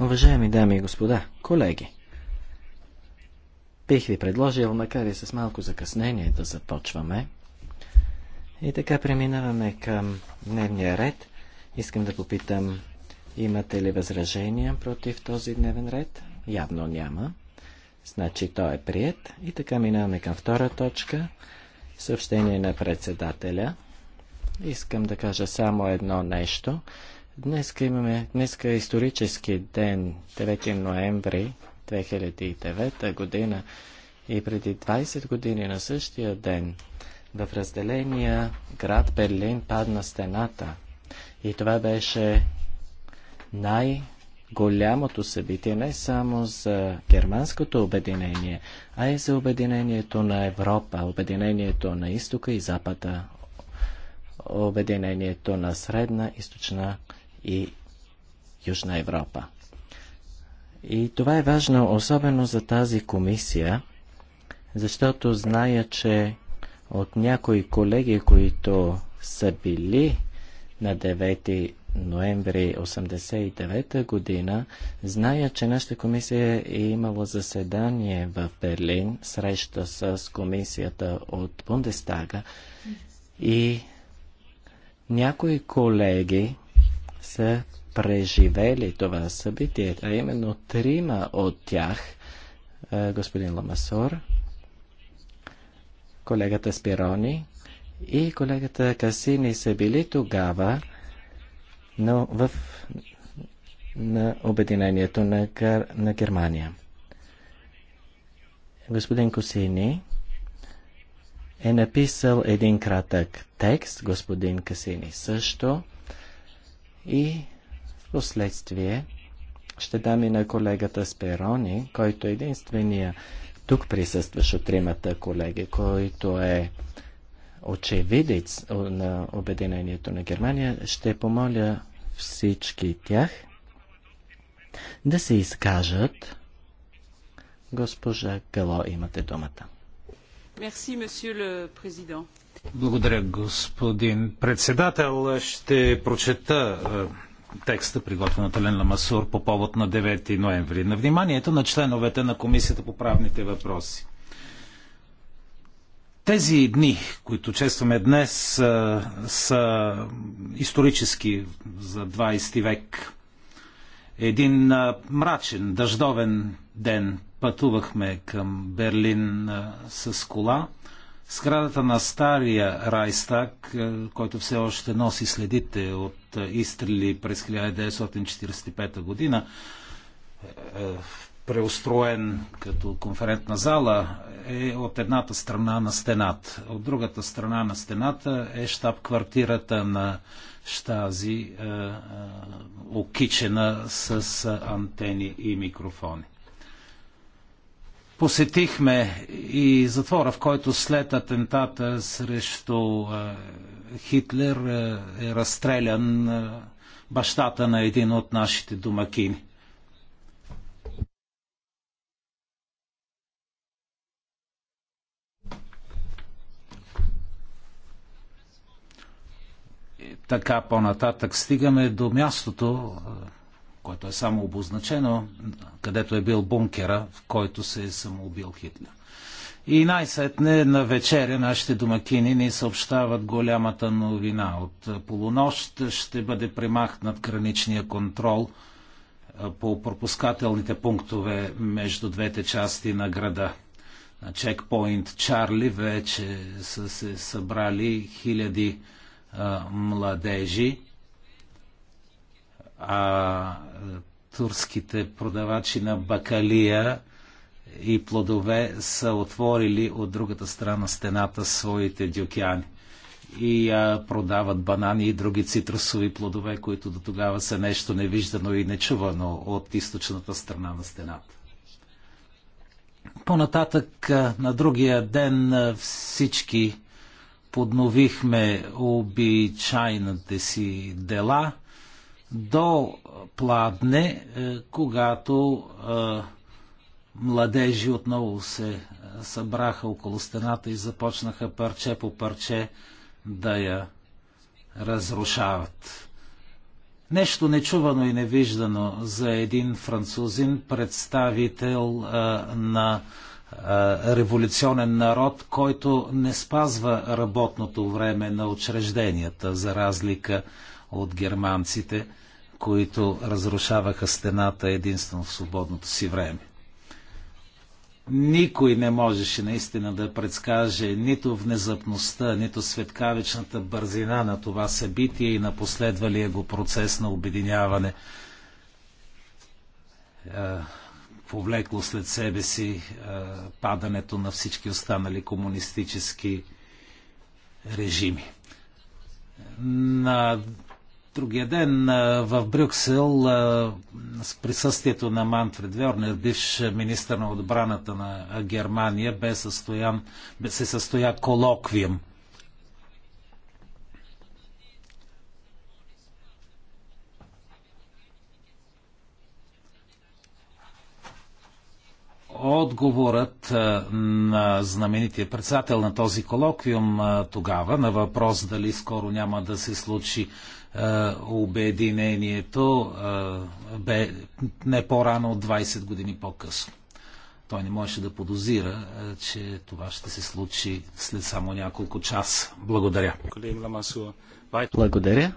Уважаеми дами и господа, колеги, бих ви предложил, макар и с малко закъснение, да започваме. И така преминаваме към дневния ред. Искам да попитам, имате ли възражения против този дневен ред? Явно няма. Значи той е прият. И така минаваме към втора точка. Съобщение на председателя – Искам да кажа само едно нещо. Днеска имаме, днеска е исторически ден, 9 ноември 2009 година и преди 20 години на същия ден в разделения град Берлин падна стената. И това беше най-голямото събитие не само за германското обединение, а и за обединението на Европа, обединението на изтока и запада обединението на Средна, Източна и Южна Европа. И това е важно, особено за тази комисия, защото зная, че от някои колеги, които са били на 9 ноември 1989 година, зная, че нашата комисия е имала заседание в Берлин, среща с комисията от Бундестага и някои колеги са преживели това събитие, а именно трима от тях, е, господин Ламасор, колегата Спирони и колегата Касини са били тогава но в, на Обединението на, на Германия. Господин Косини е написал един кратък текст, господин Касини също, и в последствие ще дам и на колегата Сперони, който е единствения тук присъстващ от тримата колеги, който е очевидец на Обединението на Германия, ще помоля всички тях да се изкажат. Госпожа Гало, имате думата. Благодаря, господин председател. Ще прочета е, текста, приготвен от Елен Ламасур по повод на 9 ноември. На вниманието на членовете на Комисията по правните въпроси. Тези дни, които честваме днес, са, е, са исторически за 20 век. Един е, мрачен, дъждовен ден пътувахме към Берлин с кола. Сградата на стария Райстак, който все още носи следите от изстрели през 1945 година, е, е, преустроен като конферентна зала, е от едната страна на стената. От другата страна на стената е штаб-квартирата на Штази, е, окичена с антени и микрофони. Посетихме и затвора, в който след атентата срещу е, Хитлер е, е разстрелян е, бащата на един от нашите домакини. така по-нататък стигаме до мястото, което е само обозначено, където е бил бункера, в който се е самоубил Хитлер. И най-сетне на вечеря нашите домакини ни съобщават голямата новина. От полунощ ще бъде премахнат граничния контрол по пропускателните пунктове между двете части на града. На чекпоинт Чарли вече са се събрали хиляди а, младежи а турските продавачи на бакалия и плодове са отворили от другата страна стената своите дюкяни и а, продават банани и други цитрусови плодове, които до тогава са нещо невиждано и нечувано от източната страна на стената. Понататък на другия ден всички подновихме обичайните си дела – до пладне, е, когато е, младежи отново се е, събраха около стената и започнаха парче по парче да я разрушават. Нещо нечувано и невиждано за един французин, представител а, на а, революционен народ, който не спазва работното време на учрежденията, за разлика от германците които разрушаваха стената единствено в свободното си време. Никой не можеше наистина да предскаже нито внезапността, нито светкавичната бързина на това събитие и на последвалия го процес на обединяване е, повлекло след себе си е, падането на всички останали комунистически режими. На Другия ден в Брюксел с присъствието на Манфред Вернер, бивш министър на отбраната на Германия, бе състоян, бе се състоя колоквиум. Отговорът на знаменития председател на този колоквиум тогава на въпрос дали скоро няма да се случи е, обединението е, бе не по-рано от 20 години по-късно. Той не можеше да подозира, е, че това ще се случи след само няколко часа. Благодаря. Благодаря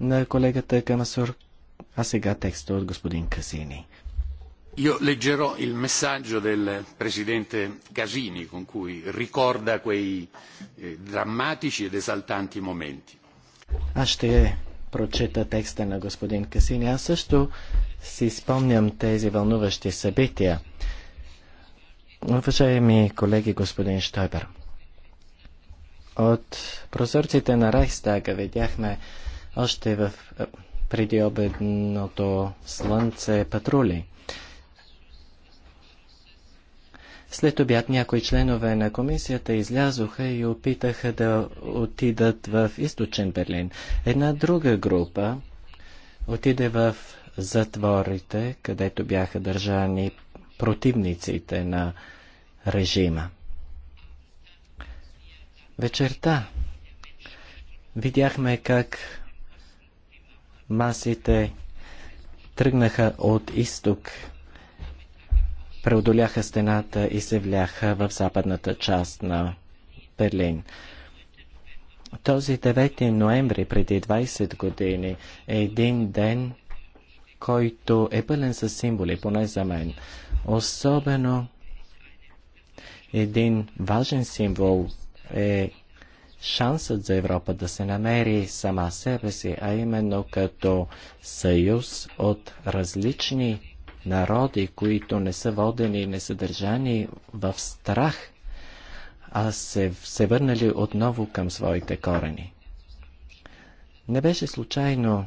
на колегата Камасур, а сега текста от господин Касини. Io leggerò il messaggio del presidente Casini con cui ricorda quei eh, drammatici ed esaltanti momenti аз ще прочета текста на господин Касини. Аз също си спомням тези вълнуващи събития. Уважаеми колеги, господин Штойбер, от прозорците на Райхстага видяхме още в предиобедното слънце патрули. След обяд някои членове на комисията излязоха и опитаха да отидат в източен Берлин. Една друга група отиде в затворите, където бяха държани противниците на режима. Вечерта видяхме как масите тръгнаха от изток преодоляха стената и се вляха в западната част на Берлин. Този 9 ноември преди 20 години е един ден, който е пълен със символи, поне за мен. Особено един важен символ е шансът за Европа да се намери сама себе си, а именно като съюз от различни народи, които не са водени и не са държани в страх, а се, се върнали отново към своите корени. Не беше случайно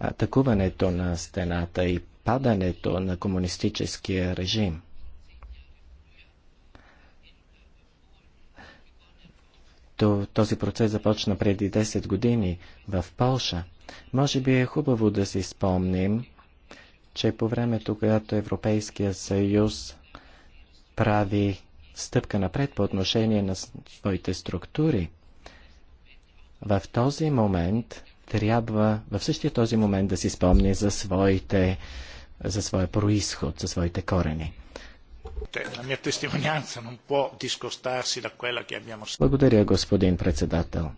атакуването на стената и падането на комунистическия режим. То, този процес започна преди 10 години в Полша. Може би е хубаво да си спомним че по времето, когато Европейския съюз прави стъпка напред по отношение на своите структури, в този момент трябва, в същия този момент да си спомни за своите, за своя происход, за своите корени. Благодаря, господин председател.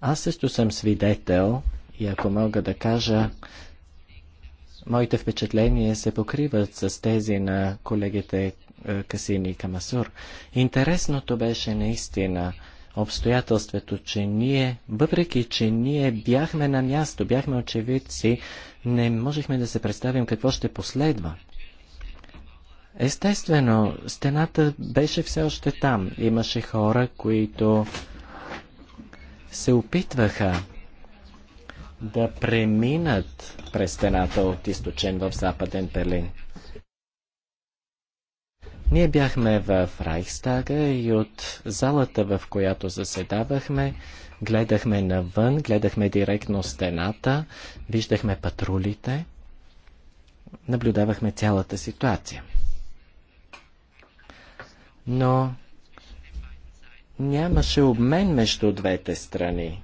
Аз също съм свидетел и ако мога да кажа, моите впечатления се покриват с тези на колегите е, Касини и Камасур. Интересното беше наистина обстоятелството, че ние, въпреки че ние бяхме на място, бяхме очевидци, не можехме да се представим какво ще последва. Естествено, стената беше все още там. Имаше хора, които се опитваха да преминат през стената от източен в западен Берлин. Ние бяхме в Райхстага и от залата, в която заседавахме, гледахме навън, гледахме директно стената, виждахме патрулите, наблюдавахме цялата ситуация. Но нямаше обмен между двете страни.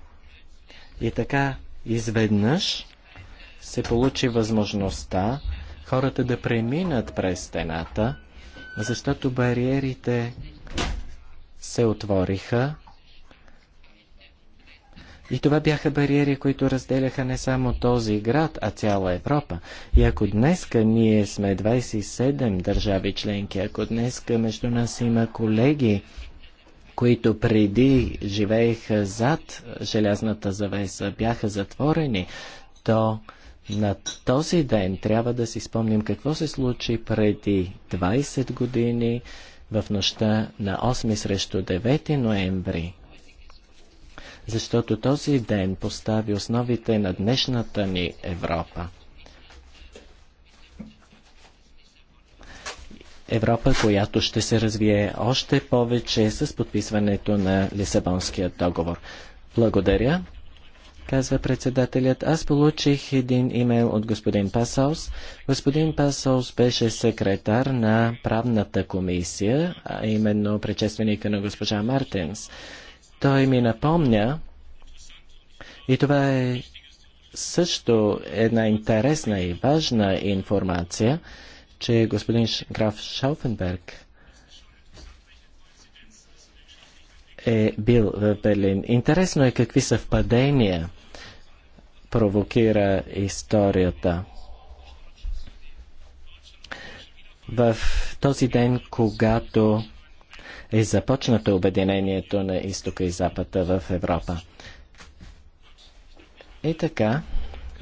И така изведнъж се получи възможността хората да преминат през стената, защото бариерите се отвориха. И това бяха бариери, които разделяха не само този град, а цяла Европа. И ако днеска ние сме 27 държави членки, ако днеска между нас има колеги които преди живееха зад желязната завеса, бяха затворени, то на този ден трябва да си спомним какво се случи преди 20 години в нощта на 8 срещу 9 ноември. Защото този ден постави основите на днешната ни Европа. Европа, която ще се развие още повече с подписването на Лисабонския договор. Благодаря, казва председателят. Аз получих един имейл от господин Пасаус. Господин Пасаус беше секретар на правната комисия, а именно предшественика на госпожа Мартинс. Той ми напомня, и това е също една интересна и важна информация, че господин граф Шауфенберг е бил в Берлин. Интересно е какви съвпадения провокира историята. В този ден, когато е започнато обединението на изтока и запада в Европа. И така,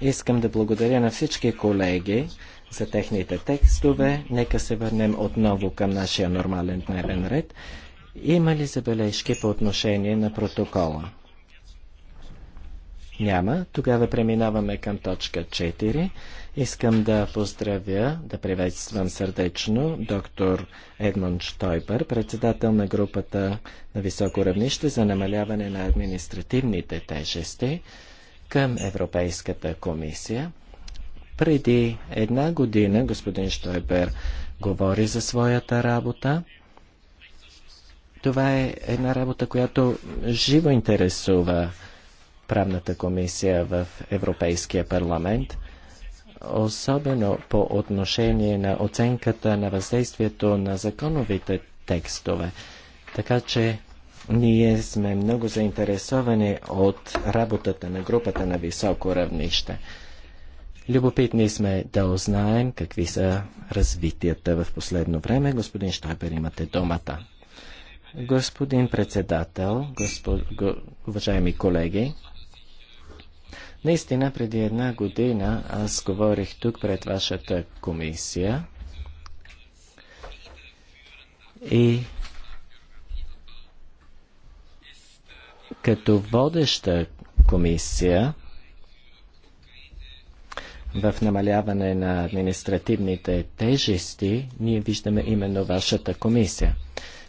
искам да благодаря на всички колеги, за техните текстове. Нека се върнем отново към нашия нормален дневен ред. Има ли забележки по отношение на протокола? Няма. Тогава преминаваме към точка 4. Искам да поздравя, да приветствам сърдечно доктор Едмон Штойбър, председател на групата на високо равнище за намаляване на административните тежести към Европейската комисия. Преди една година господин Штойбер говори за своята работа. Това е една работа, която живо интересува правната комисия в Европейския парламент, особено по отношение на оценката на въздействието на законовите текстове. Така че ние сме много заинтересовани от работата на групата на високо равнище. Любопитни сме да узнаем какви са развитията в последно време. Господин Штайбер, имате думата. Господин председател, господ... го... уважаеми колеги, наистина преди една година аз говорих тук пред вашата комисия и като водеща комисия в намаляване на административните тежести, ние виждаме именно вашата комисия.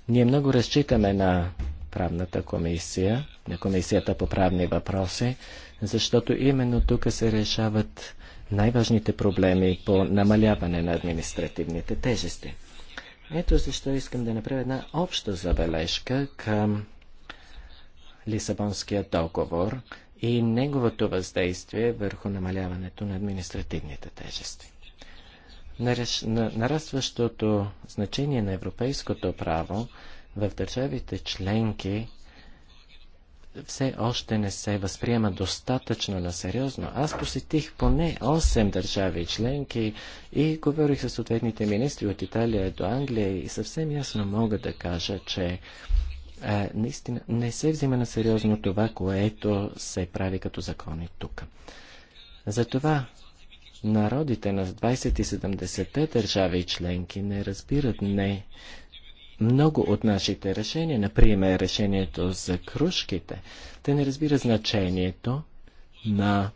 Ние много разчитаме на правната комисия, на комисията по правни въпроси, защото именно тук се решават най-важните проблеми по намаляване на административните тежести. Ето защо искам да направя една обща забележка към Лисабонския договор и неговото въздействие върху намаляването на административните тежести. Нарастващото значение на европейското право в държавите членки все още не се възприема достатъчно на сериозно. Аз посетих поне 8 държави членки и говорих с съответните министри от Италия до Англия и съвсем ясно мога да кажа, че а, наистина не се взима на сериозно това, което се прави като закони тук. Затова народите на 2070-те държави и членки не разбират не много от нашите решения, например решението за кружките. Те не разбират значението на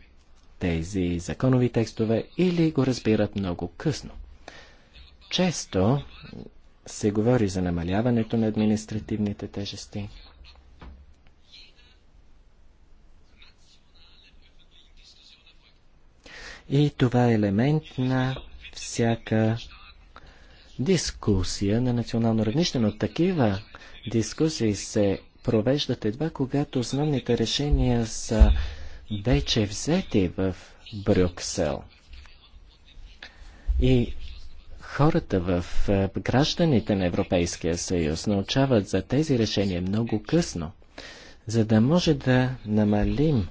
тези законови текстове или го разбират много късно. Често се говори за намаляването на административните тежести. И това е елемент на всяка дискусия на национално равнище, но такива дискусии се провеждат едва когато основните решения са вече взети в Брюксел. И хората в е, гражданите на Европейския съюз научават за тези решения много късно, за да може да намалим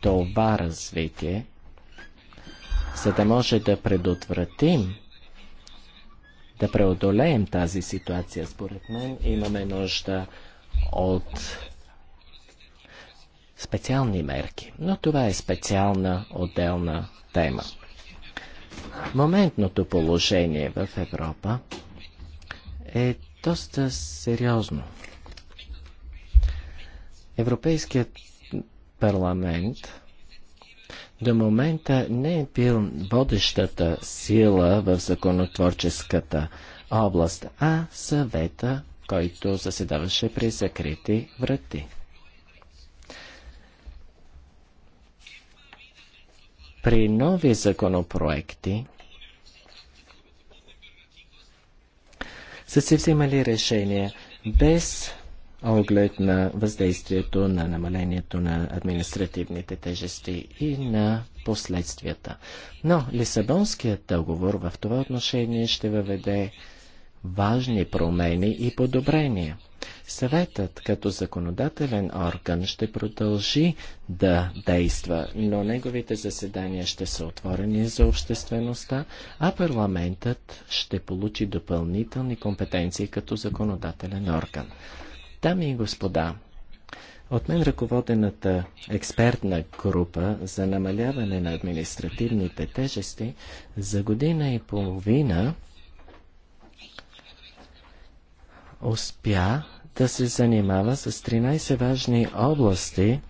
това развитие, за да може да предотвратим, да преодолеем тази ситуация. Според мен имаме нужда от специални мерки, но това е специална отделна тема. Моментното положение в Европа е доста сериозно. Европейският парламент до момента не е бил водещата сила в законотворческата област, а съвета, който заседаваше при закрити врати. при нови законопроекти са се взимали решения без оглед на въздействието на намалението на административните тежести и на последствията. Но Лисабонският договор в това отношение ще въведе важни промени и подобрения. Съветът като законодателен орган ще продължи да действа, но неговите заседания ще са отворени за обществеността, а парламентът ще получи допълнителни компетенции като законодателен орган. Дами и господа, от мен ръководената експертна група за намаляване на административните тежести за година и половина успя да се занимава с 13 важни области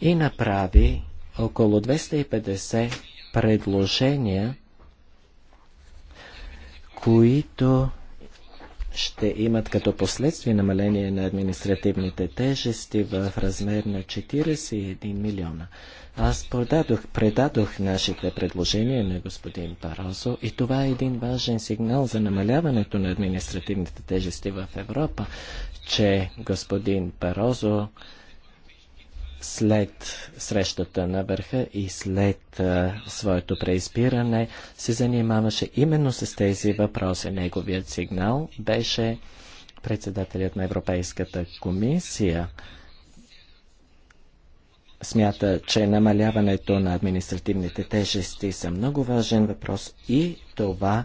и направи около 250 предложения, които ще имат като последствие намаление на административните тежести в размер на 41 милиона. Аз продадох, предадох нашите предложения на господин Парозо и това е един важен сигнал за намаляването на административните тежести в Европа, че господин Парозо след срещата на върха и след а, своето преизбиране се занимаваше именно с тези въпроси. Неговият сигнал беше председателят на Европейската комисия смята, че намаляването на административните тежести са много важен въпрос и това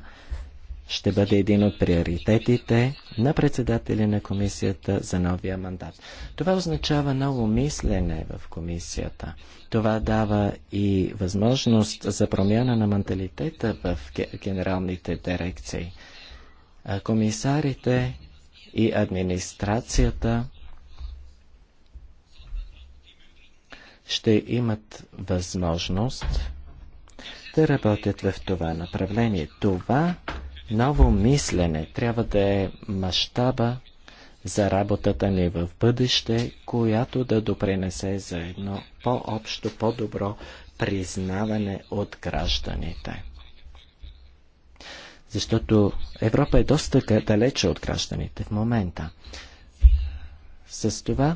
ще бъде един от приоритетите на председателя на комисията за новия мандат. Това означава ново мислене в комисията. Това дава и възможност за промяна на менталитета в генералните дирекции. Комисарите и администрацията ще имат възможност да работят в това направление. Това ново мислене трябва да е мащаба за работата ни в бъдеще, която да допринесе за едно по-общо, по-добро признаване от гражданите. Защото Европа е доста далече от гражданите в момента. С това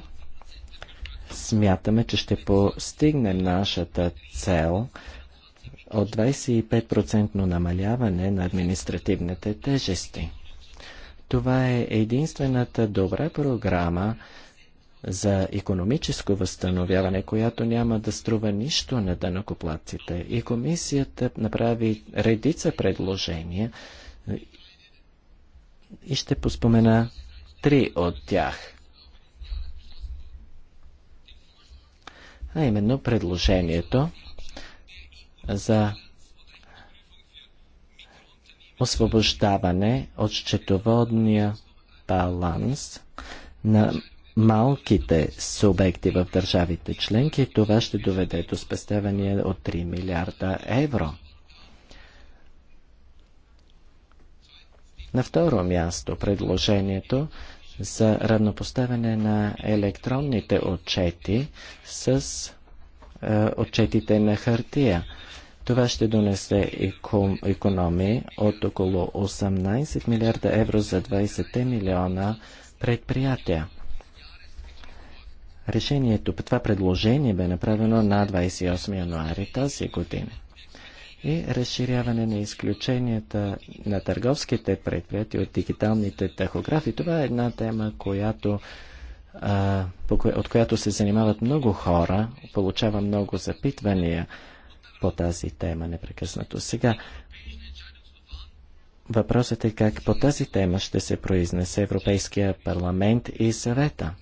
смятаме, че ще постигнем нашата цел от 25% намаляване на административните тежести. Това е единствената добра програма за економическо възстановяване, която няма да струва нищо на данокоплаците. И комисията направи редица предложения и ще поспомена три от тях. а именно предложението за освобождаване от счетоводния баланс на малките субекти в държавите членки. Това ще доведе до спестявания от 3 милиарда евро. На второ място предложението за равнопоставяне на електронните отчети с е, отчетите на хартия. Това ще донесе економии от около 18 милиарда евро за 20 милиона предприятия. Решението, това предложение бе направено на 28 януари тази година и разширяване на изключенията на търговските предприятия от дигиталните тахографи. Това е една тема, която, а, от която се занимават много хора, получава много запитвания по тази тема непрекъснато. Сега, въпросът е как по тази тема ще се произнесе Европейския парламент и съвета.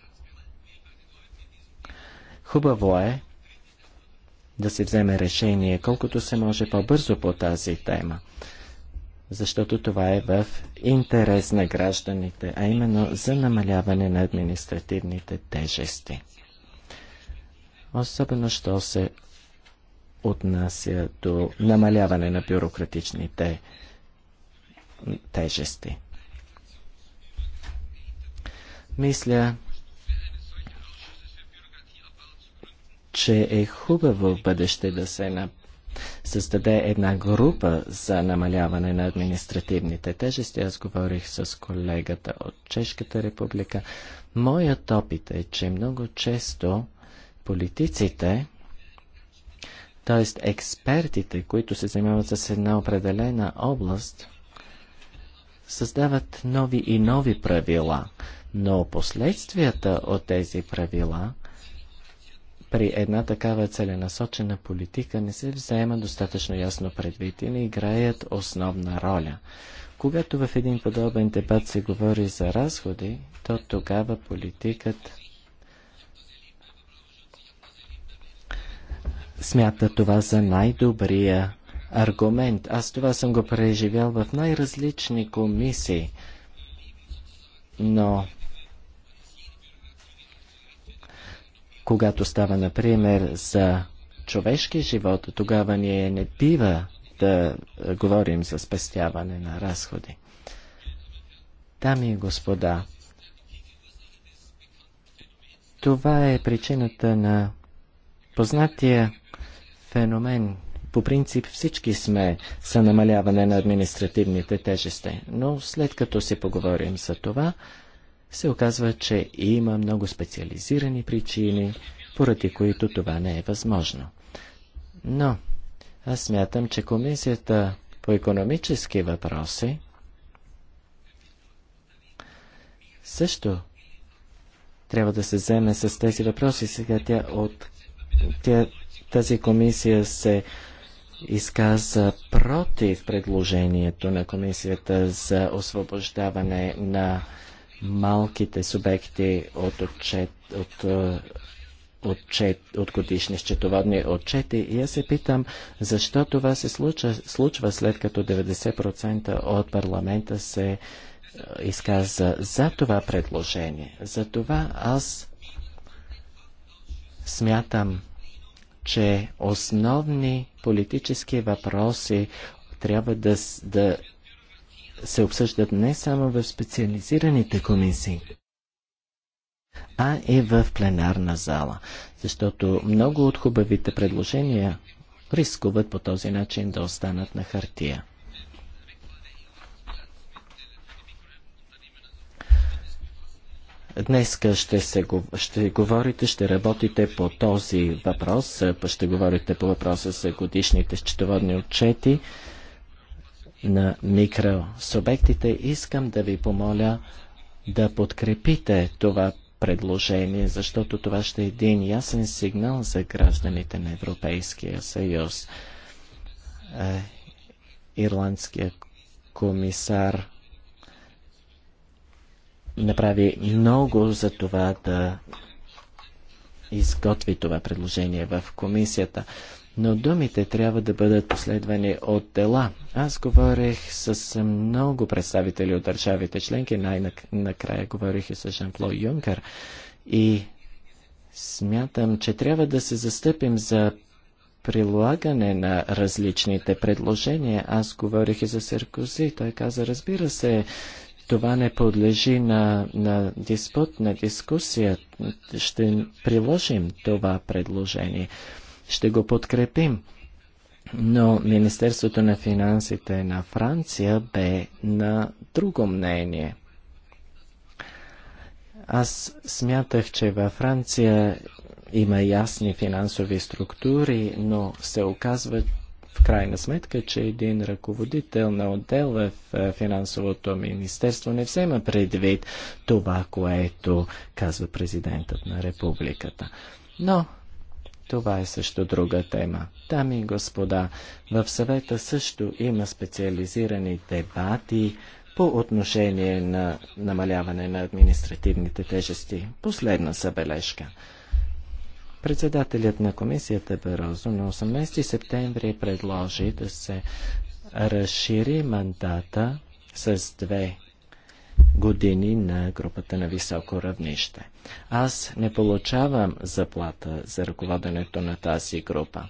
Хубаво е да се вземе решение колкото се може по-бързо по тази тема. Защото това е в интерес на гражданите, а именно за намаляване на административните тежести. Особено, що се отнася до намаляване на бюрократичните тежести. Мисля, че е хубаво в бъдеще да се създаде една група за намаляване на административните тежести. Аз говорих с колегата от Чешката република. Моят опит е, че много често политиците, т.е. експертите, които се занимават с една определена област, създават нови и нови правила, но последствията от тези правила при една такава целенасочена политика не се взема достатъчно ясно предвид и не играят основна роля. Когато в един подобен дебат се говори за разходи, то тогава политикът смята това за най-добрия аргумент. Аз това съм го преживял в най-различни комисии. Но Когато става, например, за човешки живот, тогава ние не бива да говорим за спестяване на разходи. Дами и господа, това е причината на познатия феномен. По принцип всички сме за намаляване на административните тежести, но след като си поговорим за това, се оказва, че има много специализирани причини, поради които това не е възможно. Но аз смятам, че Комисията по економически въпроси също трябва да се вземе с тези въпроси. Сега тя от тя, тази комисия се изказа против предложението на комисията за освобождаване на малките субекти от, отчет, от, е, отчет, от годишни счетоводни отчети и аз се питам защо това се случва, случва след като 90% от парламента се е, изказа за това предложение. За това аз смятам, че основни политически въпроси трябва да, да се обсъждат не само в специализираните комисии, а и в пленарна зала, защото много от хубавите предложения рискуват по този начин да останат на хартия. Днес ще, се, ще говорите, ще работите по този въпрос, ще говорите по въпроса за годишните счетоводни отчети на микросубектите, искам да ви помоля да подкрепите това предложение, защото това ще е един ясен сигнал за гражданите на Европейския съюз. Е, ирландския комисар направи много за това да изготви това предложение в комисията но думите трябва да бъдат последвани от дела. Аз говорих с много представители от държавите членки, най-накрая говорих и с жан пло Юнкер и смятам, че трябва да се застъпим за прилагане на различните предложения. Аз говорих и за Серкози. Той каза, разбира се, това не подлежи на, на диспут, на дискусия. Ще приложим това предложение ще го подкрепим. Но Министерството на финансите на Франция бе на друго мнение. Аз смятах, че във Франция има ясни финансови структури, но се оказва в крайна сметка, че един ръководител на отдел в е, финансовото министерство не взема предвид това, което казва президентът на републиката. Но това е също друга тема. Дами и господа, в съвета също има специализирани дебати по отношение на намаляване на административните тежести. Последна събележка. Председателят на комисията Берозо на 18 септември предложи да се разшири мандата с две години на групата на високо равнище. Аз не получавам заплата за ръководенето на тази група.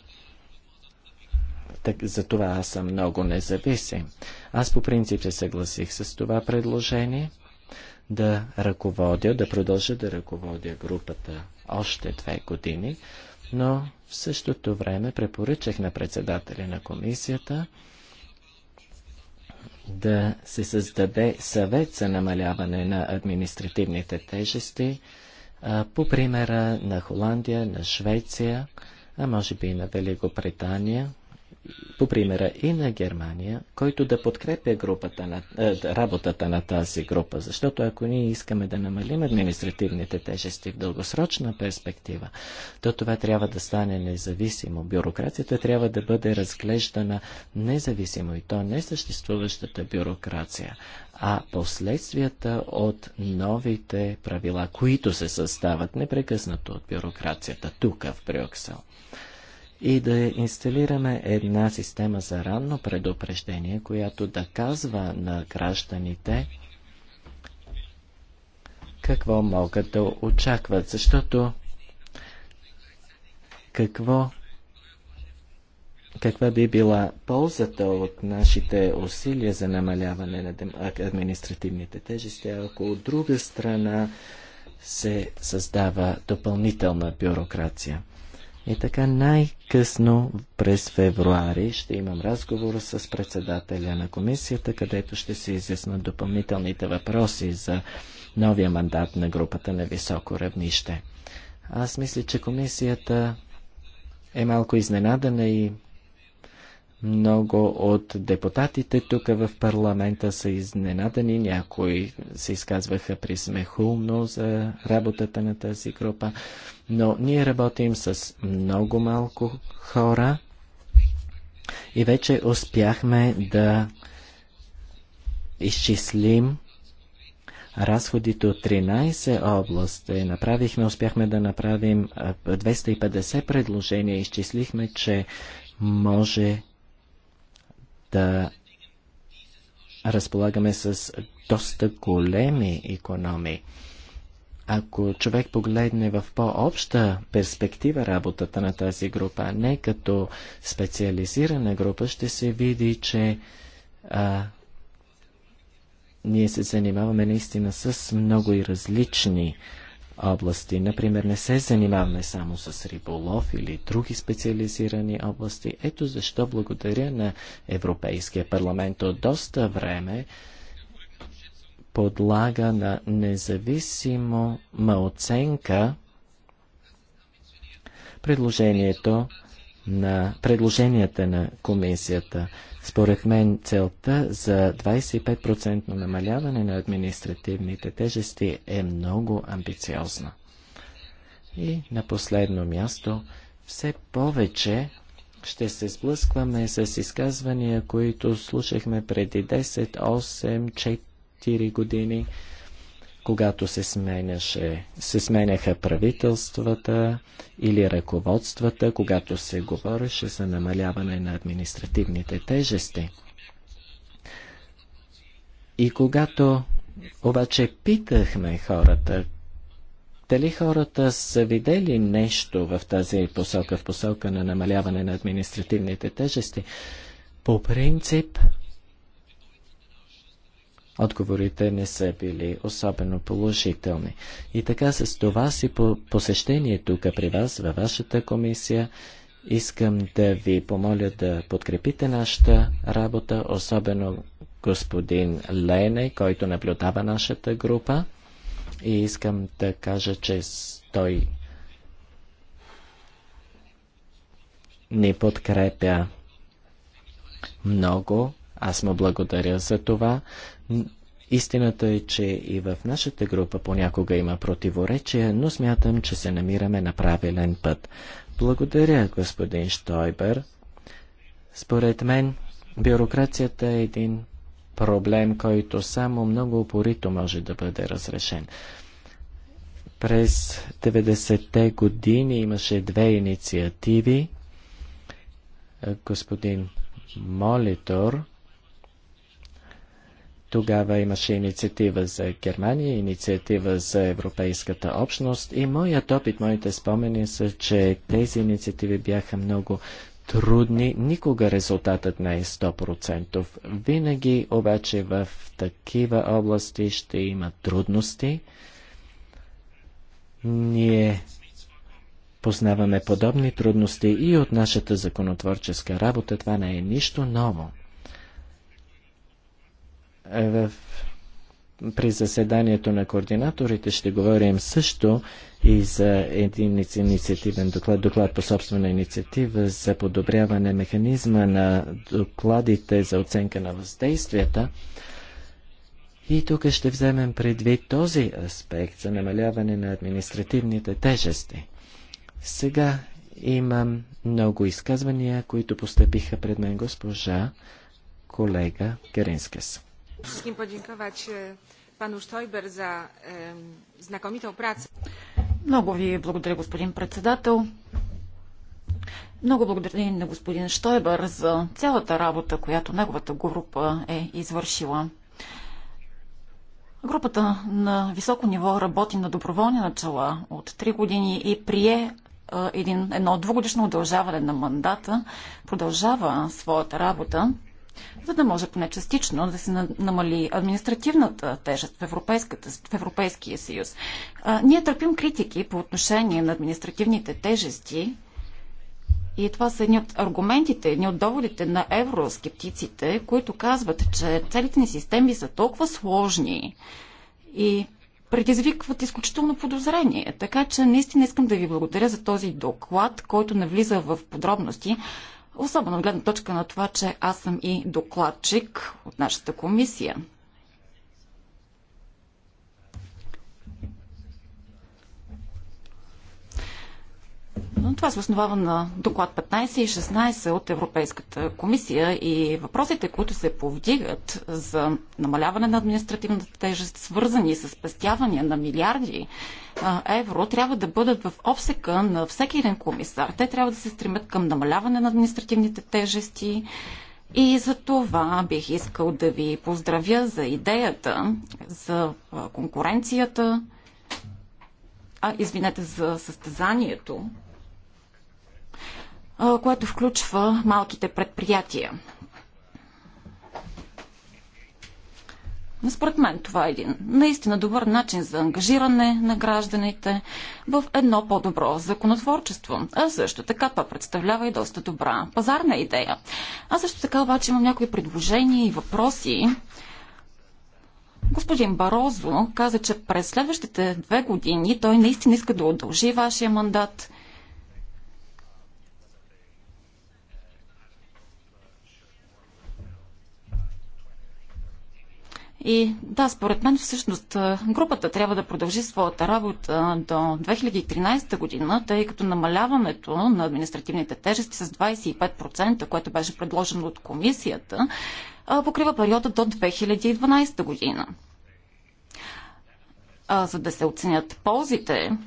Так, за това аз съм много независим. Аз по принцип се съгласих с това предложение да ръководя, да продължа да ръководя групата още две години, но в същото време препоръчах на председателя на комисията да се създаде съвет за намаляване на административните тежести а, по примера на Холандия, на Швеция, а може би и на Великобритания – по примера и на Германия, който да подкрепя групата на, е, работата на тази група. Защото ако ние искаме да намалим административните тежести в дългосрочна перспектива, то това трябва да стане независимо. Бюрокрацията трябва да бъде разглеждана независимо и то не съществуващата бюрокрация, а последствията от новите правила, които се състават непрекъснато от бюрокрацията тук в Брюксел и да инсталираме една система за ранно предупреждение, която да казва на гражданите какво могат да очакват, защото какво каква би била ползата от нашите усилия за намаляване на административните тежести, ако от друга страна се създава допълнителна бюрокрация. И така най-късно през февруари ще имам разговор с председателя на комисията, където ще се изяснат допълнителните въпроси за новия мандат на групата на високо равнище. Аз мисля, че комисията е малко изненадана и много от депутатите тук в парламента са изненадани, някои се изказваха присмехулно за работата на тази група, но ние работим с много малко хора и вече успяхме да изчислим разходите от 13 области. Направихме, успяхме да направим 250 предложения. Изчислихме, че може да разполагаме с доста големи економии. Ако човек погледне в по-обща перспектива работата на тази група, не като специализирана група, ще се види, че а, ние се занимаваме наистина с много и различни области. Например, не се занимаваме само с риболов или други специализирани области. Ето защо благодаря на Европейския парламент от доста време подлага на независимо оценка предложението на предложенията на комисията. Според мен целта за 25% намаляване на административните тежести е много амбициозна. И на последно място, все повече ще се сблъскваме с изказвания, които слушахме преди 10, 8, 4 години – когато се, сменяше, се сменяха правителствата или ръководствата, когато се говореше за намаляване на административните тежести. И когато обаче питахме хората, дали хората са видели нещо в тази посока, в посока на намаляване на административните тежести, по принцип Отговорите не са били особено положителни. И така с това си по посещение тук при вас, във вашата комисия, искам да ви помоля да подкрепите нашата работа, особено господин Лене, който наблюдава нашата група. И искам да кажа, че той ни подкрепя много. Аз му благодаря за това. Истината е, че и в нашата група понякога има противоречия, но смятам, че се намираме на правилен път. Благодаря, господин Штойбер. Според мен, бюрокрацията е един проблем, който само много упорито може да бъде разрешен. През 90-те години имаше две инициативи. Господин Молитор тогава имаше инициатива за Германия, инициатива за Европейската общност и моят опит, моите спомени са, че тези инициативи бяха много трудни, никога резултатът не е 100%. Винаги обаче в такива области ще има трудности. Ние познаваме подобни трудности и от нашата законотворческа работа. Това не е нищо ново. Е, в, при заседанието на координаторите ще говорим също и за един инициативен доклад, доклад по собствена инициатива за подобряване механизма на докладите за оценка на въздействията. И тук ще вземем предвид този аспект за намаляване на административните тежести. Сега имам много изказвания, които постъпиха пред мен госпожа колега Керинскес. Wszystkim podziękować e, panu Штойбер за знакомител праца. Много ви благодаря, господин председател. Много благодаря на господин Штойбер за цялата работа, която неговата група е извършила. Групата на високо ниво работи на доброволни начала от 3 години и прие е, един, едно двугодишно удължаване на мандата, продължава своята работа за да може поне частично да се намали административната тежест в, в Европейския съюз. А, ние търпим критики по отношение на административните тежести и това са едни от аргументите, едни от доводите на евроскептиците, които казват, че целите ни системи са толкова сложни и предизвикват изключително подозрение. Така че наистина искам да ви благодаря за този доклад, който навлиза в подробности особено гледна точка на това, че аз съм и докладчик от нашата комисия Но това се основава на доклад 15 и 16 от Европейската комисия и въпросите, които се повдигат за намаляване на административната тежест, свързани с спестявания на милиарди евро, трябва да бъдат в обсека на всеки един комисар. Те трябва да се стремят към намаляване на административните тежести, и за това бих искал да ви поздравя за идеята, за конкуренцията а, извинете, за състезанието, което включва малките предприятия. Според мен това е един наистина добър начин за ангажиране на гражданите в едно по-добро законотворчество. А също така това представлява и доста добра пазарна идея. А също така обаче имам някои предложения и въпроси, Господин Барозо каза, че през следващите две години той наистина иска да удължи вашия мандат И да, според мен всъщност групата трябва да продължи своята работа до 2013 година, тъй като намаляването на административните тежести с 25%, което беше предложено от комисията, покрива периода до 2012 година. За да се оценят ползите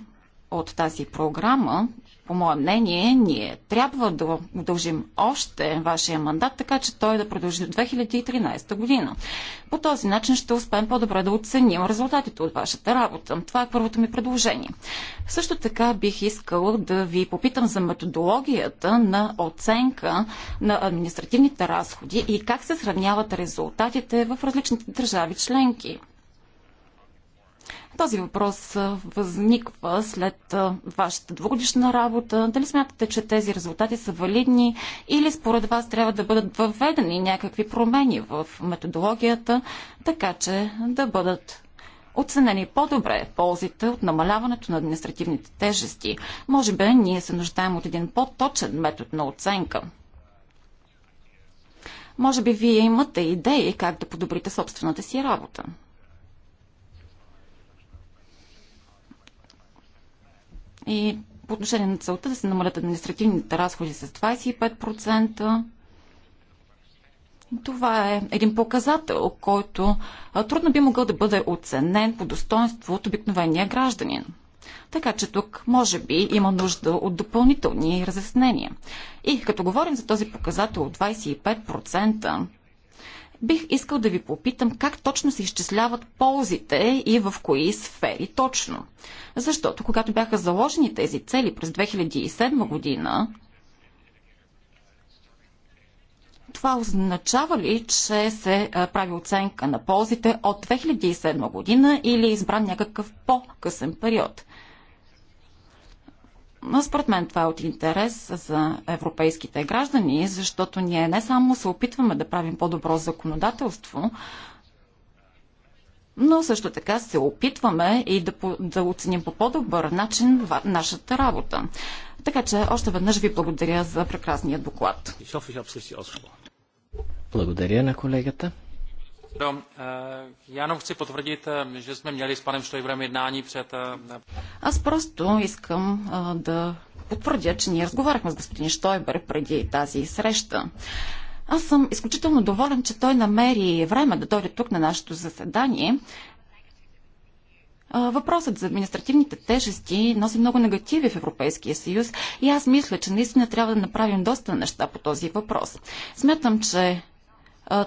от тази програма, по мое мнение, ние трябва да удължим още вашия мандат, така че той да продължи до 2013 година. По този начин ще успеем по-добре да оценим резултатите от вашата работа. Това е първото ми предложение. Също така бих искал да ви попитам за методологията на оценка на административните разходи и как се сравняват резултатите в различните държави членки. Този въпрос възниква след вашата двугодишна работа. Дали смятате, че тези резултати са валидни или според вас трябва да бъдат въведени някакви промени в методологията, така че да бъдат оценени по-добре ползите от намаляването на административните тежести. Може би ние се нуждаем от един по-точен метод на оценка. Може би вие имате идеи как да подобрите собствената си работа. И по отношение на целта да се намалят административните разходи с 25%. Това е един показател, който трудно би могъл да бъде оценен по достоинство от обикновения гражданин. Така че тук може би има нужда от допълнителни разяснения. И като говорим за този показател от 25%, Бих искал да ви попитам как точно се изчисляват ползите и в кои сфери точно. Защото когато бяха заложени тези цели през 2007 година, това означава ли, че се прави оценка на ползите от 2007 година или е избран някакъв по-късен период? Според мен това е от интерес за европейските граждани, защото ние не само се опитваме да правим по-добро законодателство, но също така се опитваме и да, да оценим по по-добър начин нашата работа. Така че още веднъж ви благодаря за прекрасния доклад. Благодаря на колегата. Eh, аз просто искам е, да потвърдя, че ние разговаряхме с господин Штойбер преди тази среща. Аз съм изключително доволен, че той намери време да дойде тук на нашето заседание. Е, въпросът за административните тежести носи много негативи в Европейския съюз и аз мисля, че наистина трябва да направим доста неща по този въпрос. Смятам, че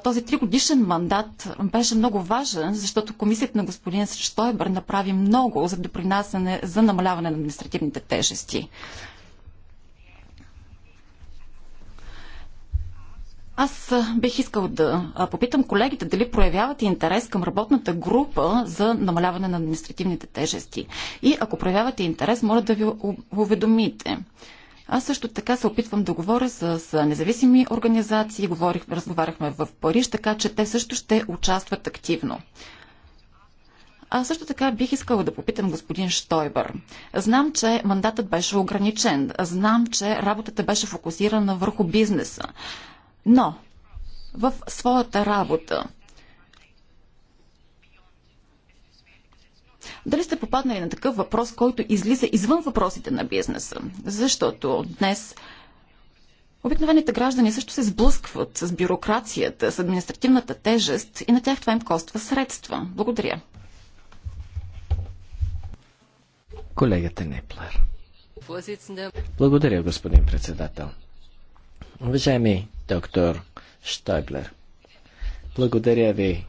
този тригодишен мандат беше много важен, защото комисията на господин Штойбър направи много за допринасяне за намаляване на административните тежести. Аз бих искал да попитам колегите дали проявявате интерес към работната група за намаляване на административните тежести. И ако проявявате интерес, моля да ви уведомите. Аз също така се опитвам да говоря с, с независими организации. Говорих, разговаряхме в Париж, така че те също ще участват активно. А също така бих искала да попитам господин Штойбър. Знам, че мандатът беше ограничен. Знам, че работата беше фокусирана върху бизнеса. Но в своята работа Дали сте попаднали на такъв въпрос, който излиза извън въпросите на бизнеса? Защото днес обикновените граждани също се сблъскват с бюрокрацията, с административната тежест и на тях това им коства средства. Благодаря. Колегата Неплер. Благодаря, господин председател. Уважаеми доктор Штойблер, благодаря ви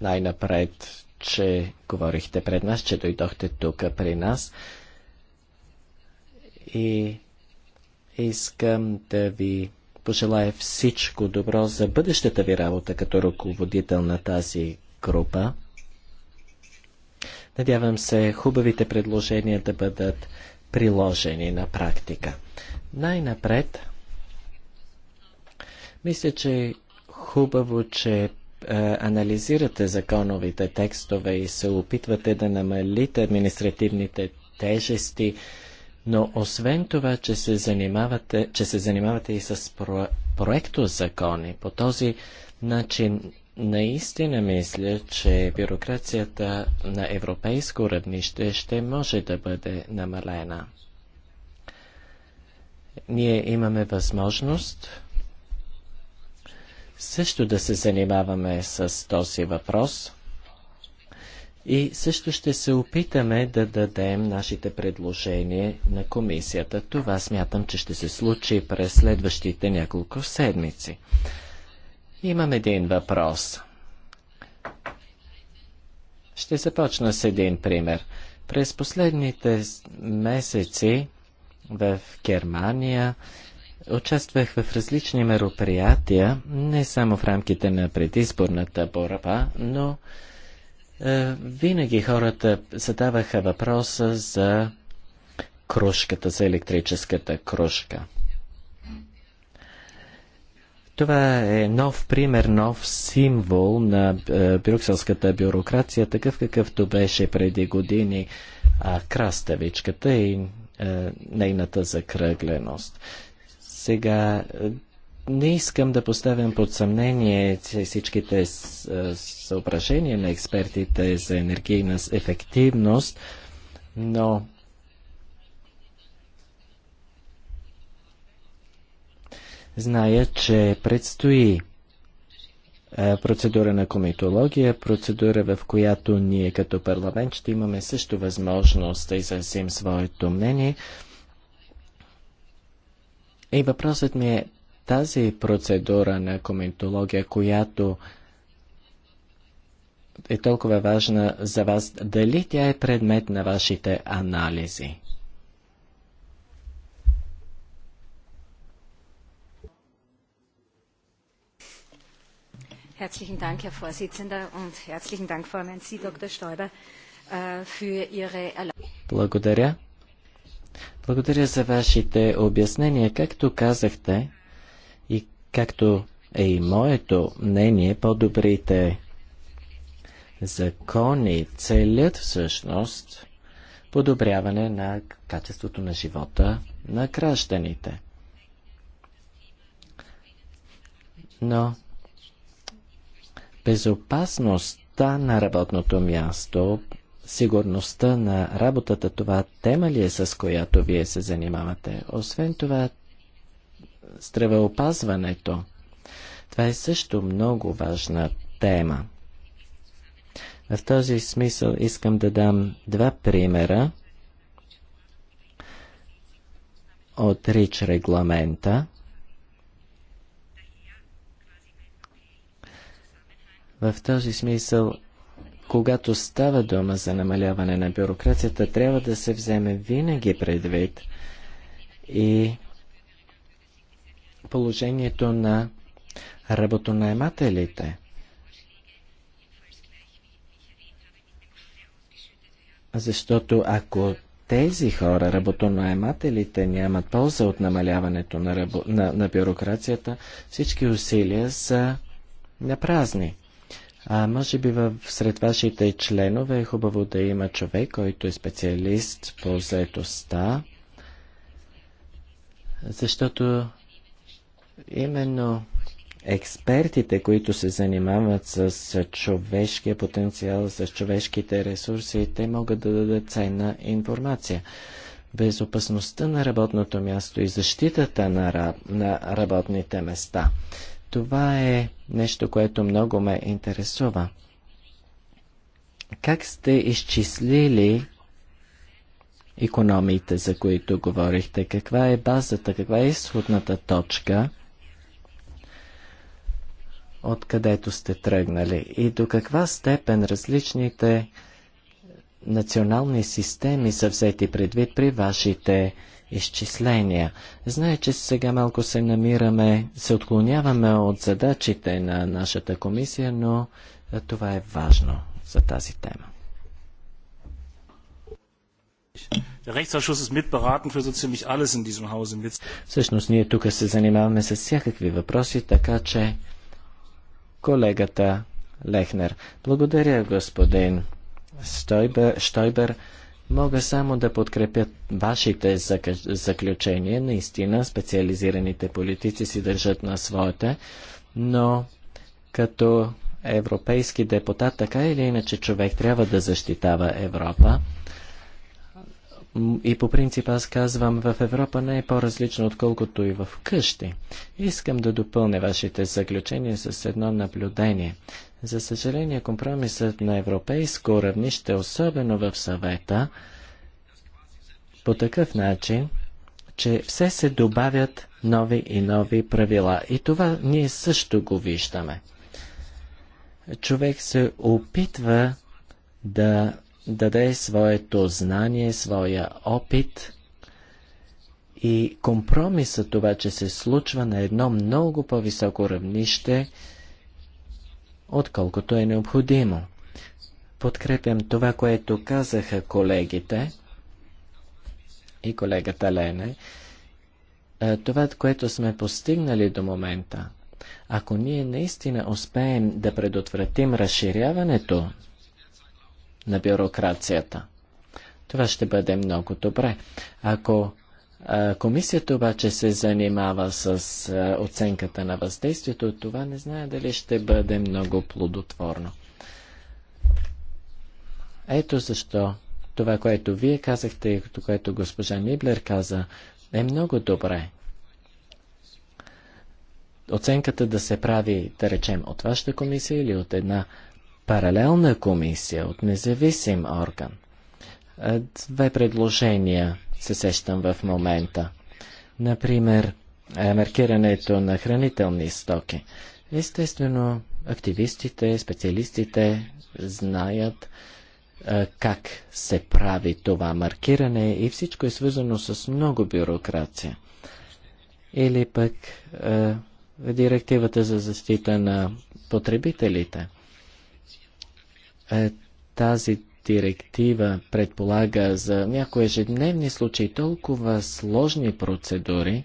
най-напред, че говорихте пред нас, че дойдохте тук при нас. И искам да ви пожелая всичко добро за бъдещата ви работа като ръководител на тази група. Надявам се хубавите предложения да бъдат приложени на практика. Най-напред, мисля, че е хубаво, че е, анализирате законовите текстове и се опитвате да намалите административните тежести, но освен това, че се занимавате, че се занимавате и с про, проектозакони, по този начин наистина мисля, че бюрокрацията на европейско равнище ще може да бъде намалена. Ние имаме възможност също да се занимаваме с този въпрос и също ще се опитаме да дадем нашите предложения на комисията. Това смятам, че ще се случи през следващите няколко седмици. Имам един въпрос. Ще започна с един пример. През последните месеци в Германия Участвах в различни мероприятия, не само в рамките на предизборната борба, но е, винаги хората задаваха въпроса за кружката, за електрическата кружка. Това е нов пример, нов символ на е, брюкселската бюрокрация, такъв какъвто беше преди години а, краставичката и е, нейната закръгленост. Сега, не искам да поставям под съмнение всичките съображения на експертите за енергийна ефективност, но зная, че предстои е, процедура на комитология, процедура в която ние като парламент ще имаме също възможност да изразим своето мнение – и въпросът ми е тази процедура на коментология, която е толкова важна за вас, дали тя е предмет на вашите анализи? Herzlichen Dank, Herr Vorsitzender, und herzlichen Dank, Frau Nancy Dr. Stoiber, äh, für Ihre Erlaubnis. Благодаря за вашите обяснения. Както казахте и както е и моето мнение, по-добрите закони целят всъщност подобряване на качеството на живота на гражданите. Но безопасността на работното място сигурността на работата, това тема ли е, с която вие се занимавате? Освен това, здравеопазването. Това е също много важна тема. В този смисъл искам да дам два примера от РИЧ регламента. В този смисъл когато става дума за намаляване на бюрокрацията, трябва да се вземе винаги предвид и положението на работонаемателите. Защото ако тези хора, работонаемателите, нямат полза от намаляването на, рабо... на, на бюрокрацията, всички усилия са напразни. празни. А може би в, сред вашите членове е хубаво да има човек, който е специалист по заетостта, защото именно експертите, които се занимават с човешкия потенциал, с човешките ресурси, те могат да дадат ценна информация. Безопасността на работното място и защитата на, раб, на работните места. Това е нещо, което много ме интересува. Как сте изчислили економиите, за които говорихте? Каква е базата, каква е изходната точка, откъдето сте тръгнали? И до каква степен различните национални системи са взети предвид при вашите изчисления. Знае, че сега малко се намираме, се отклоняваме от задачите на нашата комисия, но това е важно за тази тема. Всъщност ние тук се занимаваме с всякакви въпроси, така че колегата Лехнер. Благодаря, господин Штойбер. Мога само да подкрепя вашите заключения. Наистина, специализираните политици си държат на своята, но като европейски депутат, така или иначе човек трябва да защитава Европа. И по принцип аз казвам, в Европа не е по-различно, отколкото и в къщи. Искам да допълня вашите заключения с едно наблюдение. За съжаление, компромисът на европейско равнище, особено в съвета, по такъв начин, че все се добавят нови и нови правила. И това ние също го виждаме. Човек се опитва да даде своето знание, своя опит и компромисът това, че се случва на едно много по-високо равнище – отколкото е необходимо. Подкрепям това, което казаха колегите и колегата Лене. Е, това, което сме постигнали до момента, ако ние наистина успеем да предотвратим разширяването на бюрокрацията, това ще бъде много добре. Ако Комисията обаче се занимава с оценката на въздействието. От това не знае дали ще бъде много плодотворно. Ето защо това, което вие казахте и което госпожа Ниблер каза, е много добре. Оценката да се прави, да речем, от вашата комисия или от една паралелна комисия, от независим орган. Две предложения се сещам в момента. Например, е, маркирането на хранителни стоки. Естествено, активистите, специалистите знаят е, как се прави това маркиране и всичко е свързано с много бюрокрация. Или пък е, директивата за защита на потребителите. Е, тази директива предполага за някои ежедневни случаи толкова сложни процедури,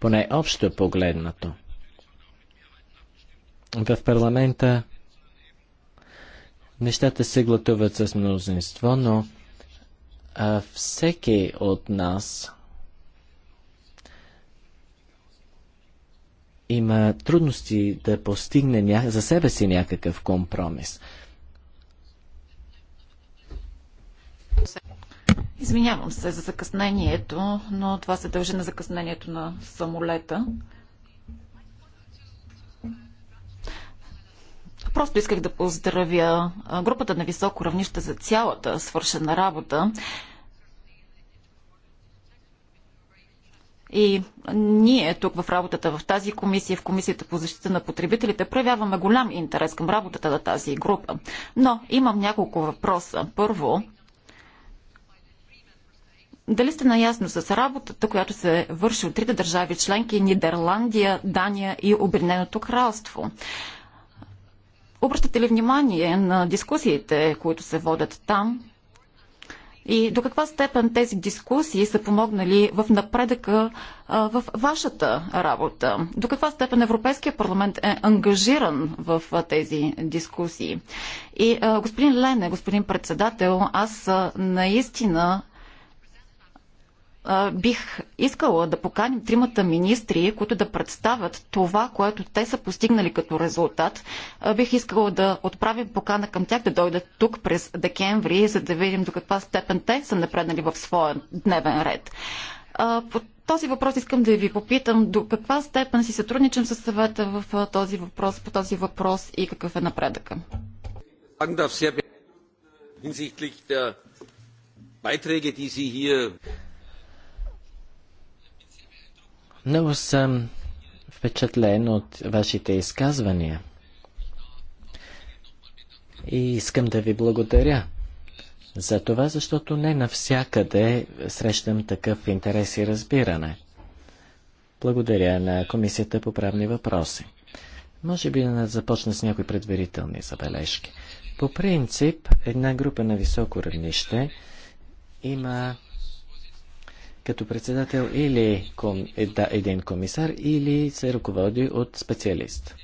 поне общо погледнато. В парламента нещата се глътуват с мнозинство, но а, всеки от нас има трудности да постигне ня... за себе си някакъв компромис. Извинявам се за закъснението, но това се дължи на закъснението на самолета. Просто исках да поздравя групата на високо равнище за цялата свършена работа. И ние тук в работата в тази комисия, в Комисията по защита на потребителите, проявяваме голям интерес към работата на тази група. Но имам няколко въпроса. Първо, дали сте наясно с работата, която се върши от трите държави членки Нидерландия, Дания и Обединеното кралство? Обръщате ли внимание на дискусиите, които се водят там? И до каква степен тези дискусии са помогнали в напредъка в вашата работа? До каква степен Европейския парламент е ангажиран в тези дискусии? И господин Лене, господин председател, аз наистина бих искала да поканим тримата министри, които да представят това, което те са постигнали като резултат. Бих искала да отправим покана към тях да дойдат тук през декември, за да видим до каква степен те са напреднали в своя дневен ред. По този въпрос искам да ви попитам до каква степен си сътрудничам с съвета в този въпрос, по този въпрос и какъв е напредъка. Äh, Beiträge, die Sie hier много съм впечатлен от вашите изказвания. И искам да ви благодаря за това, защото не навсякъде срещам такъв интерес и разбиране. Благодаря на Комисията по правни въпроси. Може би да започна с някои предварителни забележки. По принцип, една група на високо равнище има като председател или ком, да, един комисар, или се ръководи от специалист.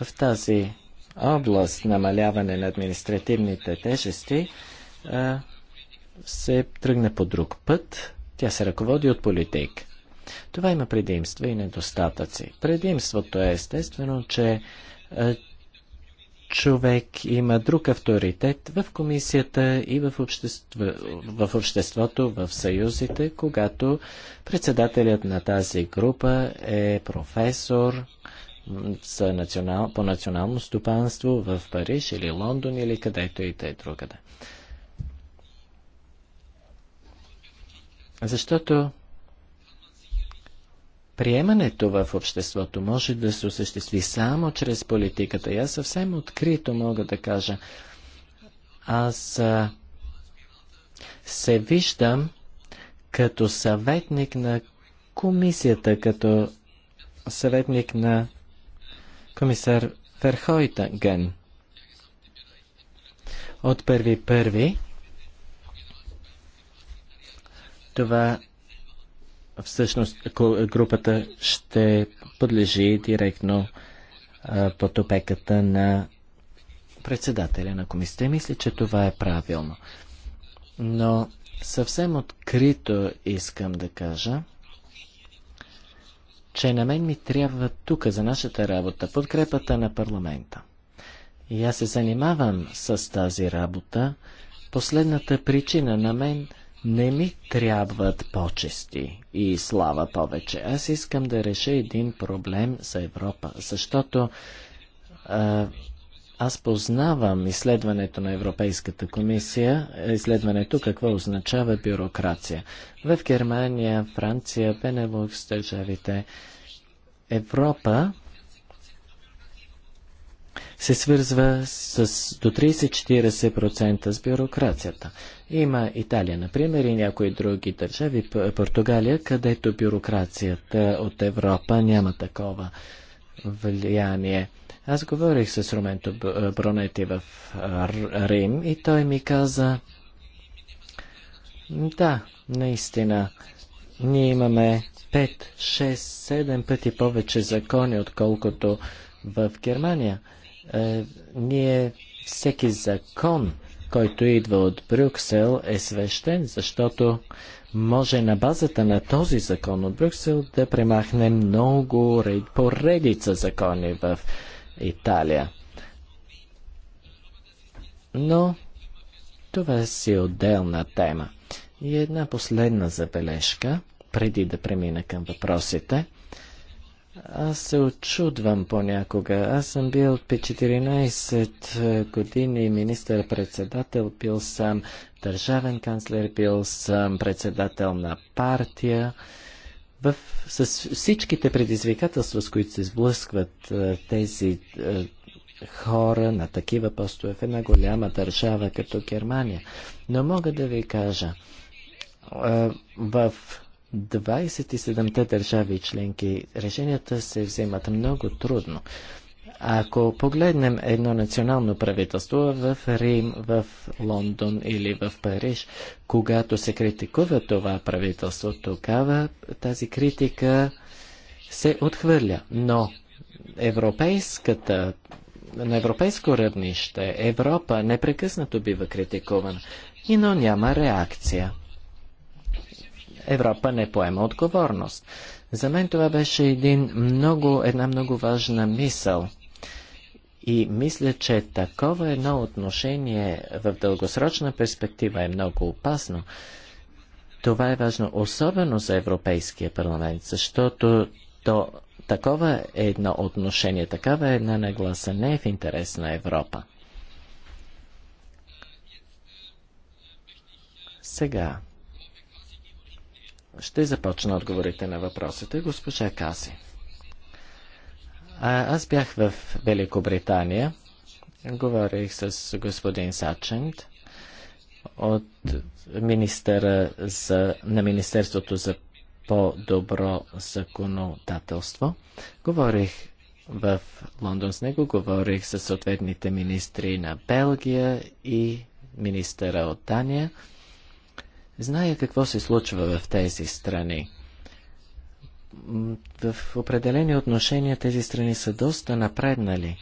В тази област намаляване на административните тежести а, се тръгна по друг път. Тя се ръководи от политик. Това има предимства и недостатъци. Предимството е естествено, че човек има друг авторитет в комисията и в, общество, в обществото, в съюзите, когато председателят на тази група е професор за национал, по национално стопанство в Париж или Лондон или където и тъй е другаде. Защото Приемането в обществото може да се осъществи само чрез политиката. И аз съвсем открито мога да кажа. Аз а, се виждам като съветник на комисията, като съветник на комисар Ген. От първи първи това всъщност групата ще подлежи директно под опеката на председателя на комисията. мисля, че това е правилно. Но съвсем открито искам да кажа, че на мен ми трябва тук за нашата работа подкрепата на парламента. И аз се занимавам с тази работа. Последната причина на мен – не ми трябват почести и слава повече. Аз искам да реша един проблем за Европа, защото а, аз познавам изследването на Европейската комисия, изследването какво означава бюрокрация. В Германия, Франция, Пенелукс, държавите, Европа се свързва с до 30-40% с бюрокрацията. Има Италия, например, и някои други държави, Португалия, където бюрокрацията от Европа няма такова влияние. Аз говорих с Роменто е, Бронети в Рим и той ми каза, да, наистина, ние имаме 5, 6, 7 пъти повече закони, отколкото в Германия е, ние всеки закон, който идва от Брюксел, е свещен, защото може на базата на този закон от Брюксел да премахне много поредица закони в Италия. Но това си е отделна тема. И една последна забележка, преди да премина към въпросите – аз се очудвам понякога. Аз съм бил 14 е, години министър-председател, бил съм държавен канцлер, бил съм председател на партия. В, с всичките предизвикателства, с които се сблъскват е, тези е, хора на такива постове в една голяма държава като Германия. Но мога да ви кажа, в 27-те държави членки решенията се вземат много трудно. Ако погледнем едно национално правителство в Рим, в Лондон или в Париж, когато се критикува това правителство, тогава тази критика се отхвърля. Но европейската на европейско равнище Европа непрекъснато бива критикувана, но няма реакция. Европа не поема отговорност. За мен това беше един много, една много важна мисъл. И мисля, че такова едно отношение в дългосрочна перспектива е много опасно. Това е важно особено за Европейския парламент, защото то, такова е едно отношение, такава е една нагласа не е в интерес на Европа. Сега ще започна отговорите на въпросите. Госпожа Каси. А, аз бях в Великобритания. Говорих с господин Сачент от министъра за, на Министерството за по-добро законодателство. Говорих в Лондон с него, говорих с съответните министри на Белгия и министъра от Дания. Зная какво се случва в тези страни. В определени отношения тези страни са доста напреднали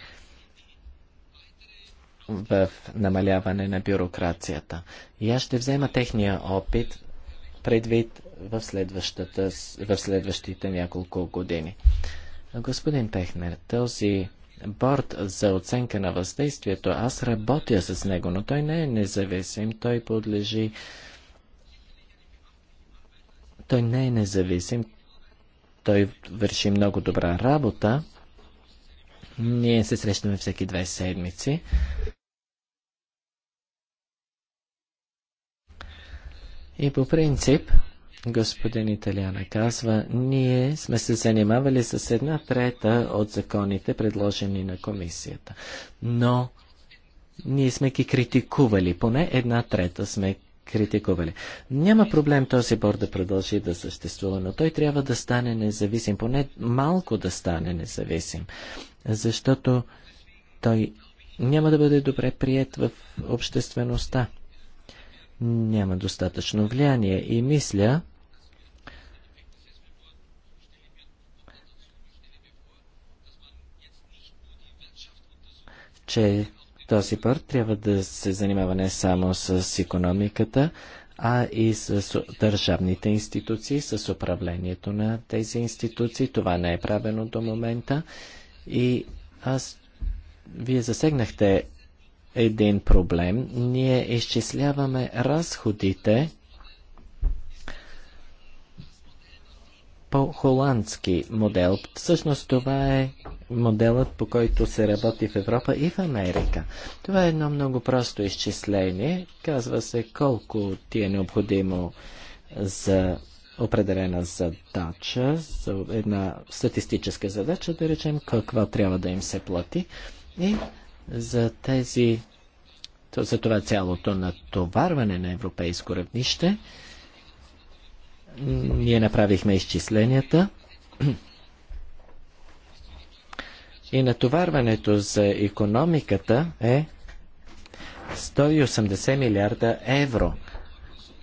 в намаляване на бюрокрацията. И аз ще взема техния опит предвид в, в следващите няколко години. Господин Пехнер, този борт за оценка на въздействието, аз работя с него, но той не е независим, той подлежи той не е независим. Той върши много добра работа. Ние се срещаме всеки две седмици. И по принцип, господин Италиана казва, ние сме се занимавали с една трета от законите, предложени на комисията. Но ние сме ги критикували, поне една трета сме критикували. Няма проблем този бор да продължи да съществува, но той трябва да стане независим, поне малко да стане независим, защото той няма да бъде добре прият в обществеността. Няма достатъчно влияние и мисля, че този борт трябва да се занимава не само с економиката, а и с държавните институции, с управлението на тези институции. Това не е правено до момента. И аз, вие засегнахте един проблем. Ние изчисляваме разходите по холандски модел. Всъщност това е моделът, по който се работи в Европа и в Америка. Това е едно много просто изчисление. Казва се колко ти е необходимо за определена задача, за една статистическа задача, да речем каква трябва да им се плати. И за тези, за това цялото натоварване на европейско равнище, ние направихме изчисленията и натоварването за економиката е 180 милиарда евро.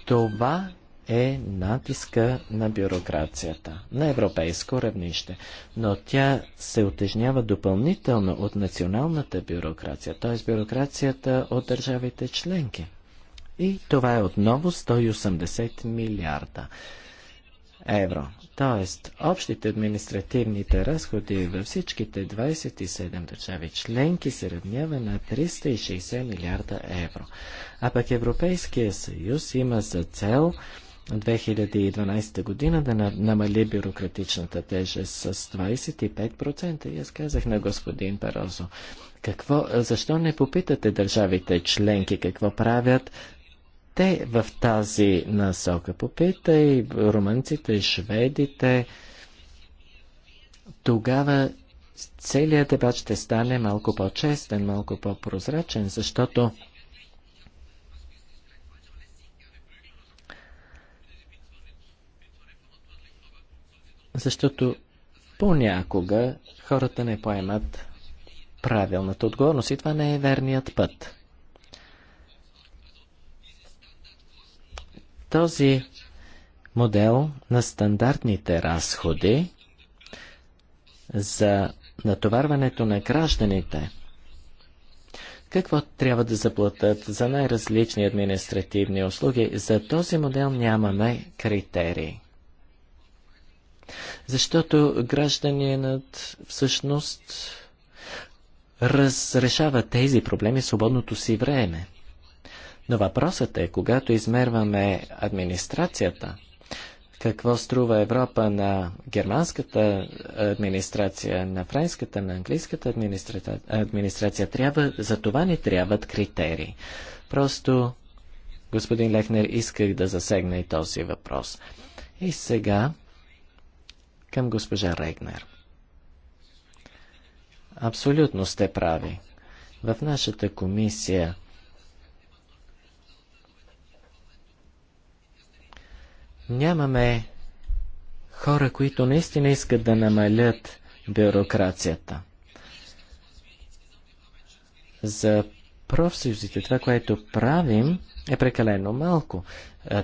Това е натиска на бюрокрацията на европейско равнище, но тя се отежнява допълнително от националната бюрокрация, т.е. бюрокрацията от държавите членки. И това е отново 180 милиарда евро. Тоест, общите административните разходи във всичките 27 държави членки се равнява на 360 милиарда евро. А пък Европейския съюз има за цел 2012 година да намали бюрократичната тежест с 25%. И аз казах на господин Парозо, какво, защо не попитате държавите членки какво правят, те в тази насока. Попитай румънците и шведите. Тогава целият дебат ще стане малко по-честен, малко по-прозрачен, защото защото понякога хората не поемат правилната отговорност и това не е верният път. Този модел на стандартните разходи за натоварването на гражданите. Какво трябва да заплатят за най-различни административни услуги? За този модел нямаме критерии. Защото гражданинът всъщност разрешава тези проблеми свободното си време. Но въпросът е, когато измерваме администрацията, какво струва Европа на германската администрация, на френската, на английската администрация, администрация трябва, за това ни трябват критерии. Просто господин Лехнер исках да засегна и този въпрос. И сега към госпожа Регнер. Абсолютно сте прави. В нашата комисия нямаме хора, които наистина искат да намалят бюрокрацията. За профсъюзите това, което правим, е прекалено малко.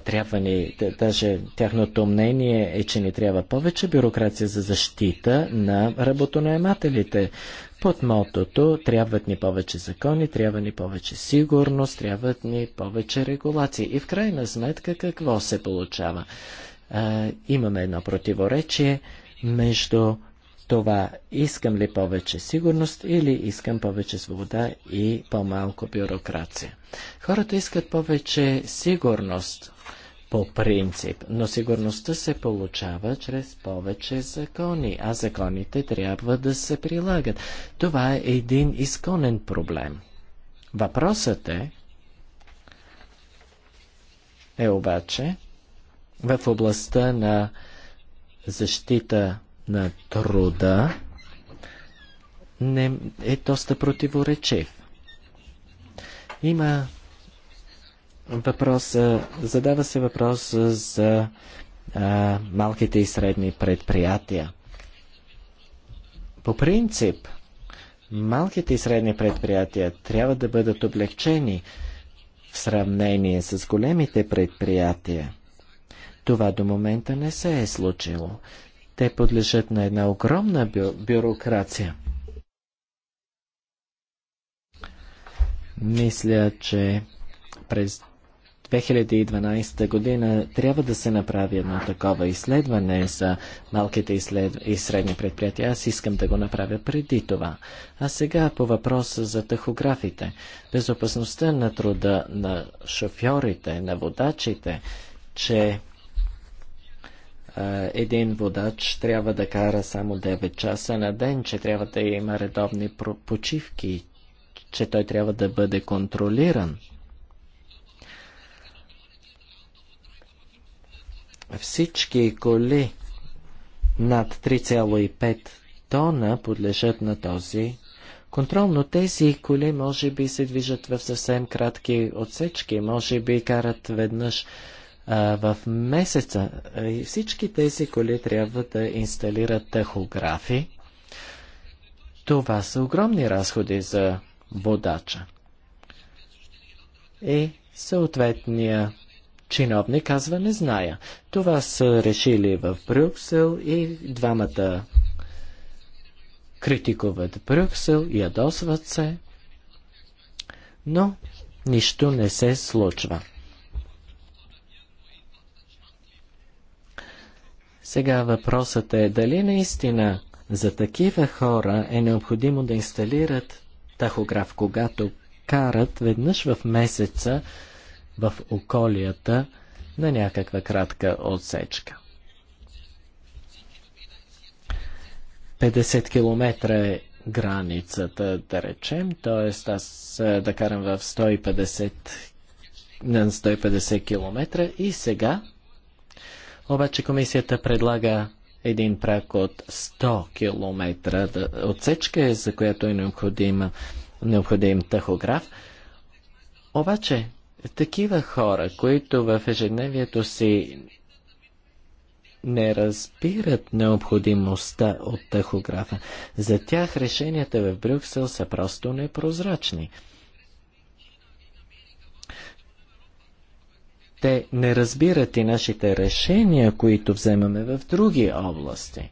Трябва ни, даже тяхното мнение е, че ни трябва повече бюрокрация за защита на работонаемателите под мотото трябват ни повече закони, трябва ни повече сигурност, трябват ни повече регулации. И в крайна сметка какво се получава? А, имаме едно противоречие между това искам ли повече сигурност или искам повече свобода и по-малко бюрокрация. Хората искат повече сигурност по принцип, но сигурността се получава чрез повече закони, а законите трябва да се прилагат. Това е един изконен проблем. Въпросът е, е обаче в областта на защита на труда не е доста противоречив. Има въпрос, задава се въпрос за а, малките и средни предприятия. По принцип, малките и средни предприятия трябва да бъдат облегчени в сравнение с големите предприятия. Това до момента не се е случило. Те подлежат на една огромна бю- бюрокрация. Мисля, че през 2012 година трябва да се направи едно такова изследване за малките и средни предприятия. Аз искам да го направя преди това. А сега по въпроса за тахографите. Безопасността на труда на шофьорите, на водачите, че един водач трябва да кара само 9 часа на ден, че трябва да има редовни почивки, че той трябва да бъде контролиран. Всички коли над 3,5 тона подлежат на този контрол, но тези коли може би се движат в съвсем кратки отсечки, може би карат веднъж а, в месеца. И всички тези коли трябва да инсталират тахографи. Това са огромни разходи за водача. И съответния чиновник казва не зная. Това са решили в Брюксел и двамата критикуват Брюксел, ядосват се, но нищо не се случва. Сега въпросът е дали наистина за такива хора е необходимо да инсталират тахограф, когато карат веднъж в месеца в околията на някаква кратка отсечка. 50 км е границата, да речем, т.е. аз да карам в 150, на 150 км и сега обаче комисията предлага един прак от 100 км. Отсечка е, за която е необходим, необходим тахограф. Обаче, такива хора, които в ежедневието си не разбират необходимостта от тахографа. За тях решенията в Брюксел са просто непрозрачни. Те не разбират и нашите решения, които вземаме в други области.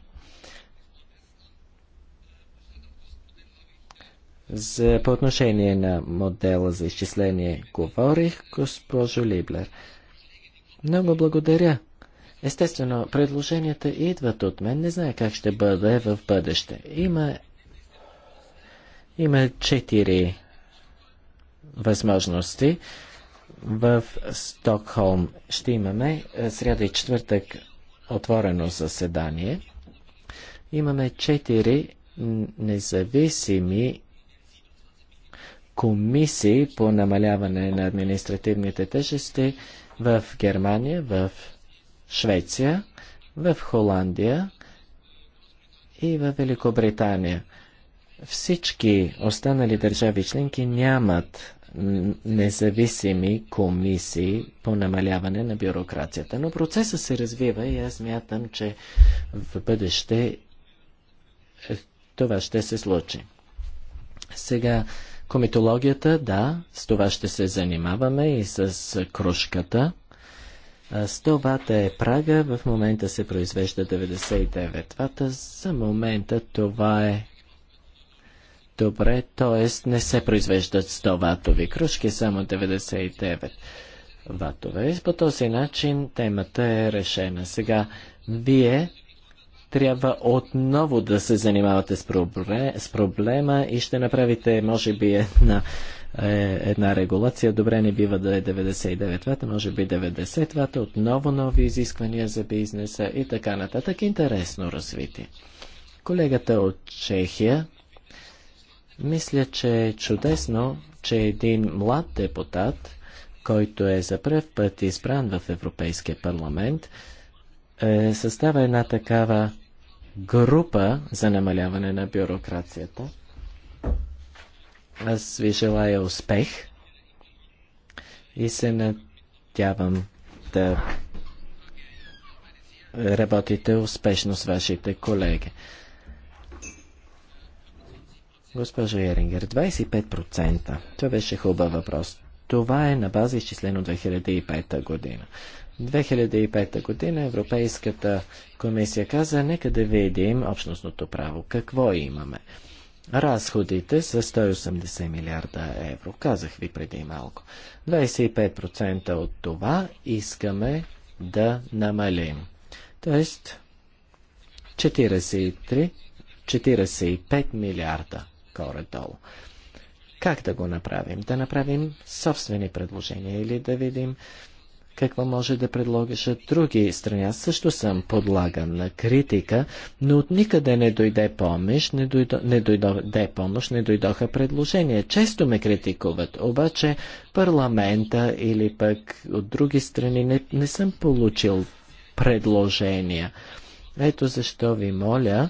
За, по отношение на модела за изчисление говорих, госпожо Либлер. Много благодаря. Естествено, предложенията идват от мен. Не знае как ще бъде в бъдеще. Има, има четири възможности. В Стокхолм ще имаме е, сряда и четвъртък отворено заседание. Имаме четири независими комисии по намаляване на административните тежести в Германия, в Швеция, в Холандия и в Великобритания. Всички останали държави членки нямат независими комисии по намаляване на бюрокрацията. Но процесът се развива и аз мятам, че в бъдеще е, това ще се случи. Сега Комитологията, да, с това ще се занимаваме и с кружката. 100 вата е прага, в момента се произвежда 99 вата. За момента това е добре, т.е. не се произвеждат 100 ватови кружки, само 99 ватове. И по този начин темата е решена. Сега, вие трябва отново да се занимавате с, проблем, с проблема и ще направите, може би, една, е, една регулация. Добре, не бива да е 99 вата, може би 90 вата, отново нови изисквания за бизнеса и така нататък. Интересно развитие. Колегата от Чехия, мисля, че е чудесно, че един млад депутат, който е за пръв път избран в Европейския парламент, е, състава една такава група за намаляване на бюрокрацията. Аз ви желая успех и се надявам да работите успешно с вашите колеги. Госпожо Ерингер, 25%. Това беше хубав въпрос. Това е на база изчислено 2005 година. 2005 година Европейската комисия каза, нека да видим общностното право. Какво имаме? Разходите са 180 милиарда евро. Казах ви преди малко. 25% от това искаме да намалим. Тоест 43, 45 милиарда горе-долу. Как да го направим? Да направим собствени предложения или да видим какво може да предложат други страни. Аз също съм подлаган на критика, но от никъде не дойде помощ, не, дойдо, не дойдоха, помощ, не дойдоха предложения. Често ме критикуват, обаче парламента или пък от други страни не, не съм получил предложения. Ето защо ви моля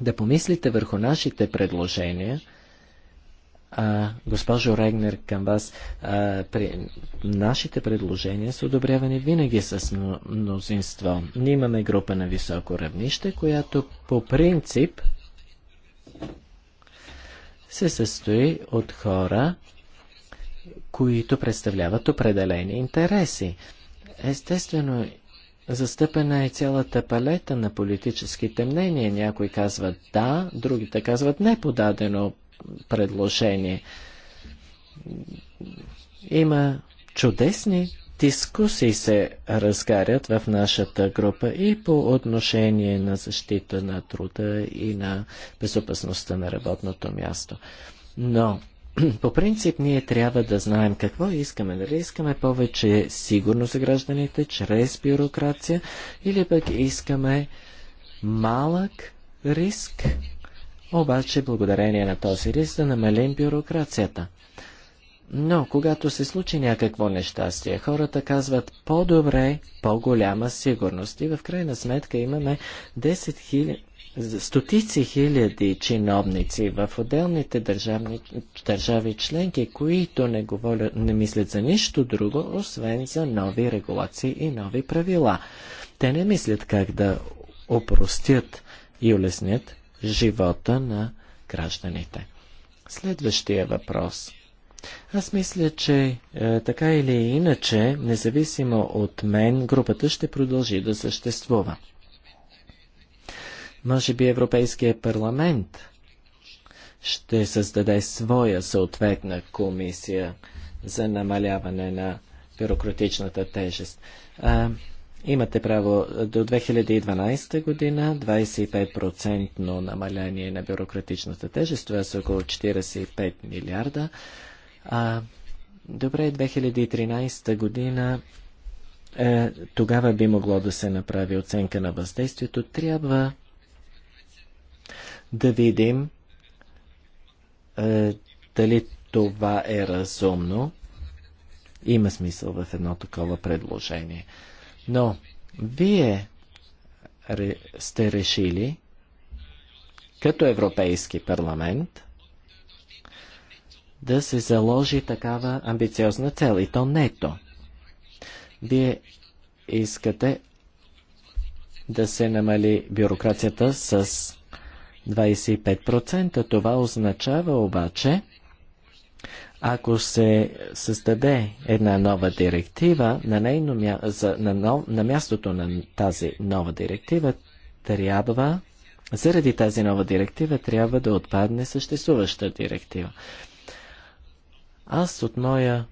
да помислите върху нашите предложения – а, госпожо Регнер, към вас, а, при, нашите предложения са одобрявани винаги с мнозинство. Ние имаме група на високо равнище, която по принцип се състои от хора, които представляват определени интереси. Естествено, Застъпена е цялата палета на политическите мнения. Някои казват да, другите казват не подадено предложение. Има чудесни дискусии се разгарят в нашата група и по отношение на защита на труда и на безопасността на работното място. Но по принцип ние трябва да знаем какво искаме. Дали искаме повече сигурност за гражданите чрез бюрокрация или пък искаме малък риск обаче, благодарение на този риск да намалим бюрокрацията. Но, когато се случи някакво нещастие, хората казват по-добре, по-голяма сигурност. И в крайна сметка имаме 10 хили... стотици хиляди чиновници в отделните държавни, държави членки, които не, говоря, не мислят за нищо друго, освен за нови регулации и нови правила. Те не мислят как да опростят и улеснят живота на гражданите. Следващия въпрос. Аз мисля, че е, така или иначе, независимо от мен, групата ще продължи да съществува. Може би Европейския парламент ще създаде своя съответна комисия за намаляване на бюрократичната тежест. А, Имате право до 2012 година 25% намаляние на бюрократичната тежест, това са около 45 милиарда. А, добре, 2013 година е, тогава би могло да се направи оценка на въздействието. Трябва да видим е, дали това е разумно. Има смисъл в едно такова предложение. Но вие сте решили, като Европейски парламент, да се заложи такава амбициозна цел, и то нето. Вие искате да се намали бюрокрацията с 25%. Това означава обаче, ако се създаде една нова директива, на, нейно, мя... за, на, нов... на мястото на тази нова директива трябва, заради тази нова директива, трябва да отпадне съществуваща директива. Аз от моя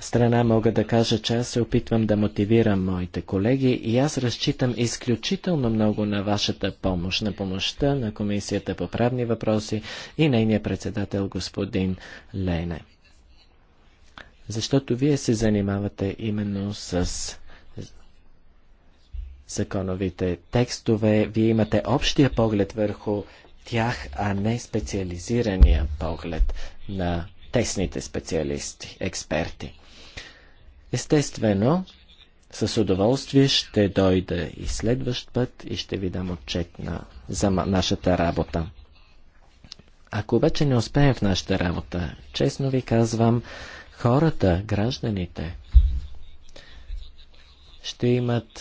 страна мога да кажа, че аз се опитвам да мотивирам моите колеги и аз разчитам изключително много на вашата помощ, на помощта на Комисията по правни въпроси и нейния председател господин Лене. Защото вие се занимавате именно с законовите текстове, вие имате общия поглед върху тях, а не специализирания поглед на тесните специалисти, експерти. Естествено, с удоволствие ще дойда и следващ път и ще ви дам отчет на, за нашата работа. Ако обаче не успеем в нашата работа, честно ви казвам, хората, гражданите, ще имат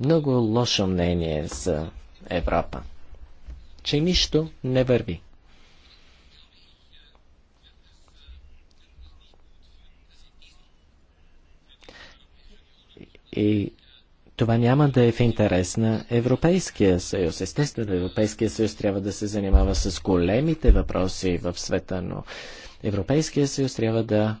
много лошо мнение за Европа, че нищо не върви. И това няма да е в интерес на Европейския съюз. Естествено, Европейския съюз трябва да се занимава с големите въпроси в света, но Европейския съюз трябва да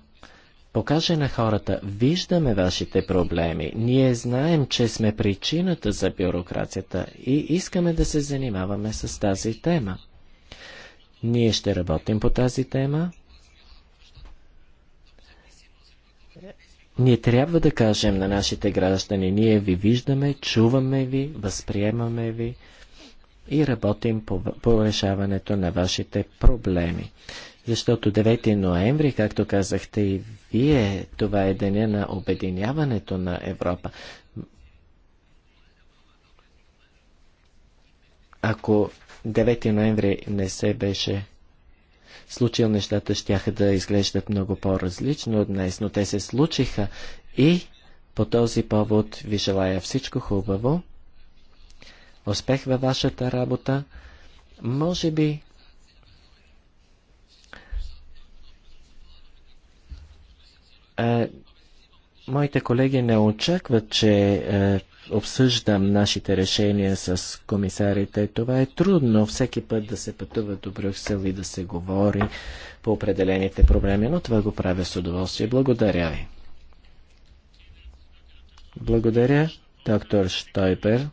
покаже на хората, виждаме вашите проблеми, ние знаем, че сме причината за бюрокрацията и искаме да се занимаваме с тази тема. Ние ще работим по тази тема, Ние трябва да кажем на нашите граждани, ние ви виждаме, чуваме ви, възприемаме ви и работим по, по решаването на вашите проблеми. Защото 9 ноември, както казахте и вие, това е деня на обединяването на Европа. Ако 9 ноември не се беше случил, нещата ще да изглеждат много по-различно днес, но те се случиха и по този повод ви желая всичко хубаво, успех във вашата работа. Може би а, е, моите колеги не очакват, че а, е, обсъждам нашите решения с комисарите. Това е трудно всеки път да се пътува до Брюксел и да се говори по определените проблеми, но това го правя с удоволствие. Благодаря ви. Благодаря, доктор Штойбер,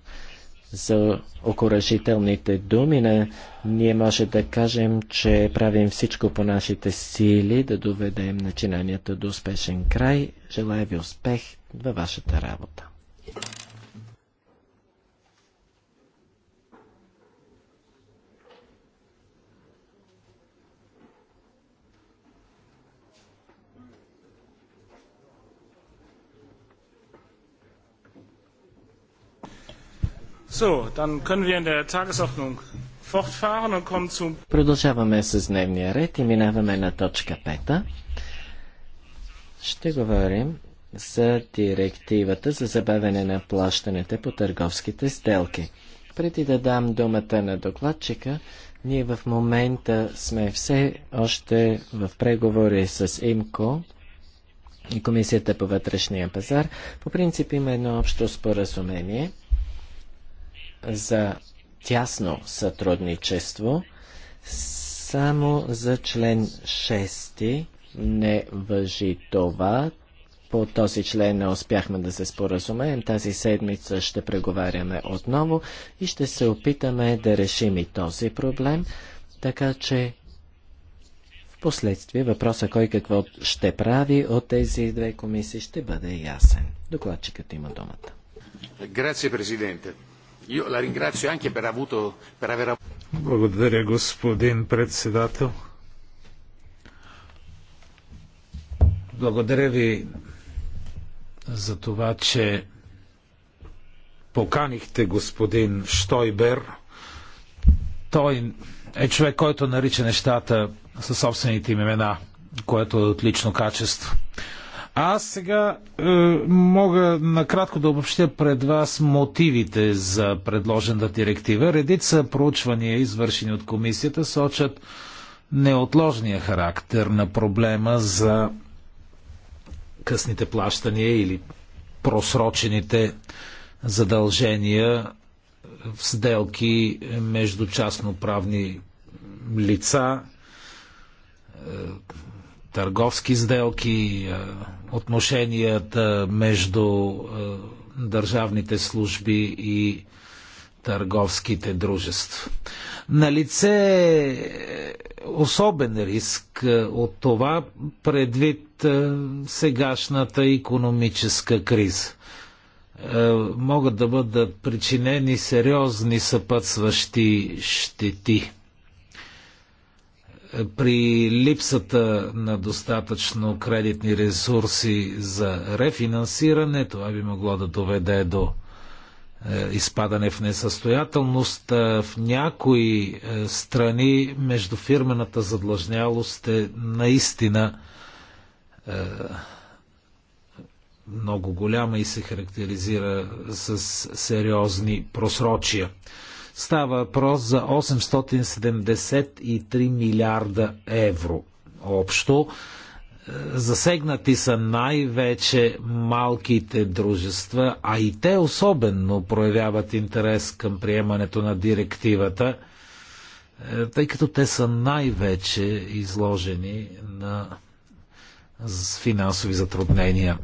за окоръжителните думи. На... Ние може да кажем, че правим всичко по нашите сили да доведем начинанията до успешен край. Желая ви успех във вашата работа. Продължаваме с дневния ред и минаваме на точка 5. Ще говорим за директивата за забавяне на плащането по търговските сделки. Преди да дам думата на докладчика, ние в момента сме все още в преговори с ИМКО и Комисията по вътрешния пазар. По принцип има едно общо споразумение – за тясно сътрудничество, само за член 6 не въжи това. По този член не успяхме да се споразумеем. Тази седмица ще преговаряме отново и ще се опитаме да решим и този проблем, така че в последствие въпроса кой какво ще прави от тези две комисии ще бъде ясен. Докладчикът има думата. Грация, президенте. Благодаря, господин председател. Благодаря ви за това, че поканихте господин Штойбер. Той е човек, който нарича нещата със собствените им имена, което е отлично качество. Аз сега е, мога накратко да обобщя пред вас мотивите за предложената директива. Редица проучвания, извършени от комисията, сочат неотложния характер на проблема за късните плащания или просрочените задължения в сделки между частноправни лица е, търговски сделки, е, отношенията между е, държавните служби и търговските дружества. На лице е особен риск е, от това предвид сегашната економическа криза. Могат да бъдат причинени сериозни съпътстващи щети при липсата на достатъчно кредитни ресурси за рефинансиране, това би могло да доведе до е, изпадане в несъстоятелност. В някои е, страни междуфирмената задлъжнялост е наистина е, много голяма и се характеризира с сериозни просрочия. Става въпрос за 873 милиарда евро общо. Е, засегнати са най-вече малките дружества, а и те особено проявяват интерес към приемането на директивата, е, тъй като те са най-вече изложени на финансови затруднения.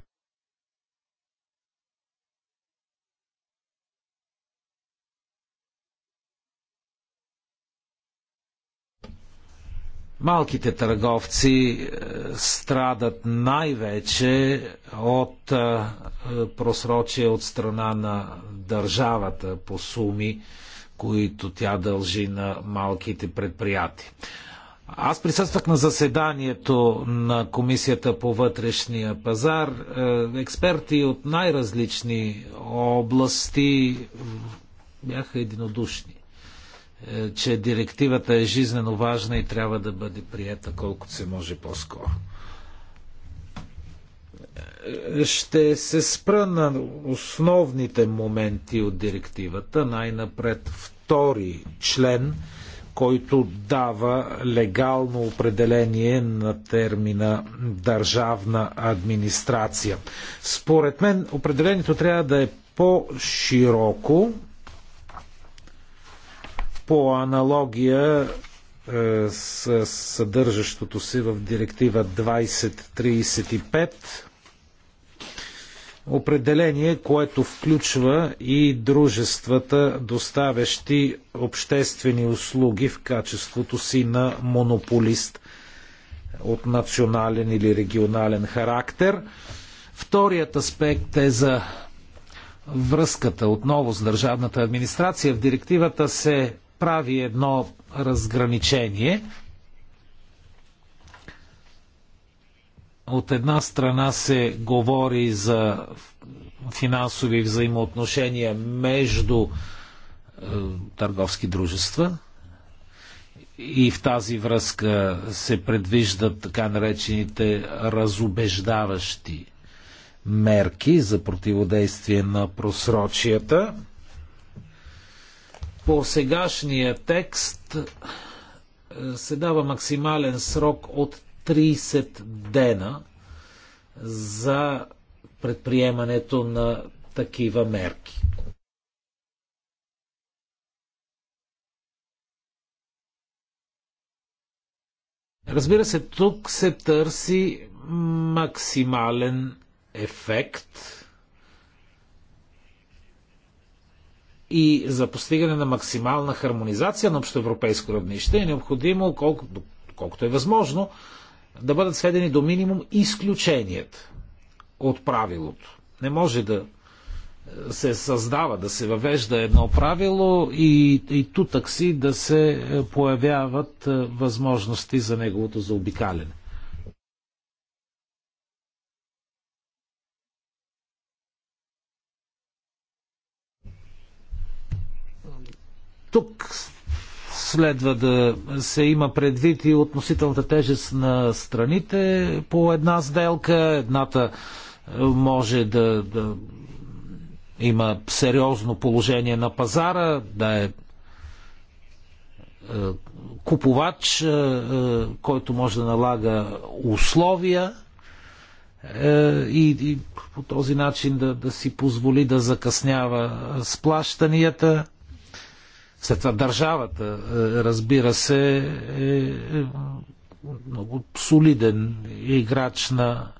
Малките търговци е, страдат най-вече от е, просрочие от страна на държавата по суми, които тя дължи на малките предприятия. Аз присъствах на заседанието на Комисията по вътрешния пазар. Е, експерти от най-различни области бяха единодушни е, че директивата е жизнено важна и трябва да бъде приета колкото се може по-скоро. Е, ще се спра на основните моменти от директивата. Най-напред втори член, който дава легално определение на термина държавна администрация. Според мен определението трябва да е по-широко по аналогия е, с съдържащото си в директива 2035 определение, което включва и дружествата, доставящи обществени услуги в качеството си на монополист от национален или регионален характер. Вторият аспект е за връзката отново с държавната администрация. В директивата се прави едно разграничение. От една страна се говори за финансови взаимоотношения между е, търговски дружества, и в тази връзка се предвиждат така наречените разобеждаващи мерки за противодействие на просрочията. По сегашния текст е, се дава максимален срок от 30 дена за предприемането на такива мерки. Разбира се, тук се търси максимален ефект и за постигане на максимална хармонизация на общоевропейско равнище е необходимо, колко, колкото е възможно, да бъдат сведени до минимум изключенията от правилото. Не може да се създава, да се въвежда едно правило и, и тутък си да се появяват е, възможности за неговото заобикаляне. Тук следва да се има предвид и относителната тежест на страните по една сделка. Едната е, може да, да има сериозно положение на пазара, да е, е купувач, е, който може да налага условия и, и по този начин да, да си позволи да закъснява сплащанията. След това държавата, е, разбира се, е, е много солиден играч на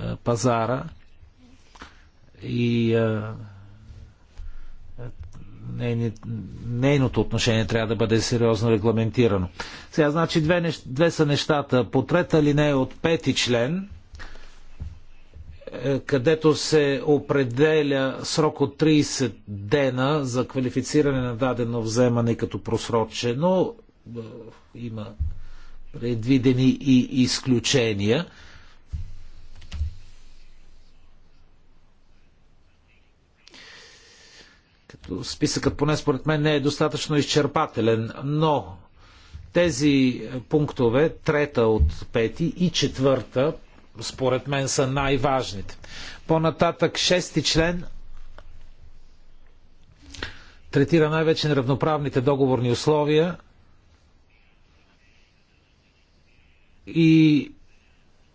е, пазара и нейното отношение трябва да бъде сериозно регламентирано. Сега, значи, две, две са нещата. По трета линия от пети член е, където се определя срок от 30 дена за квалифициране на дадено вземане като просрочено. Е, има предвидени и изключения. Като списъкът поне според мен не е достатъчно изчерпателен, но тези пунктове, трета от пети и четвърта, според мен са най-важните. По-нататък шести член третира най-вече неравноправните договорни условия и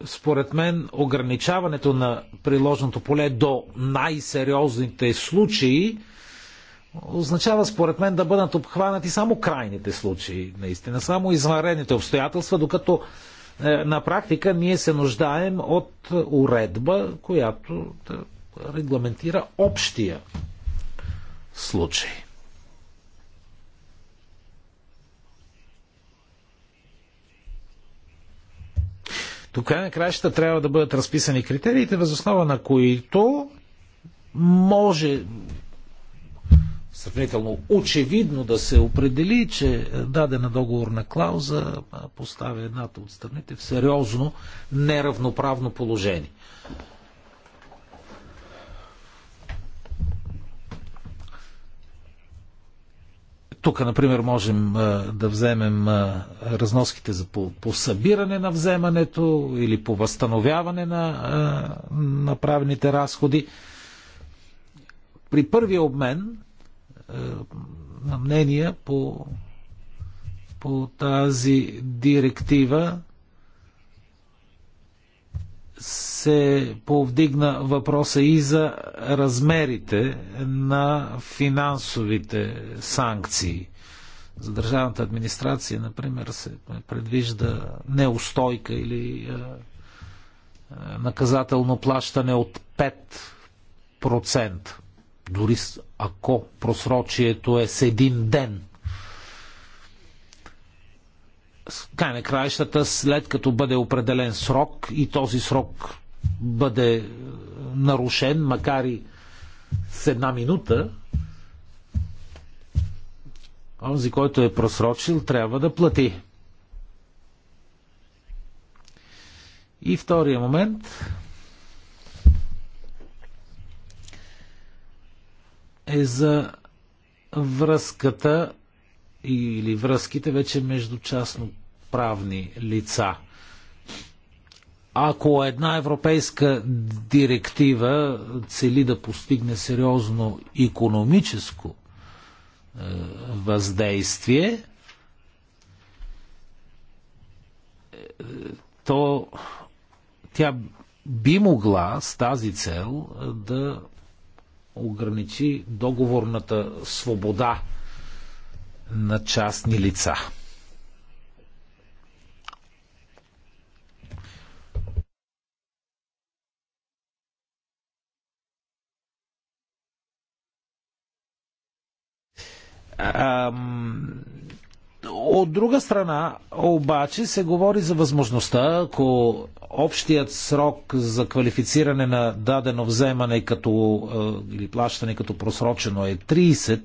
според мен ограничаването на приложното поле до най-сериозните случаи означава според мен да бъдат обхванати само крайните случаи, наистина, само извънредните обстоятелства, докато е, на практика ние се нуждаем от уредба, която да регламентира общия случай. Тук на краищата трябва да бъдат разписани критериите, възоснова на които може сравнително очевидно да се определи, че е, дадена договорна клауза поставя едната от страните в сериозно неравноправно положение. Тук, например, можем е, да вземем е, разноските за по, събиране на вземането или по възстановяване на направените разходи. При първия обмен е, на мнения по, по тази директива се повдигна въпроса и за размерите на финансовите санкции. За държавната администрация, например, се предвижда неустойка или е, е, наказателно плащане от 5% дори ако просрочието е с един ден. Край на краищата, след като бъде определен срок и този срок бъде е, нарушен, макар и с една минута, онзи, който е просрочил, трябва да плати. И втория момент е за връзката или връзките вече между частно правни лица. Ако една европейска директива цели да постигне сериозно економическо е, въздействие, е, то тя би могла с тази цел е, да ограничи договорната свобода на частни лица. Ам, от друга страна, обаче, се говори за възможността, ако общият срок за квалифициране на дадено вземане като, е, или плащане като просрочено е 30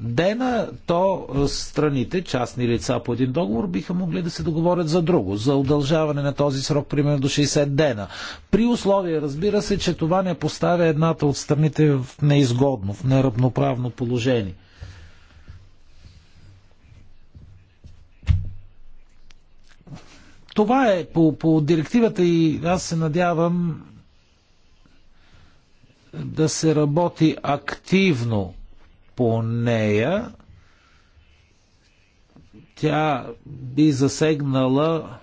дена, то е, страните, частни лица по един договор, биха могли да се договорят за друго, за удължаване на този срок, примерно до 60 дена. При условие, разбира се, че това не поставя едната от страните в неизгодно, в неравноправно положение. Това е по, по директивата и аз се надявам да се работи активно по нея. Тя би засегнала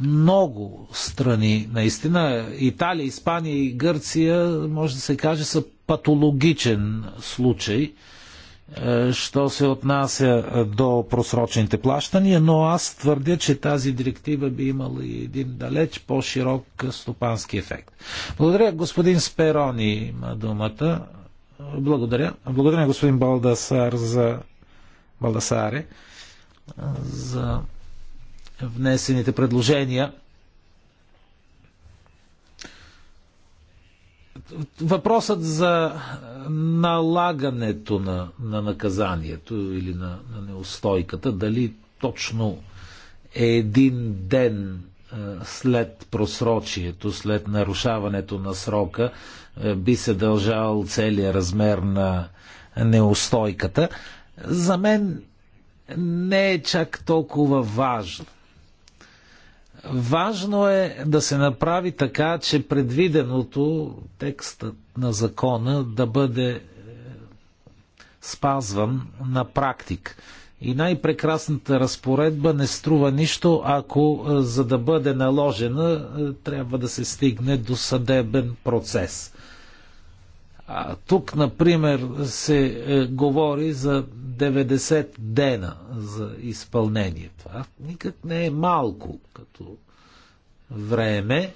много страни. Наистина, Италия, Испания и Гърция, може да се каже, са патологичен случай – е, що се отнася е, до просрочените плащания, но аз твърдя, че тази директива би имала и един далеч по-широк е, стопански ефект. Благодаря, господин Сперони има думата. Благодаря. Благодаря, господин Балдасар, за Балдасаре за внесените предложения. Въпросът за налагането на, на наказанието или на, на неустойката, дали точно е един ден е, след просрочието, след нарушаването на срока, е, би се дължал целият размер на неустойката, за мен не е чак толкова важно. Важно е да се направи така, че предвиденото текстът на закона да бъде е, спазван на практик. И най-прекрасната разпоредба не струва нищо, ако е, за да бъде наложена е, трябва да се стигне до съдебен процес. А, тук, например, се е, говори за 90 дена за изпълнение. Това никак не е малко като време.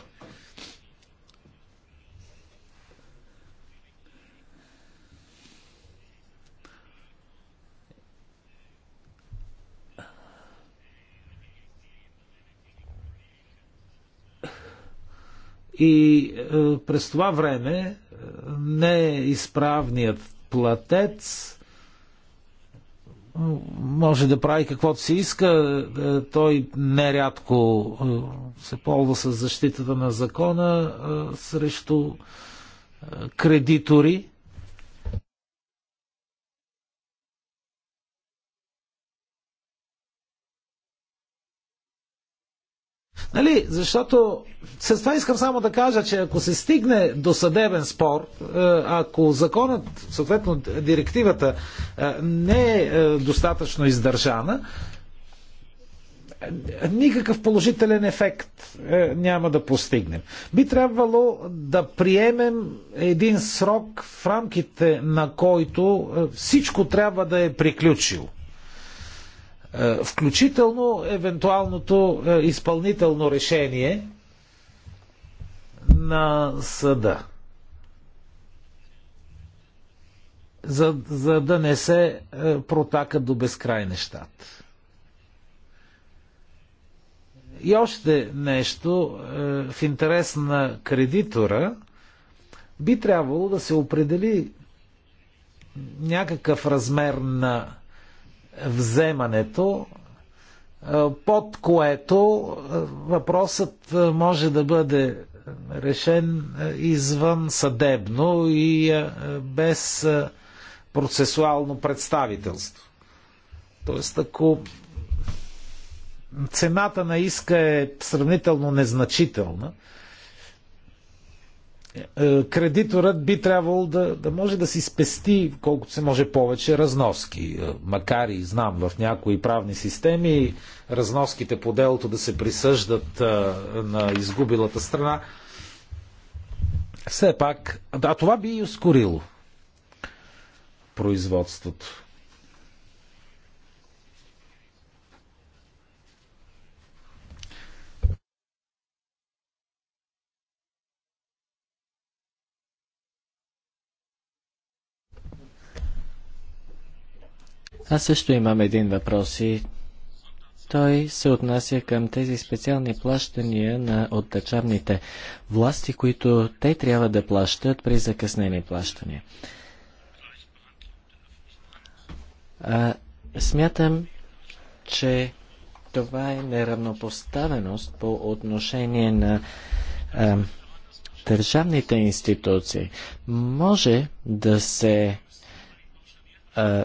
И е, през това време неизправният платец може да прави каквото си иска. Е, той нерядко е, се ползва с защитата на закона е, срещу кредитори. Нали? Защото с това искам само да кажа, че ако се стигне до съдебен спор, е, ако законът, съответно директивата, е, не е, е достатъчно издържана, никакъв положителен ефект няма да постигнем. Би трябвало да приемем един срок в рамките на който всичко трябва да е приключило. Е, включително евентуалното е, изпълнително решение на съда. За, за да не се е, протака до безкрай нещата. И още нещо, в интерес на кредитора, би трябвало да се определи някакъв размер на вземането, под което въпросът може да бъде решен извън съдебно и без процесуално представителство. Тоест, ако цената на иска е сравнително незначителна, е, кредиторът би трябвало да, да може да си спести колкото се може повече разноски. Е, макар и знам в някои правни системи разноските по делото да се присъждат е, на изгубилата страна. Все пак, а това би и ускорило производството. Аз също имам един въпрос и той се отнася към тези специални плащания на, отдачавните власти, които те трябва да плащат при закъснени плащания. А, смятам, че това е неравнопоставеност по отношение на а, държавните институции. Може да се а,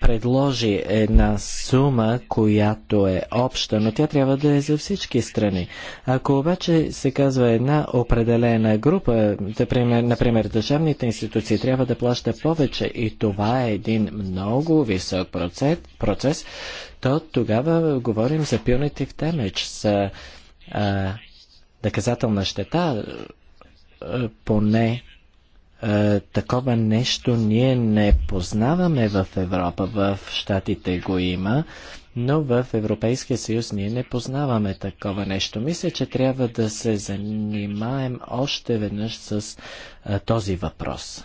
предложи една сума, която е обща, но тя трябва да е за всички страни. Ако обаче се казва една определена група, например, например държавните институции трябва да плаща повече и това е един много висок процес, процес то тогава говорим за punitive damage, за а, доказателна щета, а, поне е, такова нещо ние не познаваме в Европа. В Штатите го има, но в Европейския съюз ние не познаваме такова нещо. Мисля, че трябва да се занимаем още веднъж с е, този въпрос.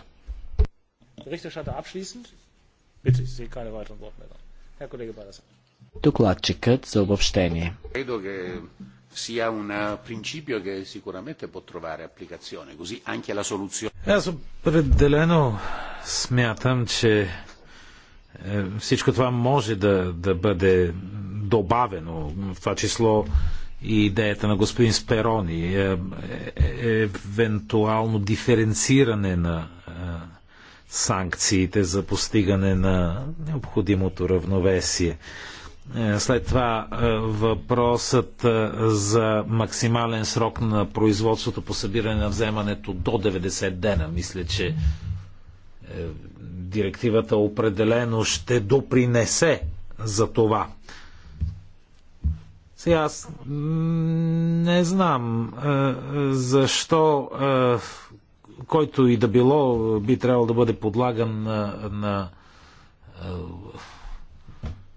Докладчикът за обобщение sia un eh, principio che sicuramente può trovare applicazione, così anche la soluzione. Аз определено смятам, че всичко това може да, да бъде добавено, в това число и идеята на господин Сперони, е, евентуално диференциране на санкциите за постигане на необходимото равновесие. Е, след това е, въпросът е, за максимален срок на производството по събиране на вземането до 90 дена. Мисля, че директивата определено ще допринесе за това. Сега аз не знам защо който и да било би трябвало да бъде подлаган на, на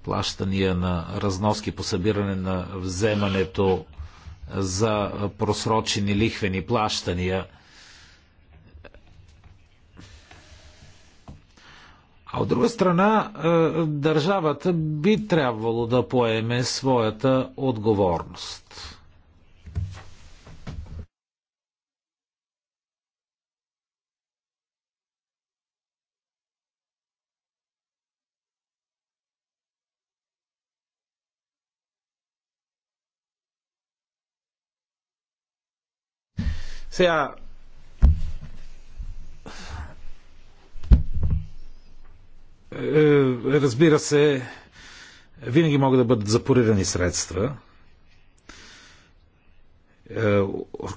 плащания на разноски по събиране на вземането за просрочени лихвени плащания. А от друга страна, е, държавата би трябвало да поеме своята отговорност. Сега, е, разбира се, винаги могат да бъдат запорирани средства. Е,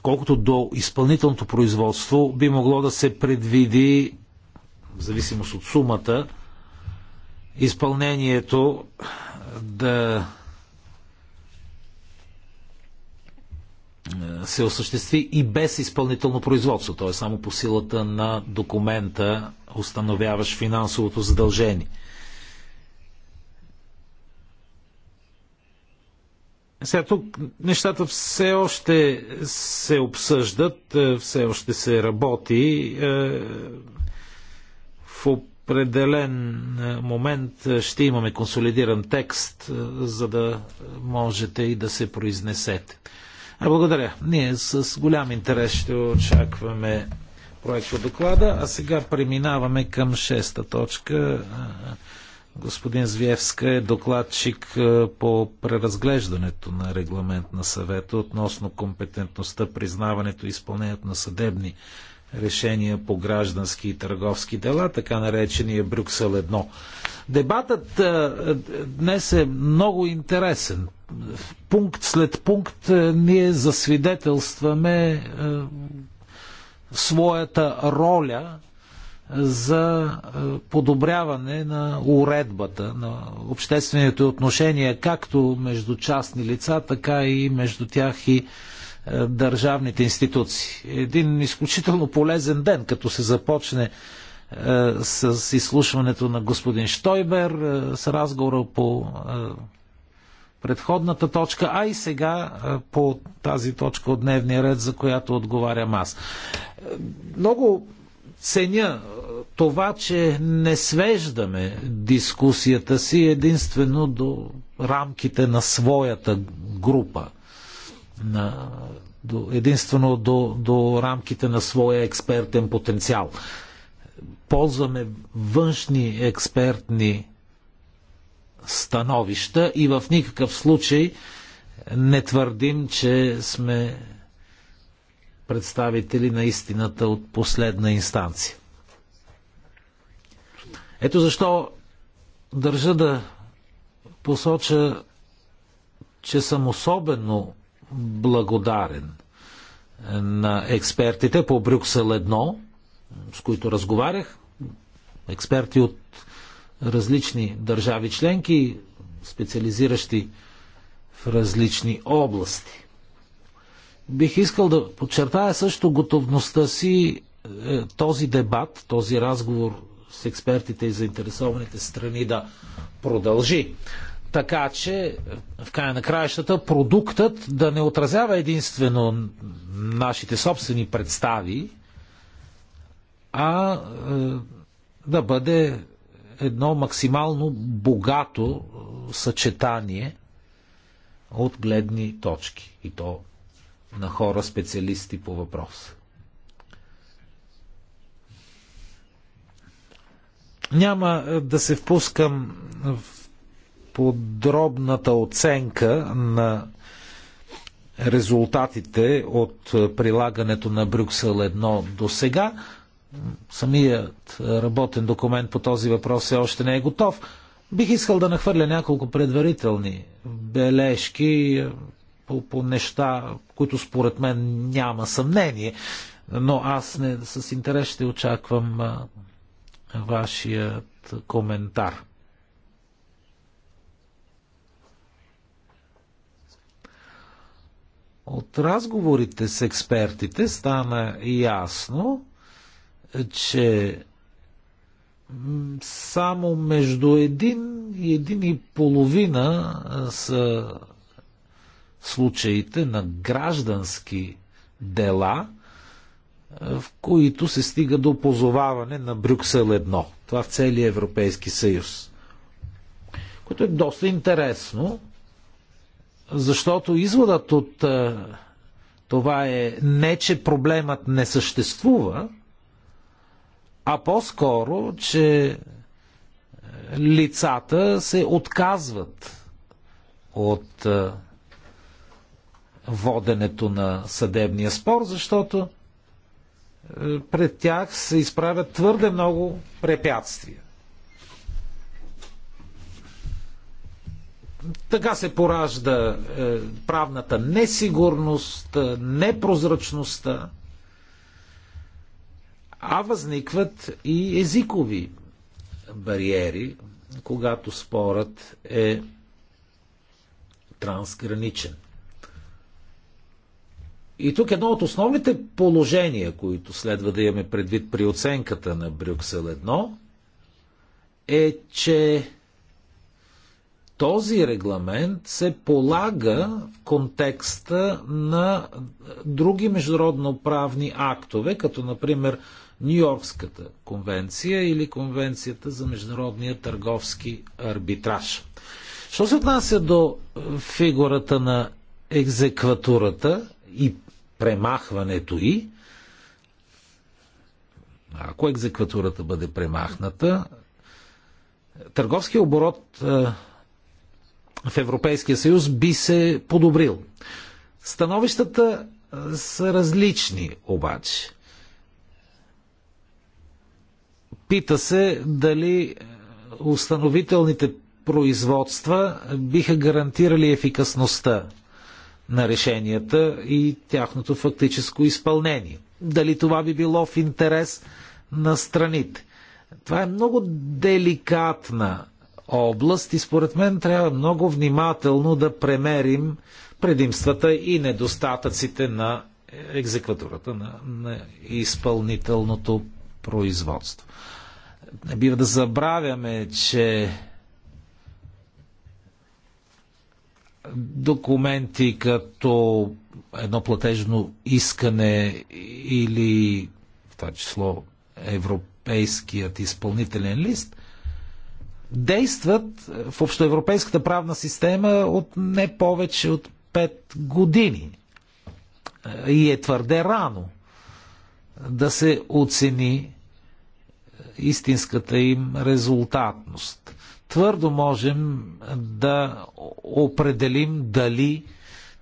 колкото до изпълнителното производство, би могло да се предвиди, в зависимост от сумата, изпълнението да Е, се осъществи и без изпълнително производство, т.е. само по силата на документа установяваш финансовото задължение. Сега тук нещата все още се обсъждат, е, все още се работи. Е, в определен момент ще имаме консолидиран текст, за да можете и да се произнесете. Благодаря. Ние с голям интерес ще очакваме проекта доклада, а сега преминаваме към шеста точка. Господин Звиевска е докладчик по преразглеждането на регламент на съвета относно компетентността, признаването и изпълнението на съдебни решения по граждански и търговски дела, така наречения Брюксел 1. Дебатът днес е много интересен пункт след пункт е, ние засвидетелстваме е, своята роля е, за подобряване на уредбата на обществените отношения, както между частни лица, така и между тях и държавните институции. Един изключително полезен ден, като се започне с изслушването на господин Штойбер, с разговора по предходната точка, а и сега е, по тази точка от дневния ред, за която отговарям аз. Много ценя е, това, че не свеждаме дискусията си единствено до рамките на своята група, на, до, единствено до, до рамките на своя експертен потенциал. Ползваме външни експертни становища и в никакъв случай не твърдим, че сме представители на истината от последна инстанция. Ето защо държа да посоча, че съм особено благодарен на експертите по Брюксел 1, с които разговарях, експерти от различни държави членки, специализиращи в различни области. Бих искал да подчертая също готовността си е, този дебат, този разговор с експертите и заинтересованите страни да продължи. Така че, в края на краищата, продуктът да не отразява единствено нашите собствени представи, а е, да бъде едно максимално богато е, съчетание от гледни точки. И то на хора специалисти по въпроса. Няма е, да се впускам в подробната оценка на резултатите от е, прилагането на Брюксел 1 до сега самият е, работен документ по този въпрос все още не е готов. Бих искал да нахвърля няколко предварителни бележки е, по, по неща, които според мен няма съмнение, но аз не, с интерес ще очаквам а, е, вашият коментар. От разговорите с експертите стана ясно, че само между един и един и половина са случаите на граждански дела, в които се стига до позоваване на Брюксел едно. Това в целия Европейски съюз. Което е доста интересно, защото изводът от това е не, че проблемът не съществува, а по-скоро, че е, лицата се отказват от е, воденето на съдебния спор, защото е, пред тях се изправят твърде много препятствия. Така се поражда правната несигурност, непрозрачността а възникват и езикови бариери, когато спорът е трансграничен. И тук едно от основните положения, които следва да имаме предвид при оценката на Брюксел 1, е, че този регламент се полага в контекста на други международно-правни актове, като например Нью-Йоркската конвенция или конвенцията за международния търговски арбитраж. Що се отнася до фигурата на екзекватурата и премахването й, ако екзекватурата бъде премахната, търговския оборот е, в Европейския съюз би се подобрил. Становищата е, са различни обаче. Пита се дали е, установителните производства биха гарантирали ефикасността на решенията и тяхното фактическо изпълнение. Дали това би било в интерес на страните? Това е много деликатна област и според мен трябва много внимателно да премерим предимствата и недостатъците на екзекватурата, на, на изпълнителното производство. Не бива да забравяме, че документи като едно платежно искане или в това число европейският изпълнителен лист действат в общоевропейската правна система от не повече от 5 години. И е твърде рано да се оцени истинската им резултатност. Твърдо можем да определим дали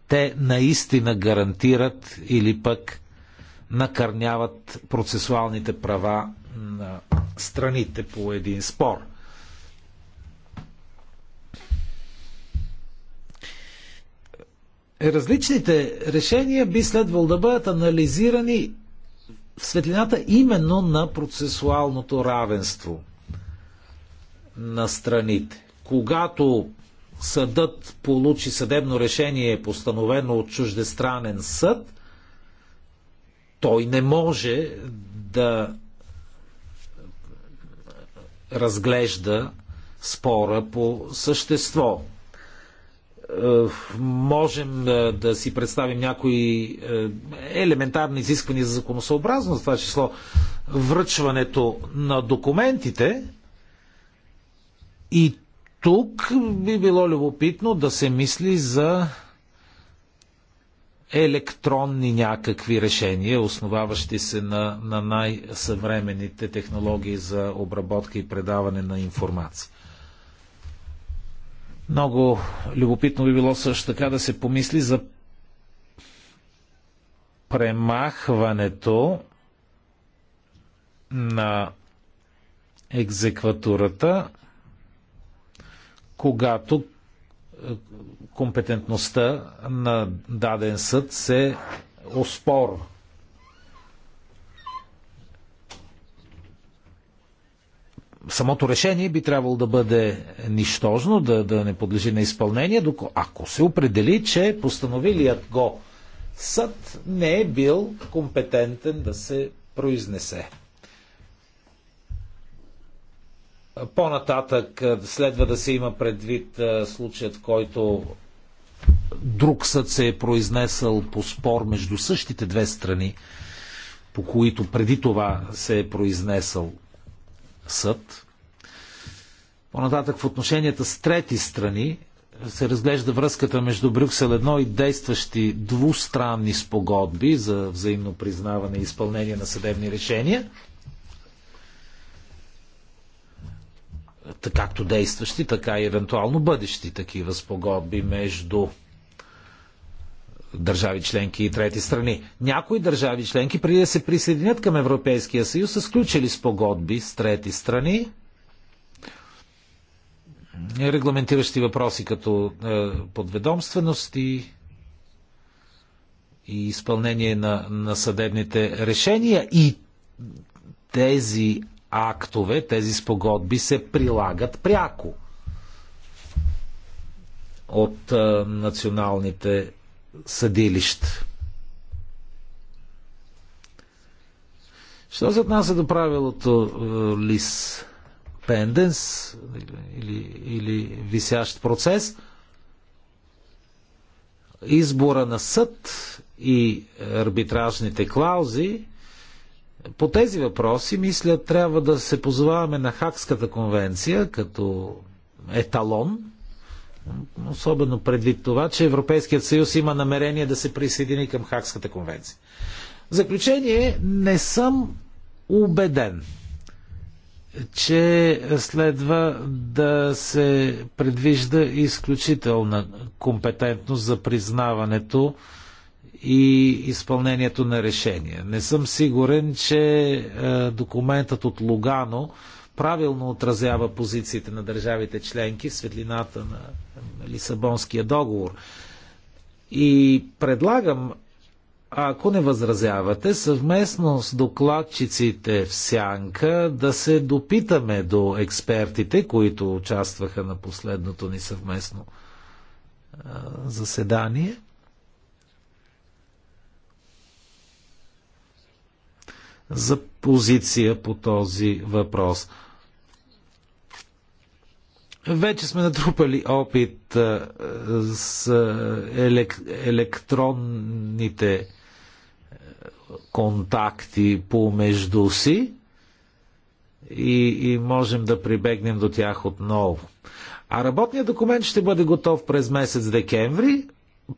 те наистина гарантират или пък накърняват процесуалните права на страните по един спор. Различните решения би следвало да бъдат анализирани в светлината именно на процесуалното равенство на страните. Когато съдът получи съдебно решение, постановено от чуждестранен съд, той не може да разглежда спора по същество можем е, да си представим някои е, елементарни изисквания за законосъобразност, това число връчването на документите. И тук би било любопитно да се мисли за електронни някакви решения, основаващи се на, на най-съвременните технологии за обработка и предаване на информация. Много любопитно би било също така да се помисли за премахването на екзекватурата, когато е, компетентността на даден съд се оспорва. самото решение би трябвало да бъде нищожно, да, да не подлежи на изпълнение, ако се определи, че постановилият го съд не е бил компетентен да се произнесе. По-нататък следва да се има предвид случаят, в който друг съд се е произнесъл по спор между същите две страни, по които преди това се е произнесъл съд. По-нататък в отношенията с трети страни се разглежда връзката между Брюксел 1 и действащи двустранни спогодби за взаимно признаване и изпълнение на съдебни решения. както действащи, така и евентуално бъдещи такива спогодби между държави членки и трети страни. Някои държави членки, преди да се присъединят към Европейския съюз, са сключили спогодби с трети страни, регламентиращи въпроси като е, подведомственост и, и изпълнение на, на съдебните решения и тези актове, тези спогодби се прилагат пряко от е, националните съдилища. Що се отнася е до правилото е, лис пенденс или, или висящ процес, избора на съд и арбитражните клаузи, по тези въпроси, мисля, трябва да се позоваваме на Хакската конвенция като еталон, Особено предвид това, че Европейският съюз има намерение да се присъедини към Хакската конвенция. В заключение, не съм убеден, че следва да се предвижда изключителна компетентност за признаването и изпълнението на решения. Не съм сигурен, че е, документът от Лугано правилно отразява позициите на държавите членки в светлината на Лисабонския договор. И предлагам, ако не възразявате, съвместно с докладчиците в Сянка да се допитаме до експертите, които участваха на последното ни съвместно заседание. За позиция по този въпрос. Вече сме натрупали опит с елек, електронните контакти помежду си и, и можем да прибегнем до тях отново. А работният документ ще бъде готов през месец декември.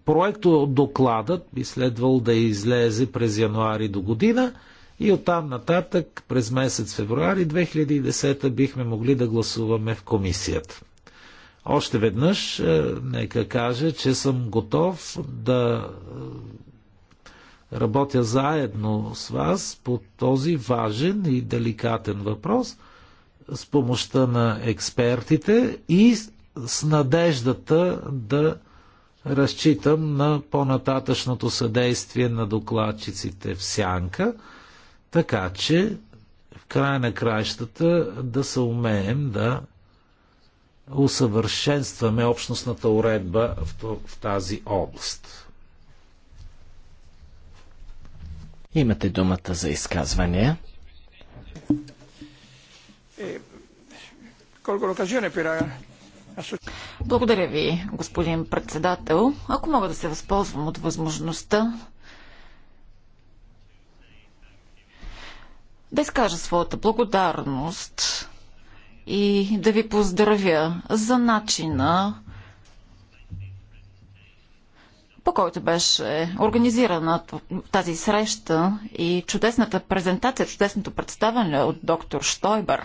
Проекто докладът би следвал да излезе през януари до година. И оттам нататък през месец февруари 2010 бихме могли да гласуваме в комисията. Още веднъж е, нека кажа, че съм готов да е, работя заедно с вас по този важен и деликатен въпрос с помощта на експертите и с надеждата да разчитам на по-нататъчното съдействие на докладчиците в Сянка – така че, в края на краищата, да се умеем да усъвършенстваме общностната уредба в тази област. Имате думата за изказвания. Е, Благодаря ви, господин председател. Ако мога да се възползвам от възможността да изкажа своята благодарност и да ви поздравя за начина по който беше организирана тази среща и чудесната презентация, чудесното представяне от доктор Штойбер,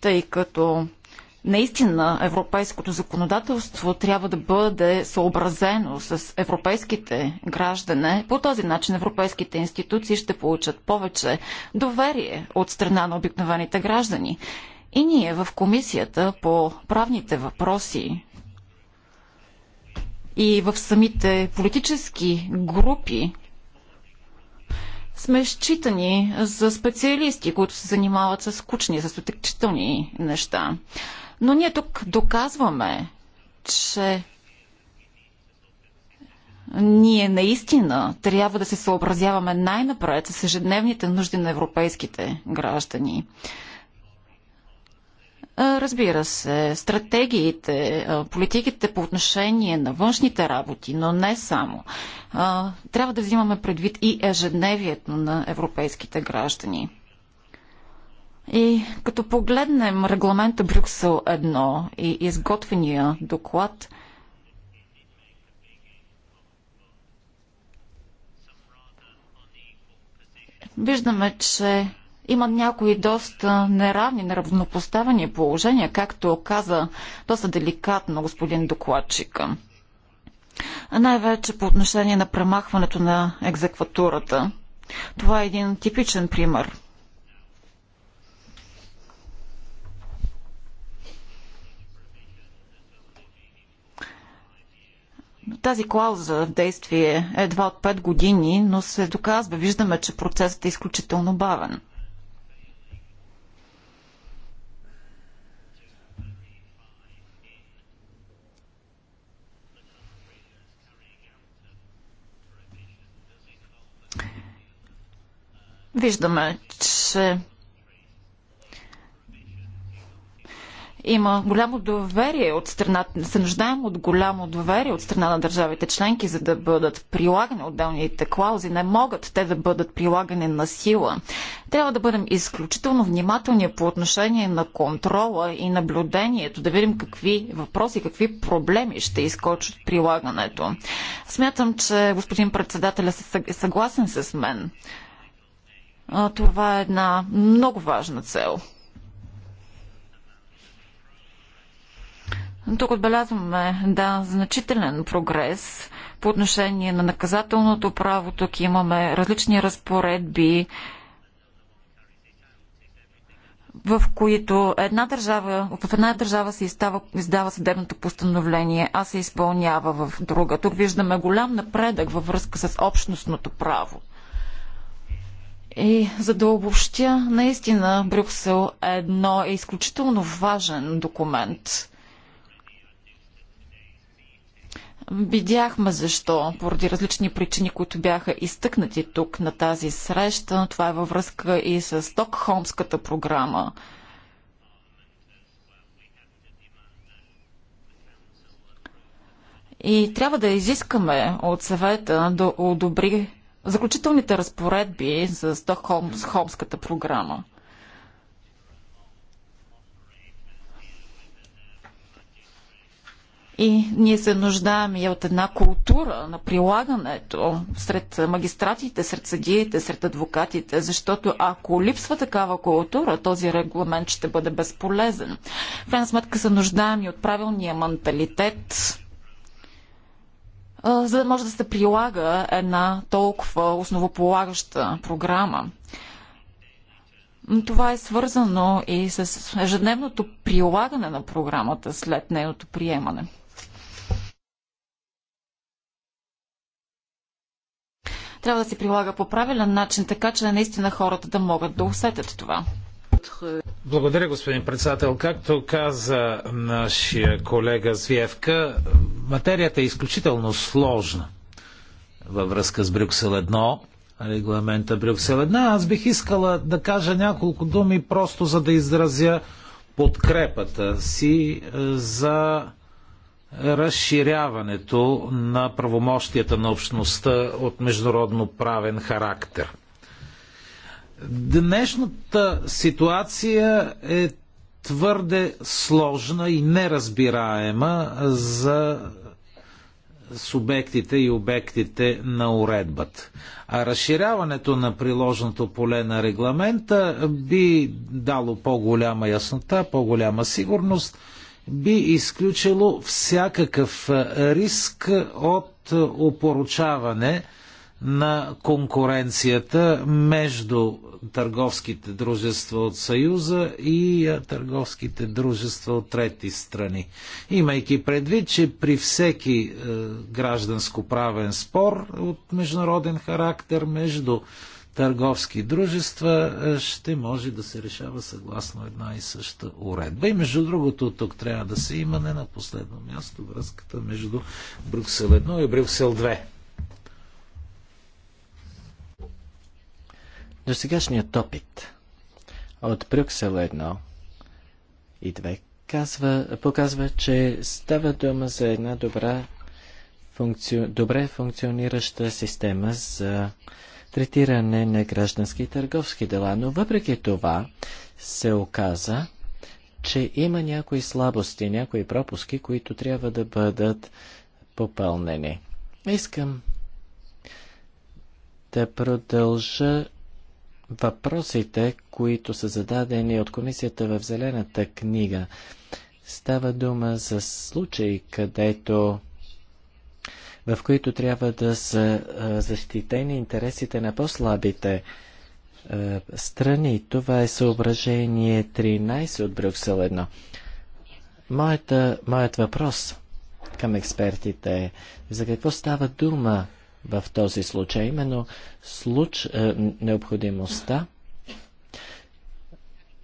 тъй като Наистина, европейското законодателство трябва да бъде съобразено с европейските граждане. По този начин европейските институции ще получат повече доверие от страна на обикновените граждани. И ние в комисията по правните въпроси и в самите политически групи сме считани за специалисти, които се занимават с скучни, с отекчителни неща. Но ние тук доказваме, че ние наистина трябва да се съобразяваме най-напред с ежедневните нужди на европейските граждани. Разбира се, стратегиите, политиките по отношение на външните работи, но не само. Трябва да взимаме предвид и ежедневието на европейските граждани. И като погледнем регламента Брюксел 1 и изготвения доклад, виждаме, че има някои доста неравни, неравнопоставени положения, както каза доста деликатно господин докладчика. Най-вече по отношение на премахването на екзекватурата. Това е един типичен пример – Тази клауза в действие е едва от 5 години, но се доказва, виждаме, че процесът е изключително бавен. Виждаме, че Има голямо доверие от страната, се нуждаем от голямо доверие от страна на държавите членки, за да бъдат прилагани отделните клаузи. Не могат те да бъдат прилагани на сила. Трябва да бъдем изключително внимателни по отношение на контрола и наблюдението, да видим какви въпроси, какви проблеми ще изкочат прилагането. Смятам, че господин председателя е съгласен с мен. Това е една много важна цел – Тук отбелязваме, да, значителен прогрес по отношение на наказателното право. Тук имаме различни разпоредби, в които една държава, в една държава се издава, издава съдебното постановление, а се изпълнява в друга. Тук виждаме голям напредък във връзка с общностното право. И за да обобщя, наистина Брюксел е едно е изключително важен документ. Видяхме защо, поради различни причини, които бяха изтъкнати тук на тази среща. Това е във връзка и с Стокхолмската програма. И трябва да изискаме от съвета да одобри заключителните разпоредби за Стокхолмската програма. И ние се нуждаем и от една култура на прилагането сред магистратите, сред съдиите, сред адвокатите, защото ако липсва такава култура, този регламент ще бъде безполезен. В крайна сметка се нуждаем и от правилния менталитет, за да може да се прилага една толкова основополагаща програма. Това е свързано и с ежедневното прилагане на програмата след нейното приемане. трябва да се прилага по правилен начин, така че наистина хората да могат да усетят това. Благодаря, господин председател. Както каза нашия колега Звиевка, материята е изключително сложна във връзка с Брюксел 1, регламента Брюксел 1. Аз бих искала да кажа няколко думи просто за да изразя подкрепата си е, за разширяването на правомощията на общността от международно правен характер. Днешната ситуация е твърде сложна и неразбираема за субектите и обектите на уредбата. А разширяването на приложното поле на регламента би дало по-голяма яснота, по-голяма сигурност – би изключило всякакъв е, риск от е, опоручаване на конкуренцията между търговските дружества от Съюза и е, търговските дружества от трети страни. Имайки предвид, че при всеки гражданско-правен спор от международен характер между търговски дружества е, ще може да се решава съгласно една и съща уредба. И между другото, тук трябва да се има не на последно място връзката между Брюксел 1 и Брюксел 2. До сегашният опит от Брюксел 1 и 2 казва, показва, че става дума за една добра, функци... добре функционираща система за третиране на граждански и търговски дела, но въпреки това се оказа, че има някои слабости, някои пропуски, които трябва да бъдат попълнени. Искам да продължа въпросите, които са зададени от комисията в Зелената книга. Става дума за случаи, където в които трябва да са защитени интересите на по-слабите страни. Това е съображение 13 от Брюксел 1. Моята, моят въпрос към експертите е за какво става дума в този случай, именно случ, е, необходимостта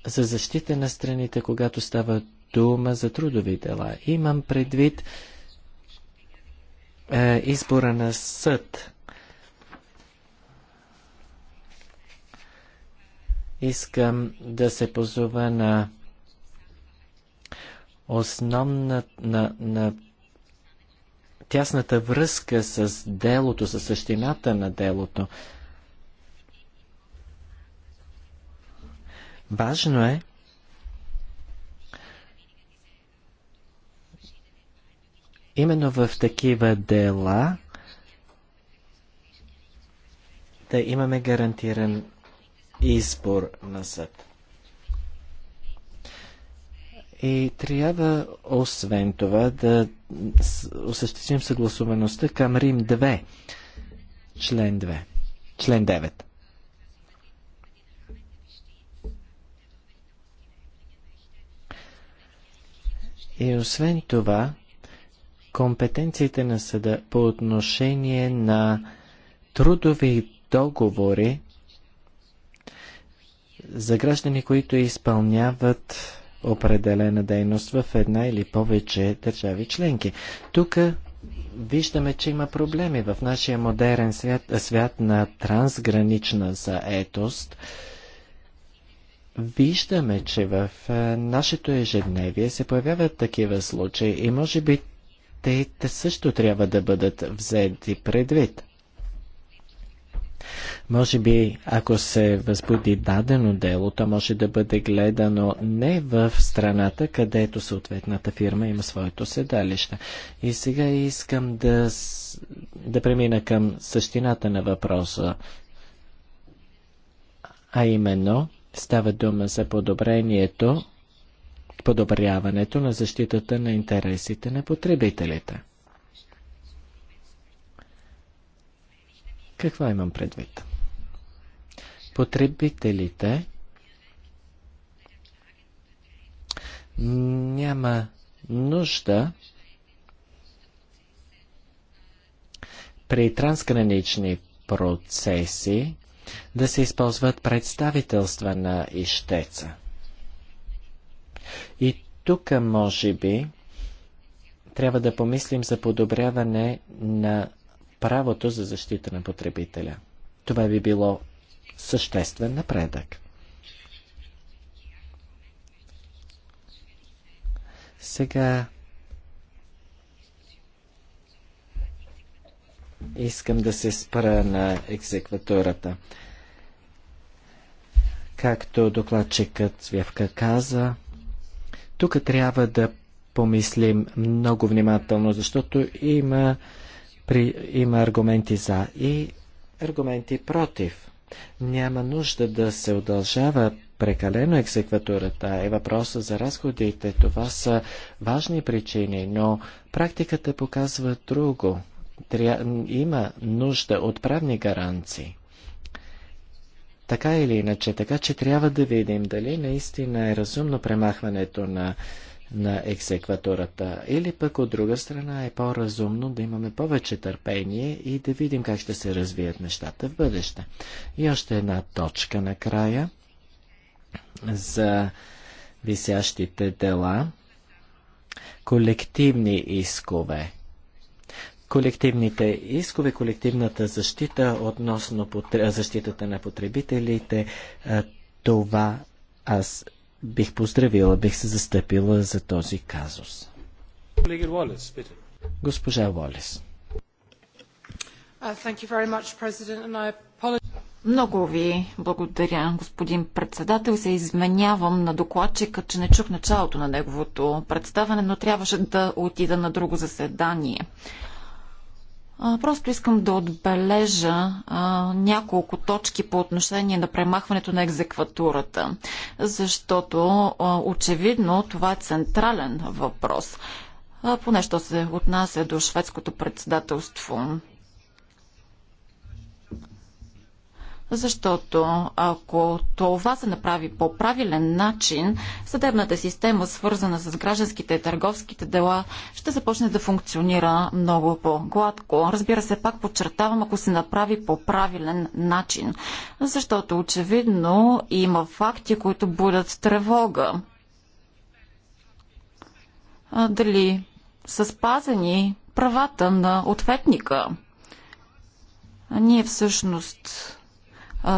за защита на страните, когато става дума за трудови дела. Имам предвид е, избора на съд. Искам да се позова на основна на, на тясната връзка с делото, с същината на делото. Важно е именно в такива дела да имаме гарантиран избор на съд. И трябва, освен това, да осъществим съгласуваността към Рим 2, член 2, член 9. И освен това, компетенциите на съда по отношение на трудови договори за граждани, които изпълняват определена дейност в една или повече държави членки. Тук виждаме, че има проблеми в нашия модерен свят, свят на трансгранична заетост. Виждаме, че в нашето ежедневие се появяват такива случаи и може би те, също трябва да бъдат взети предвид. Може би, ако се възбуди дадено дело, то може да бъде гледано не в страната, където съответната фирма има своето седалище. И сега искам да, да премина към същината на въпроса. А именно, става дума за подобрението подобряването на защитата на интересите на потребителите. Какво имам предвид? Потребителите няма нужда при трансгранични процеси да се използват представителства на ищеца. И тук, може би, трябва да помислим за подобряване на правото за защита на потребителя. Това би било съществен напредък. Сега искам да се спра на екзекватурата. Както докладчикът Свявка каза, тук трябва да помислим много внимателно, защото има, при, има аргументи за и аргументи против. Няма нужда да се удължава прекалено екзекватурата е въпроса за разходите. Това са важни причини, но практиката показва друго. Тря... Има нужда от правни гаранции така или иначе, така че трябва да видим дали наистина е разумно премахването на, на екзекватурата. Или пък от друга страна е по-разумно да имаме повече търпение и да видим как ще се развият нещата в бъдеще. И още една точка накрая за висящите дела. Колективни искове колективните искове, колективната защита относно защитата на потребителите, е, това аз бих поздравила, бих се застъпила за този казус. Госпожа Уолес. Много ви благодаря, господин председател. Се изменявам на докладчика, че не чух началото на неговото представане, но трябваше да отида на друго заседание. Просто искам да отбележа а, няколко точки по отношение на премахването на екзекватурата, защото а, очевидно това е централен въпрос, а, поне що се отнася до шведското председателство. Защото ако това се направи по правилен начин, съдебната система, свързана с гражданските и търговските дела, ще започне да функционира много по-гладко. Разбира се, пак подчертавам, ако се направи по правилен начин. Защото очевидно има факти, които будят тревога. А дали са спазени правата на ответника? А ние всъщност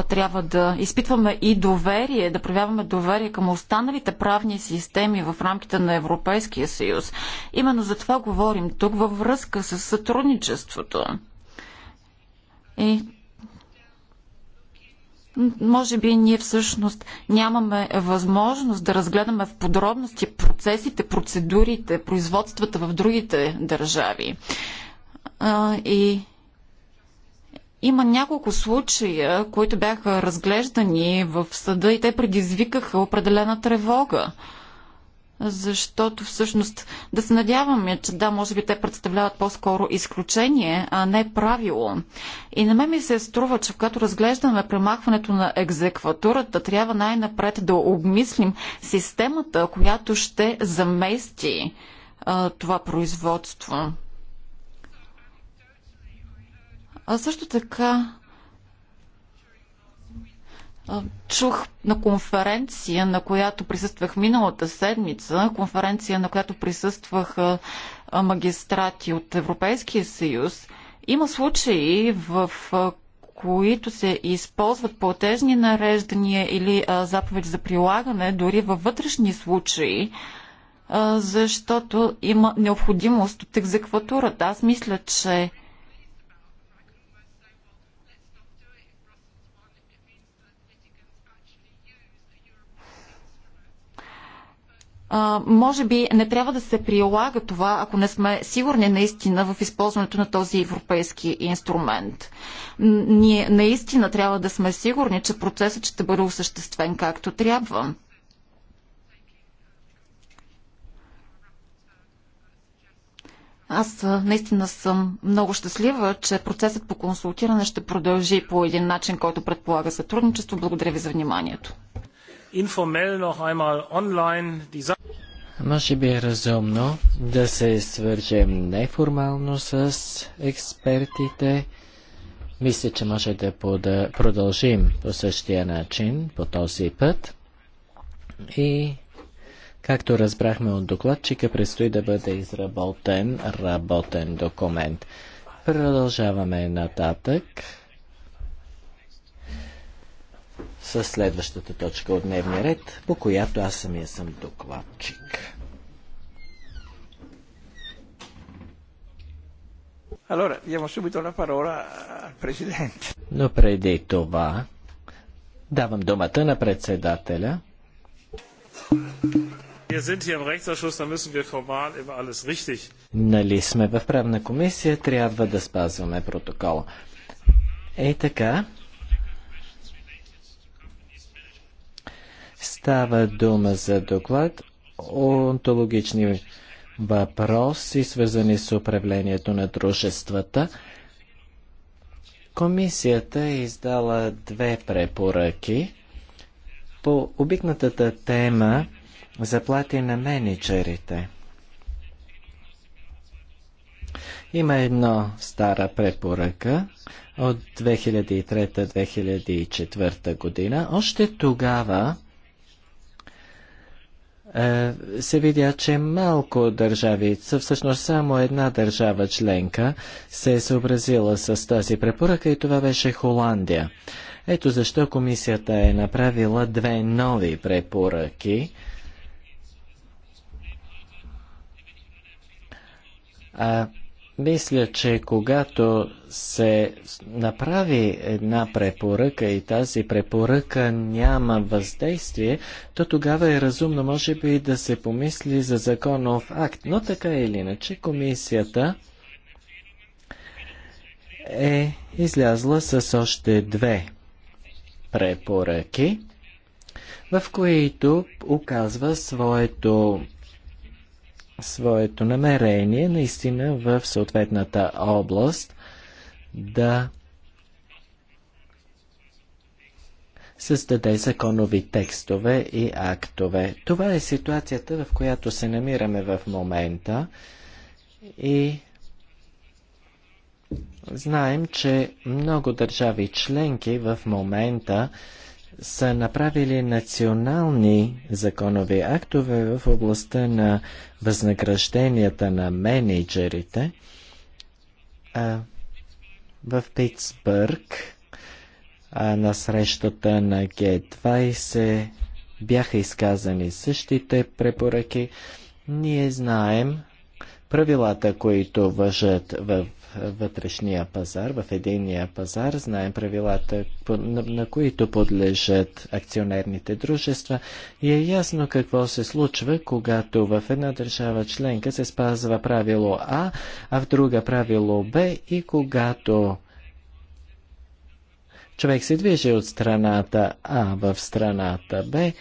трябва да изпитваме и доверие, да проявяваме доверие към останалите правни системи в рамките на Европейския съюз. Именно за това говорим тук във връзка с сътрудничеството. И може би ние всъщност нямаме възможност да разгледаме в подробности процесите, процедурите, производствата в другите държави. и има няколко случая, които бяха разглеждани в съда и те предизвикаха определена тревога. Защото всъщност да се надяваме, че да, може би те представляват по-скоро изключение, а не правило. И на мен ми се струва, че когато разглеждаме премахването на екзекватурата, трябва най-напред да обмислим системата, която ще замести а, това производство. А също така Чух на конференция, на която присъствах миналата седмица, конференция, на която присъстваха магистрати от Европейския съюз. Има случаи, в които се използват платежни нареждания или заповед за прилагане, дори във вътрешни случаи, защото има необходимост от екзекватурата. Аз мисля, че може би не трябва да се прилага това, ако не сме сигурни наистина в използването на този европейски инструмент. Ние наистина трябва да сме сигурни, че процесът ще бъде осъществен както трябва. Аз наистина съм много щастлива, че процесът по консултиране ще продължи по един начин, който предполага сътрудничество. Благодаря ви за вниманието informell noch einmal online die Sache. Може би е разумно да се свържем неформално с експертите. Мисля, че може да продължим по същия начин, по този път. И, както разбрахме от докладчика, предстои да бъде изработен работен документ. Продължаваме нататък с следващата точка от дневния ред, по която аз самия съм докладчик. Allora, diamo subito la parola al Presidente. Но преди това давам думата на председателя. Нали сме в правна комисия, трябва да спазваме протокола. Е така, Става дума за доклад онтологични въпроси, свързани с управлението на дружествата. Комисията е издала две препоръки по обикнатата тема заплати на менеджерите. Има едно стара препоръка от 2003-2004 година. Още тогава е, се видя, че малко държави, всъщност само една държава членка, се е съобразила с тази препоръка и това беше Холандия. Ето защо комисията е направила две нови препоръки. А, мисля, че когато се направи една препоръка и тази препоръка няма въздействие, то тогава е разумно, може би, да се помисли за законов акт. Но така или иначе, комисията е излязла с още две препоръки, в които оказва своето своето намерение наистина в съответната област да създаде законови текстове и актове. Това е ситуацията, в която се намираме в момента и знаем, че много държави членки в момента са направили национални законови актове в областта на възнагражденията на менеджерите. А, в Питсбърг а, на срещата на Г20 бяха изказани същите препоръки. Ние знаем правилата, които въжат в вътрешния пазар, в единния пазар. Знаем правилата, на, които подлежат акционерните дружества и е ясно какво се случва, когато в една държава членка се спазва правило А, а в друга правило Б и когато човек се движи от страната А в страната Б,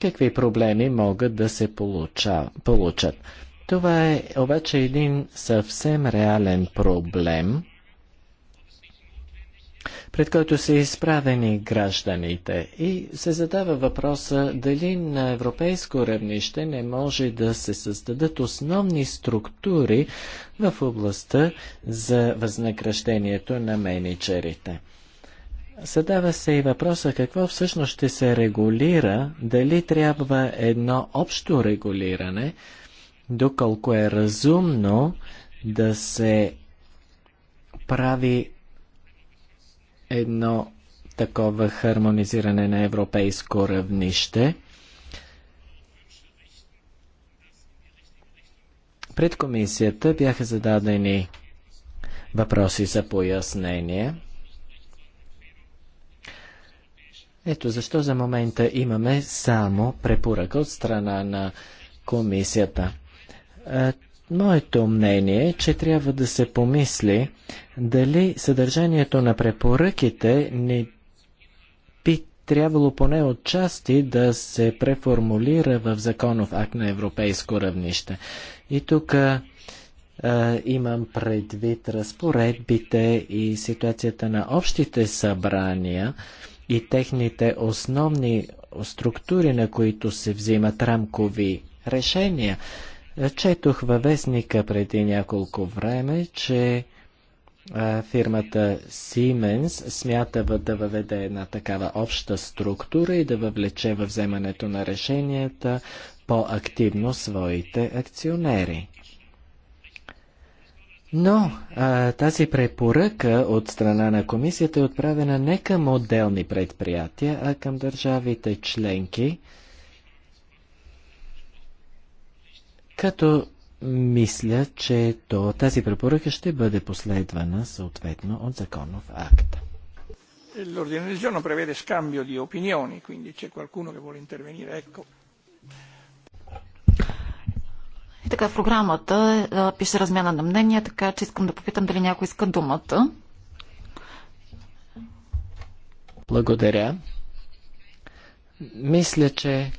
какви проблеми могат да се получат. Това е обаче един съвсем реален проблем, пред който са изправени гражданите и се задава въпроса дали на европейско равнище не може да се създадат основни структури в областта за възнаграждението на менеджерите. Съдава се и въпроса какво всъщност ще се регулира, дали трябва едно общо регулиране – доколко е разумно да се прави едно такова хармонизиране на европейско равнище. Пред комисията бяха зададени въпроси за пояснение. Ето защо за момента имаме само препоръка от страна на комисията. Е, моето мнение е, че трябва да се помисли дали съдържанието на препоръките не би трябвало поне от части да се преформулира в законов акт на европейско равнище. И тук а, е, имам предвид разпоредбите и ситуацията на общите събрания и техните основни структури, на които се взимат рамкови решения. Четох във вестника преди няколко време, че фирмата Siemens смята да въведе една такава обща структура и да въвлече във вземането на решенията по-активно своите акционери. Но а, тази препоръка от страна на комисията е отправена не към отделни предприятия, а към държавите членки – като мисля, че то, тази препоръка ще бъде последвана съответно от законов акт. L'ordine del giorno prevede scambio di opinioni, quindi c'è qualcuno che vuole intervenire. Ecco. И така, в програмата е, а, пише размяна на мнения, така че искам да попитам дали някой иска думата. Благодаря. Мисля, че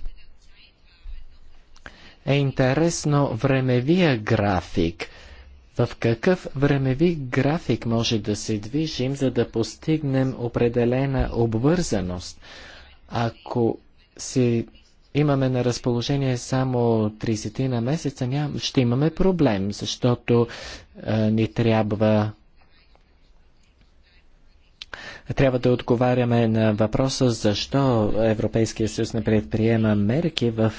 е интересно времевия график. В какъв времеви график може да се движим, за да постигнем определена обвързаност? Ако си имаме на разположение само 30 на месеца, ням, ще имаме проблем, защото е, ни трябва трябва да отговаряме на въпроса защо Европейския съюз не предприема мерки в,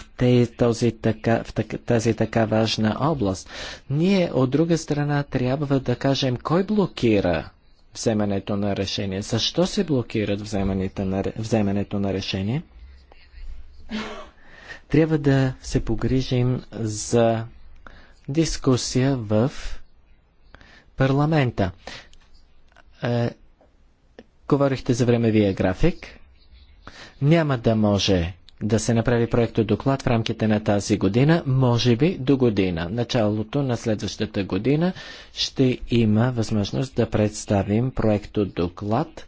този, така, в тази така важна област. Ние от друга страна трябва да кажем кой блокира вземането на решение. Защо се блокират на, вземането на решение? Трябва да се погрижим за дискусия в парламента. Е, Говорихте за времевия график. Няма да може да се направи проекто доклад в рамките на тази година, може би до година. Началото на следващата година ще има възможност да представим проекто доклад.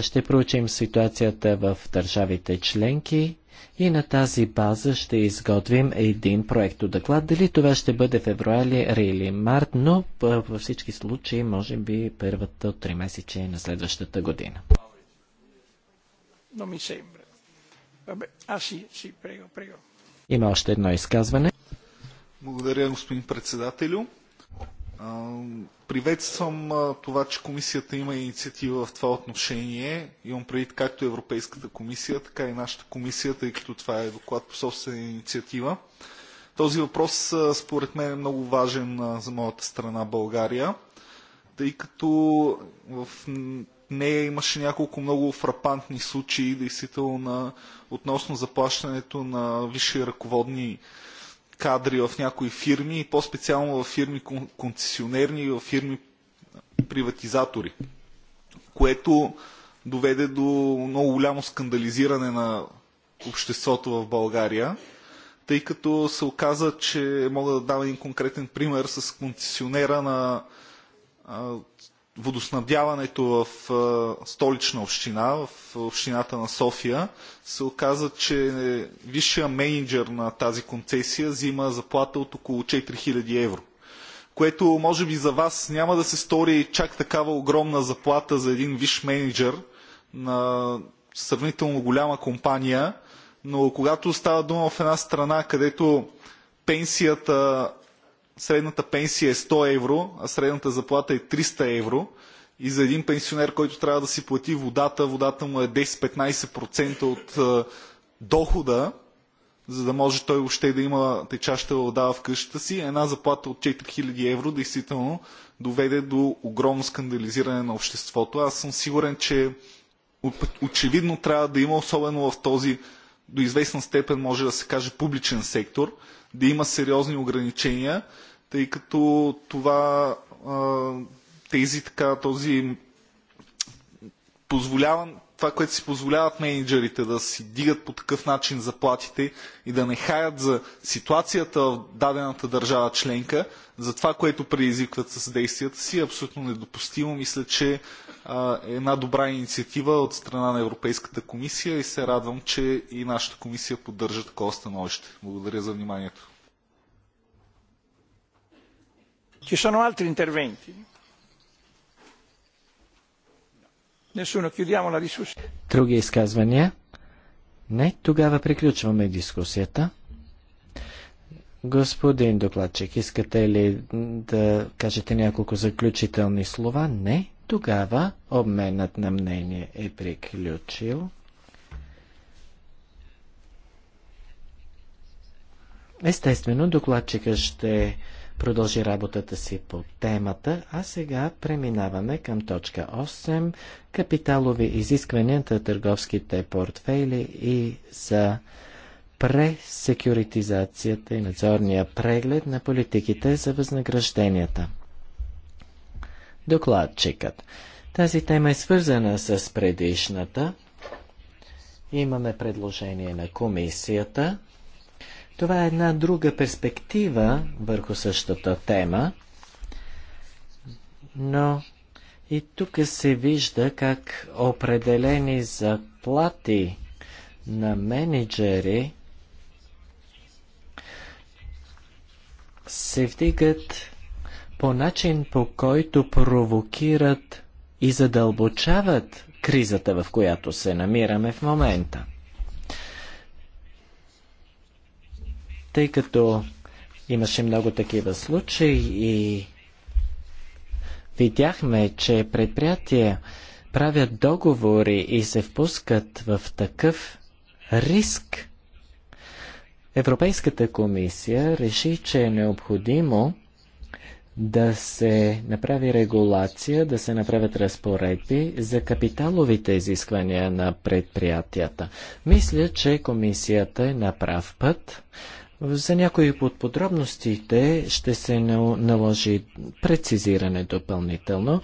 Ще проучим ситуацията в държавите членки и на тази база ще изготвим един проект доклад. Дали това ще бъде февруари или март, но във всички случаи може би първата от три месече на следващата година. Ah, Има още едно изказване. Благодаря, господин председателю. Приветствам това, че комисията има инициатива в това отношение. Имам предвид както Европейската комисия, така и нашата комисия, тъй като това е доклад по собствена инициатива. Този въпрос според мен е много важен за моята страна България, тъй като в нея имаше няколко много фрапантни случаи, действително относно заплащането на висши ръководни кадри в някои фирми и по-специално в фирми концесионерни и в фирми приватизатори, което доведе до много голямо скандализиране на обществото в България, тъй като се оказа, че мога да дам един конкретен пример с концесионера на водоснабдяването в столична община, в общината на София, се оказа, че висшия менеджер на тази концесия взима заплата от около 4000 евро. Което може би за вас няма да се стори чак такава огромна заплата за един виш менеджер на сравнително голяма компания, но когато става дума в една страна, където пенсията средната пенсия е 100 евро, а средната заплата е 300 евро, и за един пенсионер, който трябва да си плати водата, водата му е 10-15% от дохода, за да може той още да има течаща вода в къщата си, една заплата от 4000 евро действително доведе до огромно скандализиране на обществото. Аз съм сигурен, че очевидно трябва да има, особено в този до известна степен може да се каже публичен сектор – да има сериозни ограничения, тъй като това тези така, този позволява, това, което си позволяват менеджерите да си дигат по такъв начин заплатите и да не хаят за ситуацията в дадената държава членка, за това, което предизвикват с действията си, е абсолютно недопустимо. Мисля, че една добра инициатива от страна на Европейската комисия и се радвам, че и нашата комисия поддържа такова становище. Благодаря за вниманието. Ci sono altri interventi? Nessuno, chiudiamo la discussione. Други изказвания? Не, тогава приключваме дискусията. Господин докладчик, искате ли да кажете няколко заключителни слова? Не. Тогава обменът на мнение е приключил. Естествено, докладчика ще продължи работата си по темата, а сега преминаваме към точка 8 – капиталови изисквания на търговските портфейли и за пресекюритизацията и надзорния преглед на политиките за възнагражденията докладчикът. Тази тема е свързана с предишната. Имаме предложение на комисията. Това е една друга перспектива върху същата тема, но и тук се вижда как определени заплати на менеджери се вдигат по начин по който провокират и задълбочават кризата, в която се намираме в момента. Тъй като имаше много такива случаи и видяхме, че предприятия правят договори и се впускат в такъв риск. Европейската комисия реши, че е необходимо да се направи регулация, да се направят разпоредби за капиталовите изисквания на предприятията. Мисля, че комисията е на прав път. За някои от подробностите ще се наложи прецизиране допълнително.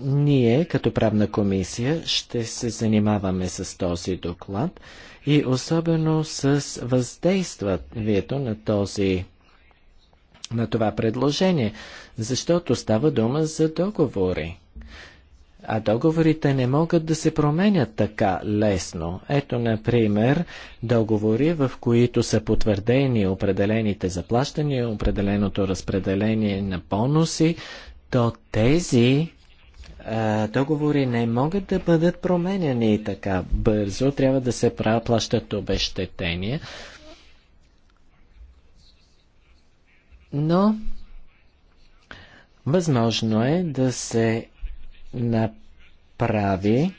Ние, като правна комисия, ще се занимаваме с този доклад и особено с въздействието на този на това предложение, защото става дума за договори. А договорите не могат да се променят така лесно. Ето, например, договори, в които са потвърдени определените заплащания, определеното разпределение на бонуси, то тези договори не могат да бъдат променяни така бързо. Трябва да се плащат обещетения. Но възможно е да се направи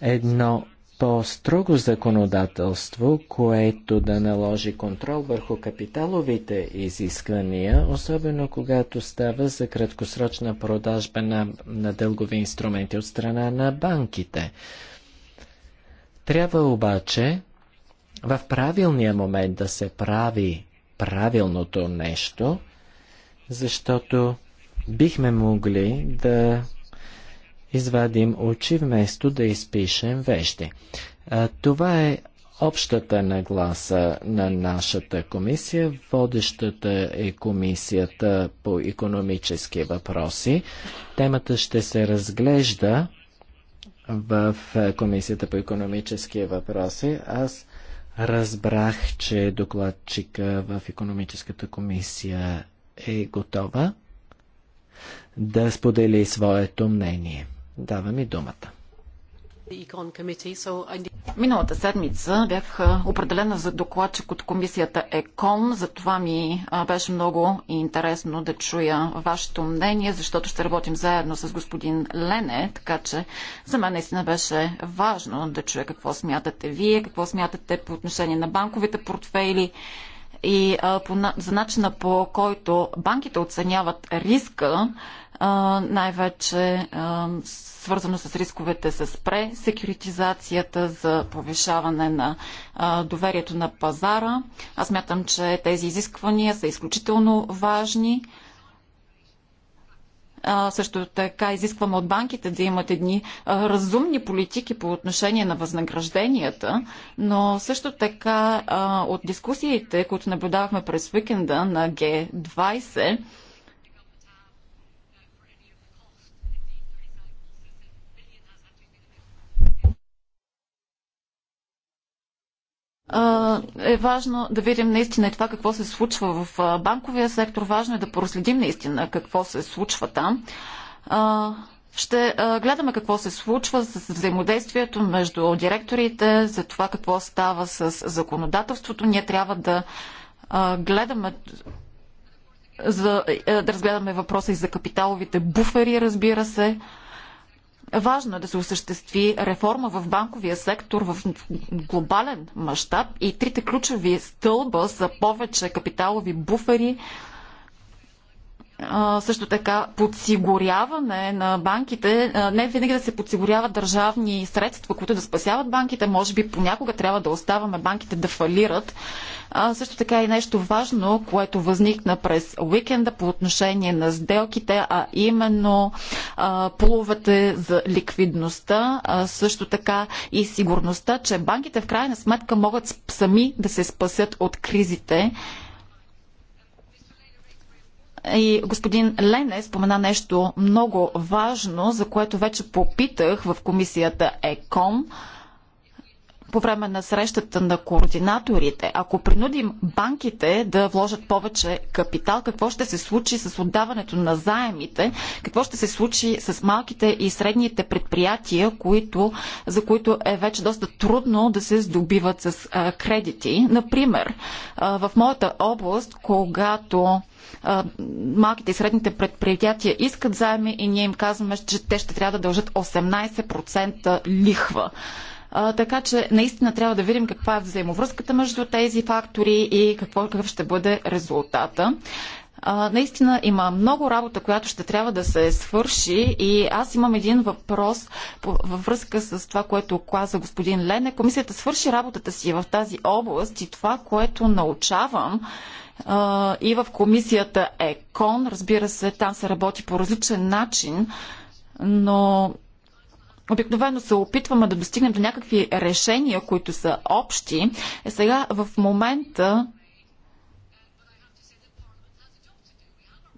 едно по-строго законодателство, което да наложи контрол върху капиталовите изисквания, особено когато става за краткосрочна продажба на, на дългови инструменти от страна на банките. Трябва обаче в правилния момент да се прави правилното нещо, защото бихме могли да извадим очи, вместо да изпишем вещи. Това е общата нагласа на нашата комисия. Водещата е комисията по економически въпроси. Темата ще се разглежда в комисията по економически въпроси. Аз разбрах, че докладчика в економическата комисия е готова да сподели своето мнение. Дава ми думата. Миналата седмица бях определена за докладчик от комисията ЕКОН, За това ми беше много интересно да чуя вашето мнение, защото ще работим заедно с господин Лене, така че за мен наистина беше важно да чуя какво смятате вие, какво смятате по отношение на банковите портфейли и по, за начина по който банките оценяват риска най-вече свързано с рисковете с пресекюритизацията за повишаване на доверието на пазара. Аз мятам, че тези изисквания са изключително важни. Също така изискваме от банките да имат едни разумни политики по отношение на възнагражденията, но също така от дискусиите, които наблюдавахме през уикенда на Г20, е важно да видим наистина и това какво се случва в банковия сектор. Важно е да проследим наистина какво се случва там. Ще гледаме какво се случва с взаимодействието между директорите, за това какво става с законодателството. Ние трябва да гледаме за, е, да разгледаме въпроса и за капиталовите буфери, разбира се. Важно е да се осъществи реформа в банковия сектор в глобален мащаб и трите ключови стълба са повече капиталови буфери, също така подсигуряване на банките, не винаги да се подсигуряват държавни средства, които да спасяват банките, може би понякога трябва да оставаме банките да фалират. А, също така и нещо важно, което възникна през уикенда по отношение на сделките, а именно а, половете за ликвидността, а, също така и сигурността, че банките в крайна сметка могат сами да се спасят от кризите и господин Лене спомена нещо много важно, за което вече попитах в комисията ЕКОМ по време на срещата на координаторите, ако принудим банките да вложат повече капитал, какво ще се случи с отдаването на заемите, какво ще се случи с малките и средните предприятия, които, за които е вече доста трудно да се здобиват с а, кредити. Например, а, в моята област, когато малките и средните предприятия искат заеми и ние им казваме, че те ще трябва да дължат 18% лихва. А, така че наистина трябва да видим каква е взаимовръзката между тези фактори и какво, какъв ще бъде резултата. А, наистина има много работа, която ще трябва да се свърши и аз имам един въпрос във връзка с това, което каза господин Лене. Комисията свърши работата си в тази област и това, което научавам а, и в комисията ЕКОН, разбира се, там се работи по различен начин, но обикновено се опитваме да достигнем до някакви решения, които са общи. Е сега в момента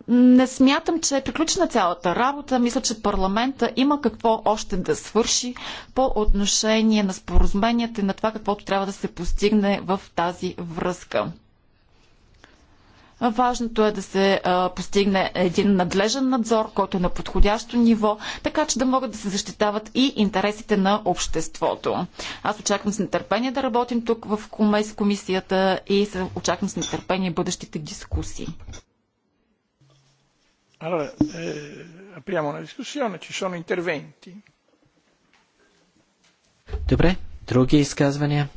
не смятам, че е приключена цялата работа. Мисля, че парламента има какво още да свърши по отношение на споразуменията и на това, каквото трябва да се постигне в тази връзка. Важното е да се постигне един надлежен надзор, който е на подходящо ниво, така че да могат да се защитават и интересите на обществото. Аз очаквам с нетърпение да работим тук в комисията и очаквам с нетърпение бъдещите дискусии. Allora, eh, apriamo una discussione, ci sono interventi. Добре, други изказвания?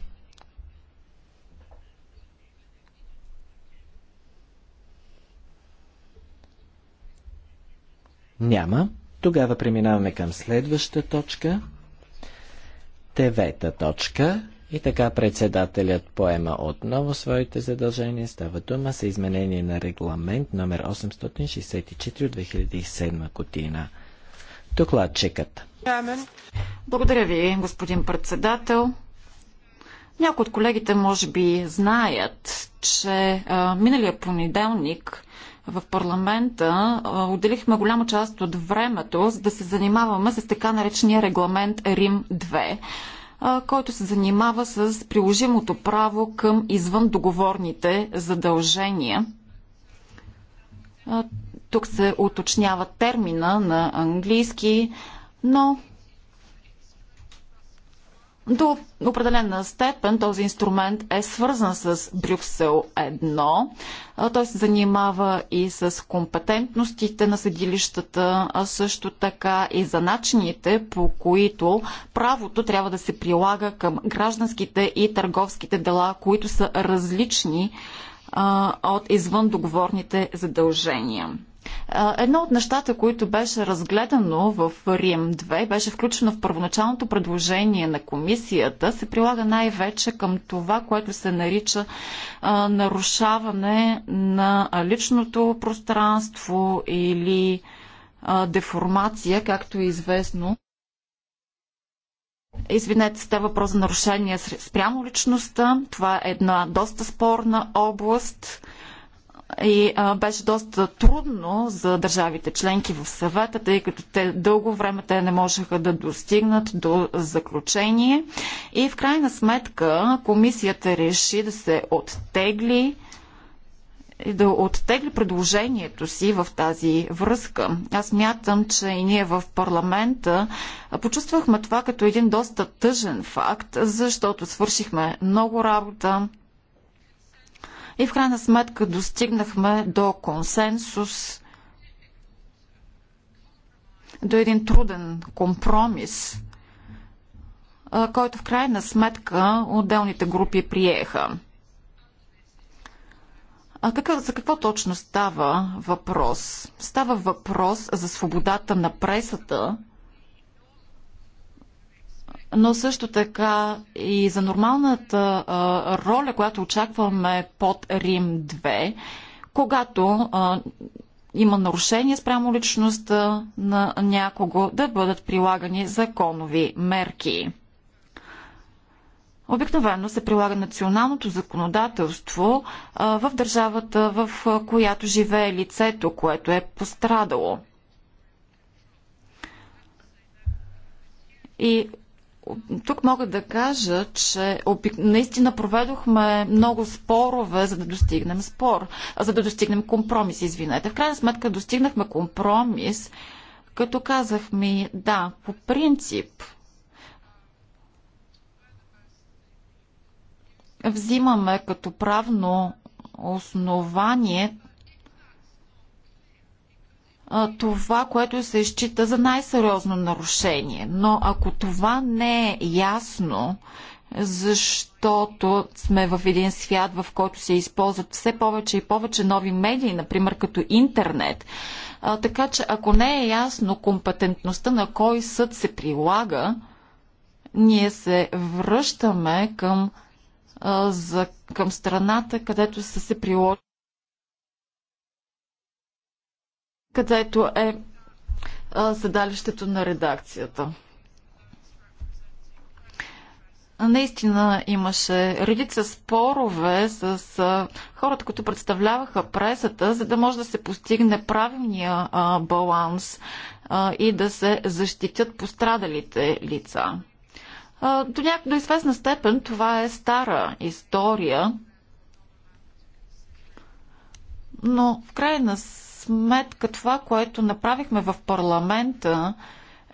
Няма. Тогава преминаваме към следваща точка. Девета точка. И така председателят поема отново своите задължения. Става дума за изменение на регламент номер 864 от 2007 година. Докладчикът. Благодаря ви, господин председател. Някои от колегите може би знаят, че а, миналия понеделник в парламента отделихме голяма част от времето, за да се занимаваме с така наречения регламент Рим 2 който се занимава с приложимото право към извън договорните задължения. Тук се уточнява термина на английски, но до определена степен този инструмент е свързан с Брюксел 1. Той се занимава и с компетентностите на съдилищата, а също така и за начините, по които правото трябва да се прилага към гражданските и търговските дела, които са различни от извън договорните задължения. Едно от нещата, които беше разгледано в Рим 2, беше включено в първоначалното предложение на комисията, се прилага най-вече към това, което се нарича нарушаване на личното пространство или деформация, както е известно. Извинете, става въпрос за нарушение спрямо личността. Това е една доста спорна област и а, беше доста трудно за държавите членки в съвета, тъй като те дълго време те не можеха да достигнат до заключение. И в крайна сметка комисията реши да се оттегли и да оттегли предложението си в тази връзка. Аз мятам, че и ние в парламента почувствахме това като един доста тъжен факт, защото свършихме много работа, и в крайна сметка достигнахме до консенсус, до един труден компромис, който в крайна сметка отделните групи приеха. А какъв, за какво точно става въпрос? Става въпрос за свободата на пресата но също така и за нормалната а, роля, която очакваме под Рим 2, когато а, има нарушение спрямо личността на някого, да бъдат прилагани законови мерки. Обикновено се прилага националното законодателство а, в държавата, в която живее лицето, което е пострадало. И тук мога да кажа, че наистина проведохме много спорове, за да достигнем спор, за да достигнем компромис, извинете. В крайна сметка достигнахме компромис, като казах ми, да, по принцип взимаме като правно основание това, което се счита за най-сериозно нарушение. Но ако това не е ясно, защото сме в един свят, в който се използват все повече и повече нови медии, например като интернет. А, така че ако не е ясно компетентността на кой съд се прилага, ние се връщаме към, а, за, към страната, където са се приложили където е седалището на редакцията. Наистина имаше редица спорове с хората, които представляваха пресата, за да може да се постигне правилния баланс и да се защитят пострадалите лица. До, някакво до известна степен това е стара история, но в крайна сметка това, което направихме в парламента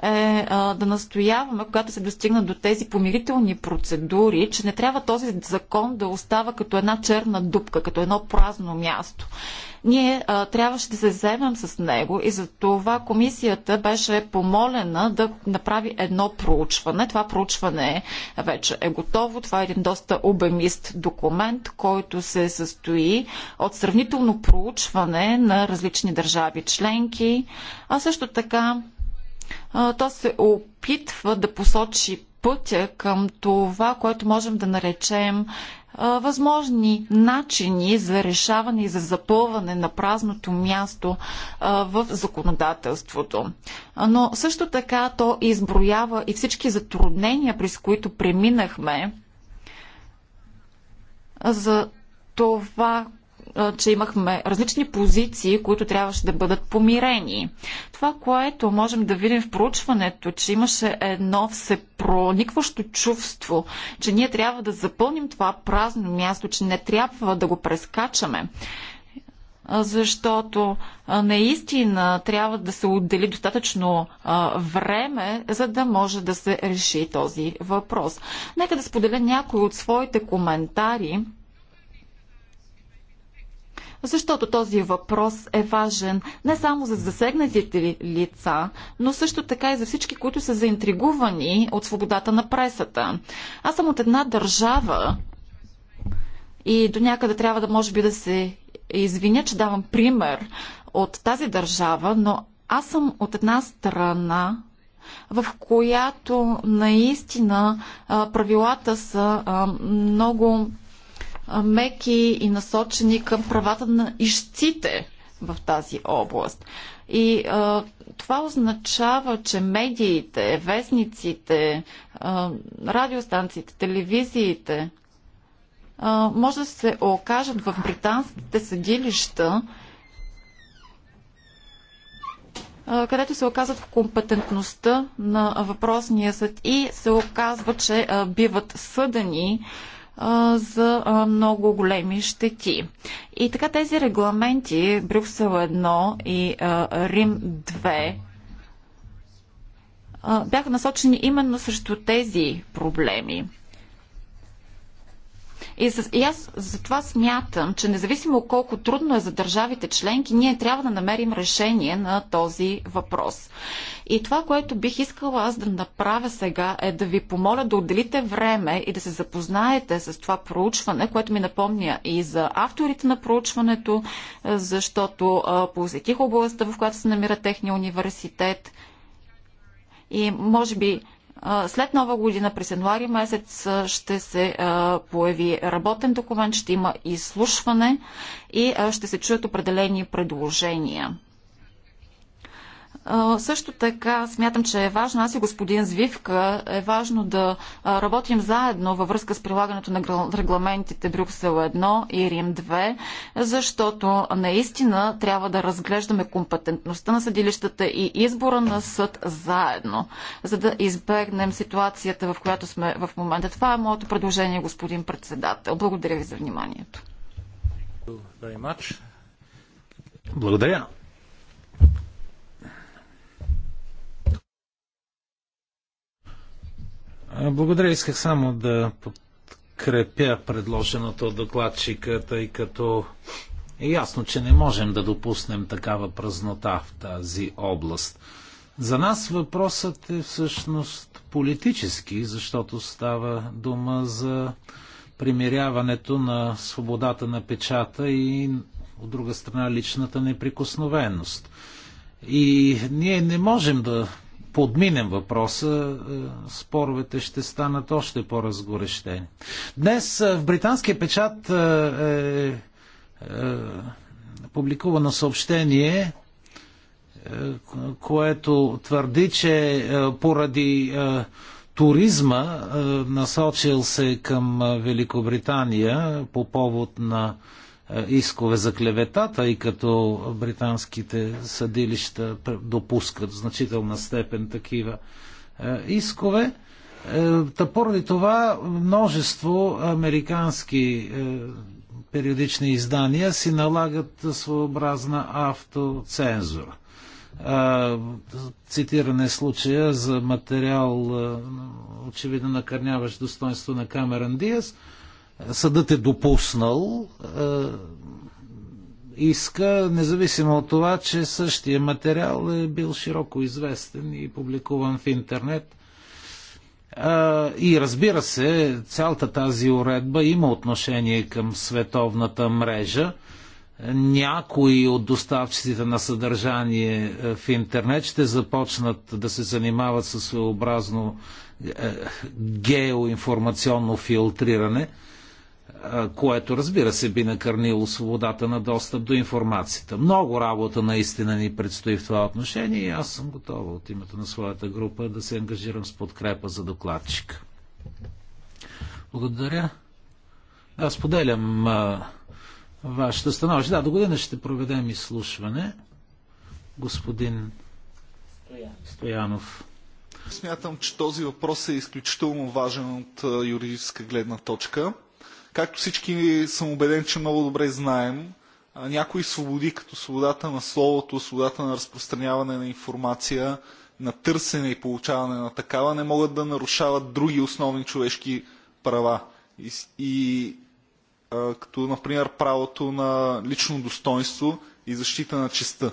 е а, да настояваме, когато се достигна до тези помирителни процедури, че не трябва този закон да остава като една черна дупка, като едно празно място. Ние а, трябваше да се заемем с него и за това комисията беше помолена да направи едно проучване. Това проучване вече е готово. Това е един доста обемист документ, който се състои от сравнително проучване на различни държави членки, а също така то се опитва да посочи пътя към това, което можем да наречем възможни начини за решаване и за запълване на празното място в законодателството. Но също така то изброява и всички затруднения, през които преминахме за това, че имахме различни позиции, които трябваше да бъдат помирени. Това, което можем да видим в проучването, че имаше едно всепроникващо чувство, че ние трябва да запълним това празно място, че не трябва да го прескачаме защото наистина трябва да се отдели достатъчно време, за да може да се реши този въпрос. Нека да споделя някои от своите коментари защото този въпрос е важен не само за засегнатите лица, но също така и за всички, които са заинтригувани от свободата на пресата. Аз съм от една държава и до някъде трябва да може би да се извиня, че давам пример от тази държава, но аз съм от една страна, в която наистина правилата са много меки и насочени към правата на ищците в тази област. И а, това означава, че медиите, вестниците, а, радиостанциите, телевизиите а, може да се окажат в британските съдилища, а, където се оказват в компетентността на въпросния съд и се оказва, че а, биват съдени а, за много големи щети. И така тези регламенти Брюксел 1 и Рим 2 бяха насочени именно срещу тези проблеми. И, с, и аз затова смятам, че независимо колко трудно е за държавите членки, ние трябва да намерим решение на този въпрос. И това, което бих искала аз да направя сега е да ви помоля да отделите време и да се запознаете с това проучване, което ми напомня и за авторите на проучването, защото посетих областта, в която се намира техния университет. И може би след нова година, през януари месец, ще се появи работен документ, ще има изслушване и ще се чуят определени предложения. Също така смятам, че е важно, аз и господин Звивка, е важно да работим заедно във връзка с прилагането на регламентите Брюксел 1 и Рим 2, защото наистина трябва да разглеждаме компетентността на съдилищата и избора на съд заедно, за да избегнем ситуацията, в която сме в момента. Това е моето предложение, господин председател. Благодаря ви за вниманието. Благодаря. Благодаря. Исках само да подкрепя предложеното от докладчика, тъй като е ясно, че не можем да допуснем такава празнота в тази област. За нас въпросът е всъщност политически, защото става дума за примиряването на свободата на печата и от друга страна личната неприкосновеност. И ние не можем да подминем въпроса, е, споровете ще станат още по-разгорещени. Днес е, в британския печат е, е, е публикувано съобщение, което твърди, че поради туризма, насочил се към Великобритания по повод на е, искове за клеветата, и като британските съдилища допускат в значителна степен такива е, искове. Е, та поради това множество американски периодични издания си налагат своеобразна автоцензура. Цитиране случая за материал очевидно накърняващ достоинство на Камеран Диас – съдът е допуснал е, иска, независимо от това, че същия материал е бил широко известен и публикуван в интернет. И разбира се, цялата тази уредба има отношение към световната мрежа. Някои от доставчиците на съдържание е, в интернет ще започнат да се занимават със своеобразно е, геоинформационно филтриране – което разбира се би накърнило свободата на достъп до информацията. Много работа наистина ни предстои в това отношение и аз съм готова от името на своята група да се ангажирам с подкрепа за докладчик. Благодаря. Аз поделям вашето становище. Да, до година ще проведем изслушване. Господин Стоянов. Стоянов. Смятам, че този въпрос е изключително важен от юридическа гледна точка Както всички съм убеден, че много добре знаем, някои свободи, като свободата на словото, свободата на разпространяване на информация, на търсене и получаване на такава, не могат да нарушават други основни човешки права. И, и а, като, например, правото на лично достоинство и защита на честа.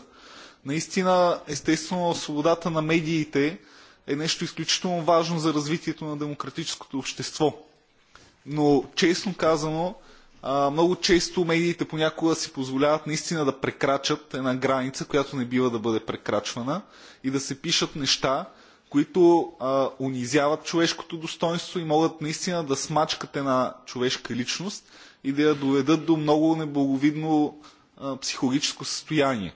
Наистина, естествено, свободата на медиите е нещо изключително важно за развитието на демократическото общество но честно казано, много често медиите понякога си позволяват наистина да прекрачат една граница, която не бива да бъде прекрачвана и да се пишат неща, които а, унизяват човешкото достоинство и могат наистина да смачкат една човешка личност и да я доведат до много неблаговидно а, психологическо състояние.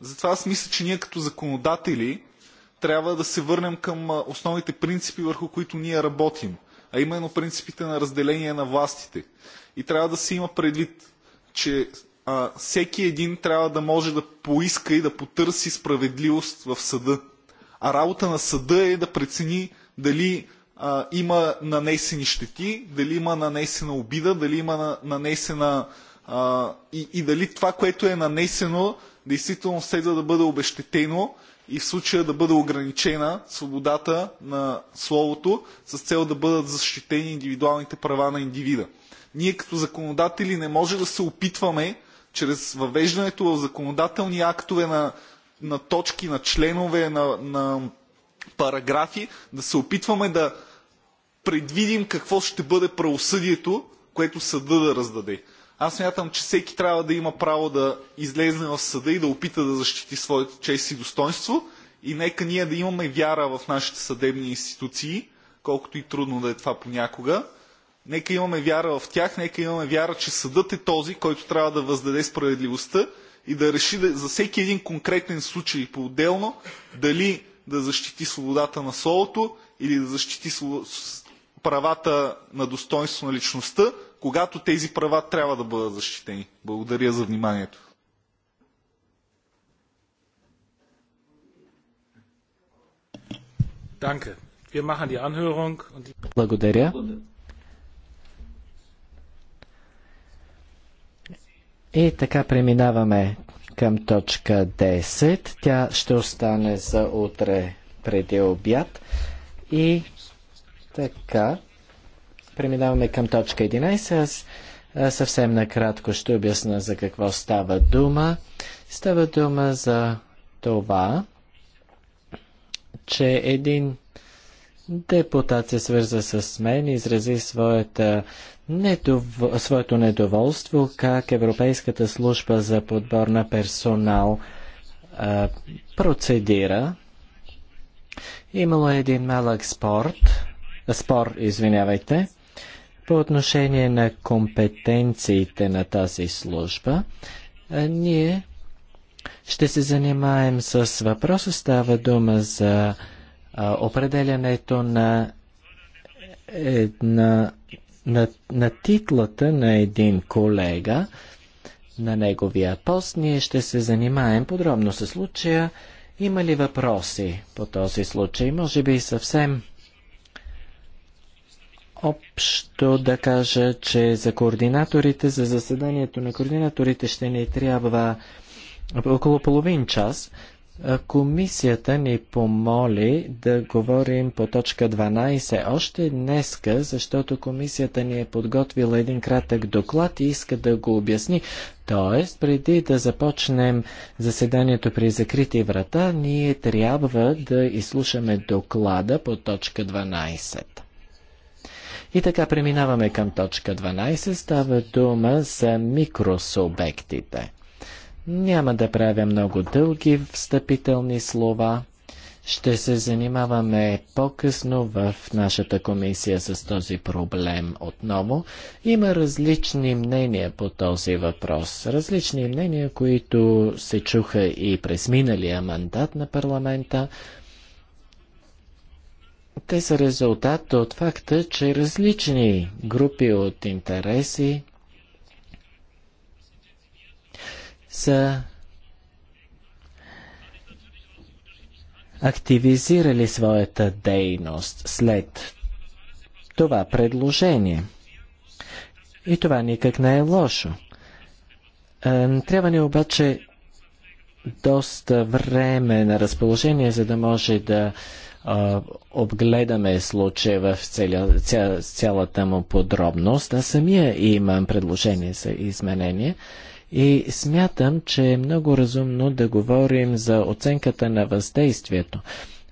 Затова аз мисля, че ние като законодатели трябва да се върнем към основните принципи, върху които ние работим – а именно принципите на разделение на властите. И трябва да се има предвид, че а, всеки един трябва да може да поиска и да потърси справедливост в съда. А работа на съда е да прецени дали а, има нанесени щети, дали има нанесена обида, дали има нанесена. А, и, и дали това, което е нанесено, действително следва да бъде обещетено и в случая да бъде ограничена свободата на словото с цел да бъдат защитени индивидуалните права на индивида. Ние като законодатели не може да се опитваме чрез въвеждането в законодателни актове на, на точки, на членове, на, на параграфи, да се опитваме да предвидим какво ще бъде правосъдието, което съда да раздаде. Аз смятам, че всеки трябва да има право да излезе в съда и да опита да защити своето чест и достоинство. И нека ние да имаме вяра в нашите съдебни институции, колкото и трудно да е това понякога. Нека имаме вяра в тях, нека имаме вяра, че съдът е този, който трябва да въздаде справедливостта и да реши да, за всеки един конкретен случай по-отделно дали да защити свободата на солото или да защити правата на достоинство на личността когато тези права трябва да бъдат защитени. Благодаря за вниманието. Благодаря. И така преминаваме към точка 10. Тя ще остане за утре преди обяд. И така, Преминаваме към точка 11. Аз съвсем накратко ще обясна за какво става дума. Става дума за това, че един депутат се свърза с мен и изрази своята недов... своето недоволство как Европейската служба за подбор на персонал а, процедира. Имало е един малък спорт, спор, извинявайте, по отношение на компетенциите на тази служба, ние ще се занимаем с въпроса. Става дума за определянето на, една, на, на титлата на един колега, на неговия пост. Ние ще се занимаем подробно с случая. Има ли въпроси по този случай? Може би съвсем общо да кажа, че за координаторите, за заседанието на координаторите ще ни трябва около половин час. Комисията ни помоли да говорим по точка 12 още днеска, защото комисията ни е подготвила един кратък доклад и иска да го обясни. Тоест, преди да започнем заседанието при закрити врата, ние трябва да изслушаме доклада по точка 12. И така преминаваме към точка 12. Става дума за микросубектите. Няма да правя много дълги встъпителни слова. Ще се занимаваме по-късно в нашата комисия с този проблем отново. Има различни мнения по този въпрос. Различни мнения, които се чуха и през миналия мандат на парламента. Те са резултат от факта, че различни групи от интереси са активизирали своята дейност след това предложение. И това никак не е лошо. Е, трябва ни обаче доста време на разположение, за да може да а, обгледаме случая в целя, ця, цялата му подробност. Аз самия имам предложение за изменение и смятам, че е много разумно да говорим за оценката на въздействието.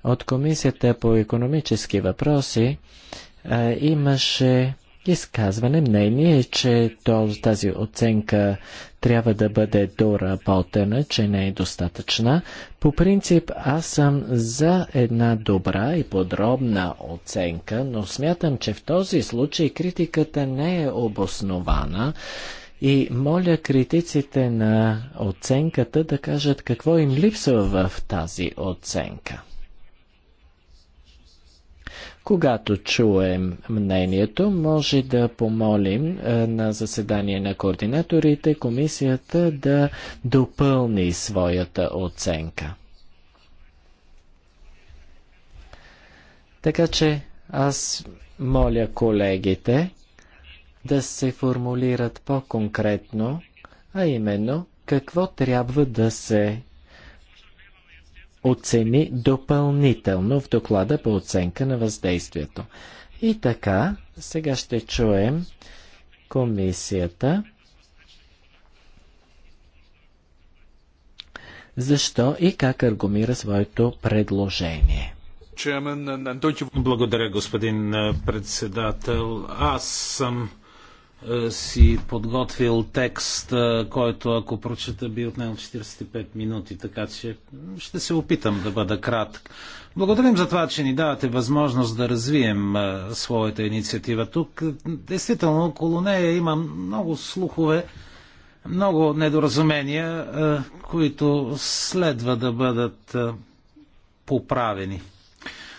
От Комисията по економически въпроси а, имаше изказване. Мнение е, че тази оценка трябва да бъде доработена, че не е достатъчна. По принцип аз съм за една добра и подробна оценка, но смятам, че в този случай критиката не е обоснована. И моля критиците на оценката да кажат какво им липсва в тази оценка. Когато чуем мнението, може да помолим е, на заседание на координаторите комисията да допълни своята оценка. Така че аз моля колегите да се формулират по-конкретно, а именно какво трябва да се оцени допълнително в доклада по оценка на въздействието. И така, сега ще чуем комисията. Защо и как аргумира своето предложение? Благодаря, господин председател. Аз съм е, си подготвил текст, е, който ако прочета би отнел 45 минути, така че ще се опитам да бъда кратък. Благодарим за това, че ни давате възможност да развием е, своята инициатива тук. Действително, около нея има много слухове, много недоразумения, които следва да бъдат поправени.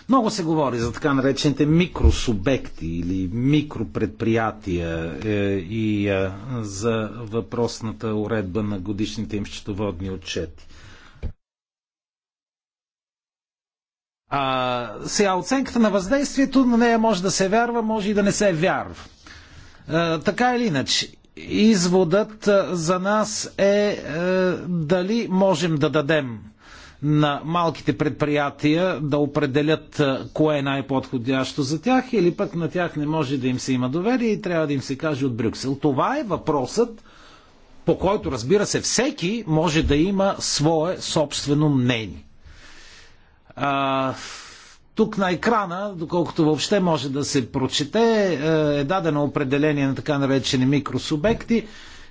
Много се говори за така наречените микросубекти или микропредприятия е, и е, за въпросната уредба на годишните им счетоводни отчети. А, сега оценката на въздействието на нея може да се вярва, може и да не се вярва. А, е, така или иначе, изводът за нас е, е дали можем да дадем на малките предприятия да определят кое е най-подходящо за тях или пък на тях не може да им се има доверие и трябва да им се каже от Брюксел. Това е въпросът, по който разбира се всеки може да има свое собствено мнение. А, тук на екрана, доколкото въобще може да се прочете, е, е дадено определение на така наречени микросубекти.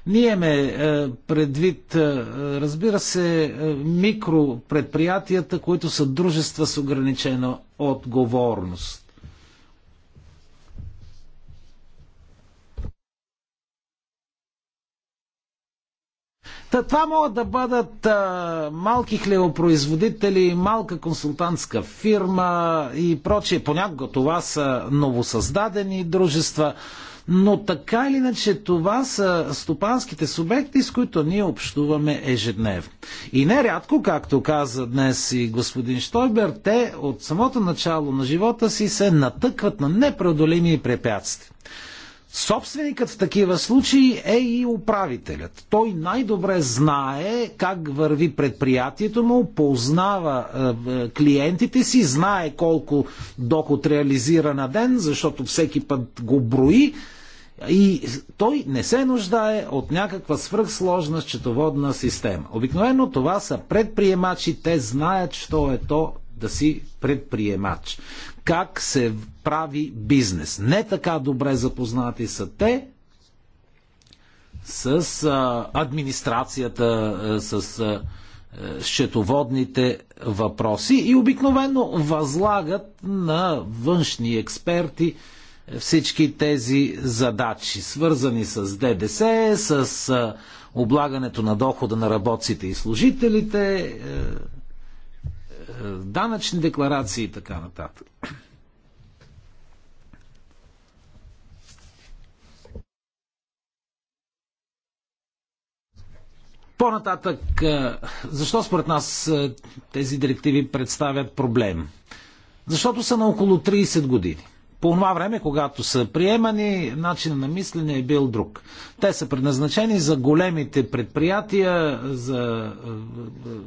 Ние ме е, предвид, е, разбира се, е, микропредприятията, които са дружества с ограничена отговорност. Та, това могат да бъдат а, малки хлебопроизводители, малка консултантска фирма и прочие. Понякога това са новосъздадени дружества. Но така или иначе това са стопанските субекти, с които ние общуваме ежедневно. И нерядко, както каза днес и господин Штойбер, те от самото начало на живота си се натъкват на непреодолими препятствия. Собственикът в такива случаи е и управителят. Той най-добре знае как върви предприятието му, познава е, е клиентите си, знае колко доход реализира на ден, защото всеки път го брои и той не се нуждае от някаква свръхсложна счетоводна система. Обикновено това са предприемачи, те знаят, що е то да си предприемач. Как се прави бизнес. Не така добре запознати са те с а, администрацията, с а, счетоводните въпроси и обикновено възлагат на външни експерти всички тези задачи, свързани с ДДС, с облагането на дохода на работците и служителите, е, е, данъчни декларации и така нататък. По-нататък, е, защо според нас тези директиви представят проблем? Защото са на около 30 години. По това време, когато са приемани, начинът на мислене е бил друг. Те са предназначени за големите предприятия, за е,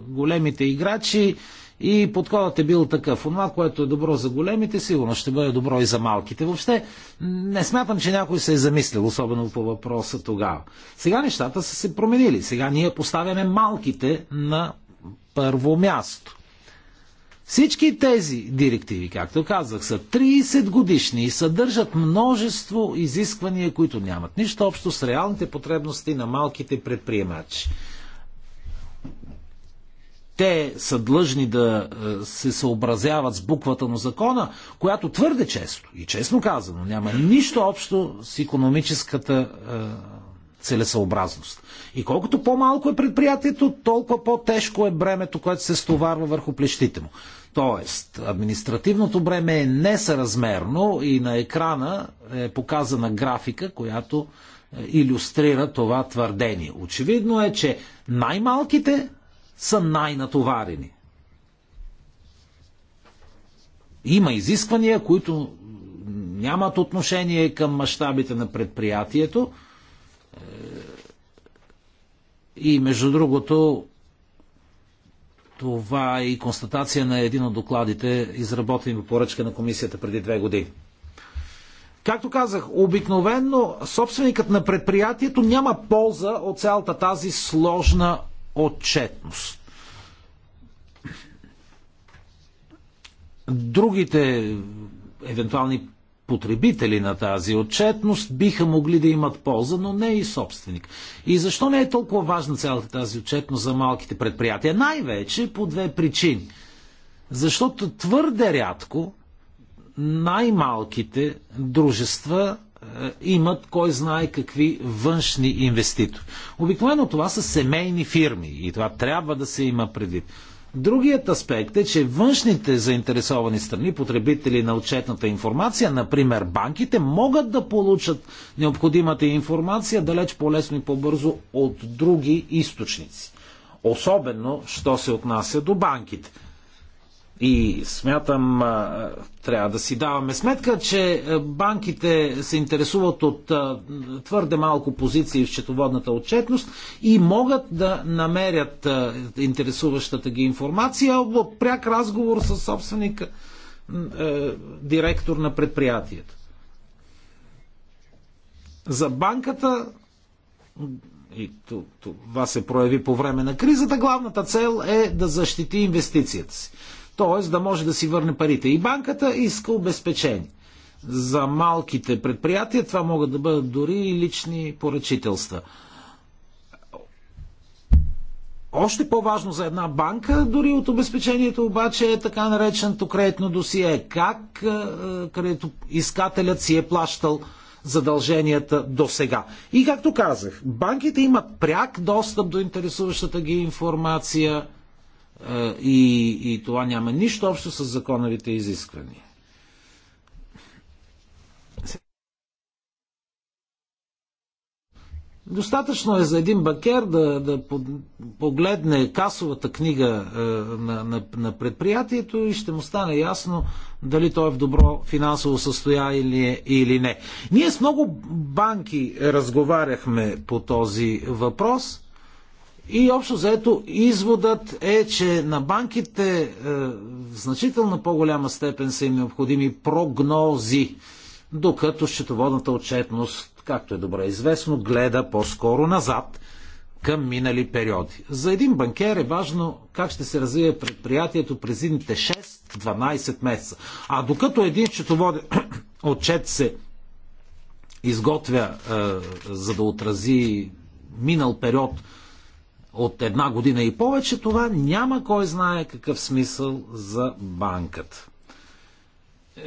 големите играчи и подходът е бил такъв. Онова, което е добро за големите, сигурно ще бъде добро и за малките. Въобще не смятам, че някой се е замислил, особено по въпроса тогава. Сега нещата са се променили. Сега ние поставяме малките на първо място. Всички тези директиви, както казах, са 30 годишни и съдържат множество изисквания, които нямат нищо общо с реалните потребности на малките предприемачи. Те са длъжни да е, се съобразяват с буквата на закона, която твърде често, и честно казано, няма нищо общо с економическата е, целесъобразност. И колкото по-малко е предприятието, толкова по-тежко е бремето, което се стоварва върху плещите му. Тоест, административното бреме е несъразмерно и на екрана е показана графика, която е, иллюстрира това твърдение. Очевидно е, че най-малките са най-натоварени. Има изисквания, които нямат отношение към мащабите на предприятието. Е, и между другото, това е и констатация на един от докладите, изработени по поръчка на комисията преди две години. Както казах, обикновенно собственикът на предприятието няма полза от цялата тази сложна отчетност. Другите евентуални потребители на тази отчетност биха могли да имат полза, но не и собственик. И защо не е толкова важна цялата тази отчетност за малките предприятия? Най-вече по две причини. Защото твърде рядко най-малките дружества е, имат кой знае какви външни инвеститори. Обикновено това са семейни фирми и това трябва да се има предвид. Другият аспект е, че външните заинтересовани страни, потребители на отчетната информация, например банките, могат да получат необходимата информация далеч по-лесно и по-бързо от други източници. Особено, що се отнася до банките. И смятам, трябва да си даваме сметка, че банките се интересуват от твърде малко позиции в счетоводната отчетност и могат да намерят интересуващата ги информация от пряк разговор с собственика, директор на предприятието. За банката и това се прояви по време на кризата, главната цел е да защити инвестицията си т.е. да може да си върне парите. И банката иска обезпечение. За малките предприятия това могат да бъдат дори и лични поръчителства. Още по-важно за една банка, дори от обезпечението обаче е така нареченото кредитно досие. Как е, кредитоискателят си е плащал задълженията до сега. И както казах, банките имат пряк достъп до интересуващата ги информация – и, и това няма нищо общо с законовите изисквания. Достатъчно е за един бакер да, да погледне касовата книга е, на, на, на предприятието и ще му стане ясно дали той е в добро финансово състояние или не. Ние с много банки разговаряхме по този въпрос и общо заето изводът е, че на банките е, в значително по-голяма степен са им необходими прогнози, докато счетоводната отчетност, както е добре известно, гледа по-скоро назад към минали периоди. За един банкер е важно как ще се развие предприятието през едните 6-12 месеца. А докато един счетоводен отчет се изготвя е, за да отрази минал период от една година и повече, това няма кой знае какъв смисъл за банката. Е,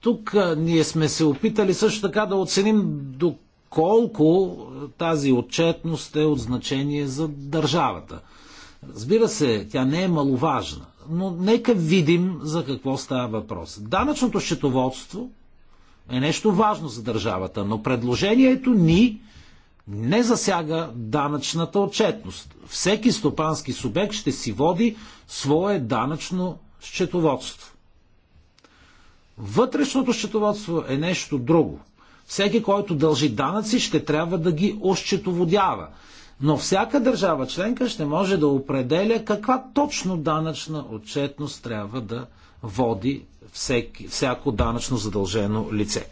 тук ние сме се опитали също така да оценим доколко е, тази отчетност е от значение за държавата. Разбира се, тя не е маловажна, но нека видим за какво става въпрос. Данъчното счетоводство е нещо важно за държавата, но предложението ни не засяга данъчната отчетност. Всеки стопански субект ще си води свое данъчно счетоводство. Вътрешното счетоводство е нещо друго. Всеки, който дължи данъци, ще трябва да ги ощетоводява. Но всяка държава членка ще може да определя каква точно данъчна отчетност трябва да води всеки, всяко данъчно задължено лице.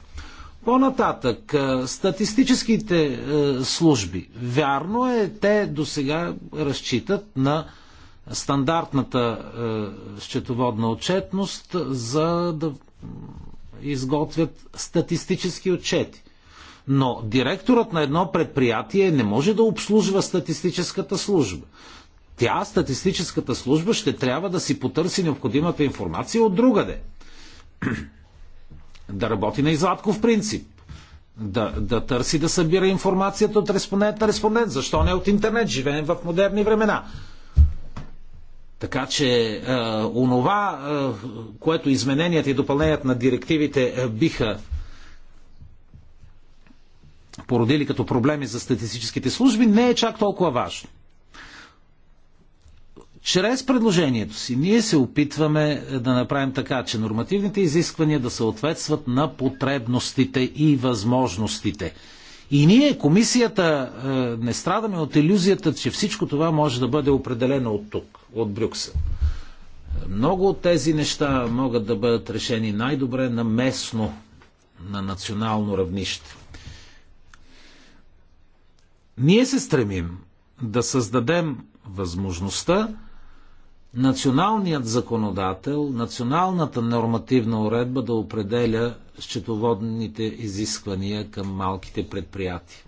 По-нататък, статистическите служби. Вярно е, те до сега разчитат на стандартната счетоводна отчетност, за да изготвят статистически отчети. Но директорът на едно предприятие не може да обслужва статистическата служба. Тя, статистическата служба, ще трябва да си потърси необходимата информация от другаде да работи на в принцип. Да, да търси да събира информацията от респондент на респондент. Защо не от интернет? Живеем в модерни времена. Така че е, онова, е, което измененията и допълненията на директивите е, биха породили като проблеми за статистическите служби, не е чак толкова важно. Чрез предложението си ние се опитваме да направим така, че нормативните изисквания да съответстват на потребностите и възможностите. И ние, комисията, е, не страдаме от иллюзията, че всичко това може да бъде определено от тук, от Брюксел. Много от тези неща могат да бъдат решени най-добре на местно, на национално равнище. Ние се стремим да създадем възможността националният законодател, националната нормативна уредба да определя счетоводните изисквания към малките предприятия.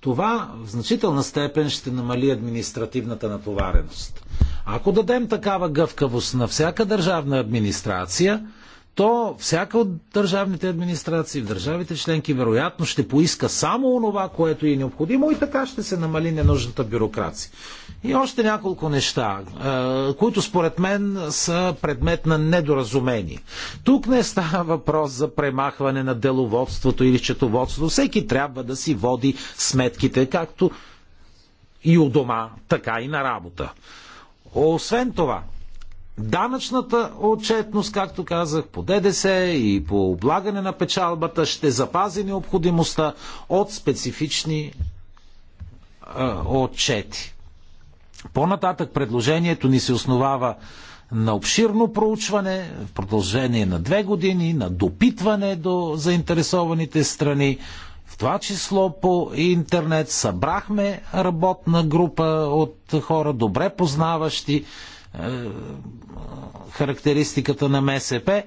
Това в значителна степен ще намали административната натовареност. Ако дадем такава гъвкавост на всяка държавна администрация, то всяка от държавните администрации в държавите членки вероятно ще поиска само онова, което е необходимо и така ще се намали ненужната бюрокрация. И още няколко неща, е, които според мен са предмет на недоразумение. Тук не става въпрос за премахване на деловодството или четоводството, Всеки трябва да си води сметките, както и у дома, така и на работа. Освен това, данъчната отчетност, както казах, по ДДС и по облагане на печалбата ще запази необходимостта от специфични е, отчети. По-нататък предложението ни се основава на обширно проучване в продължение на две години, на допитване до заинтересованите страни, в това число по интернет. Събрахме работна група от хора, добре познаващи е, характеристиката на МСП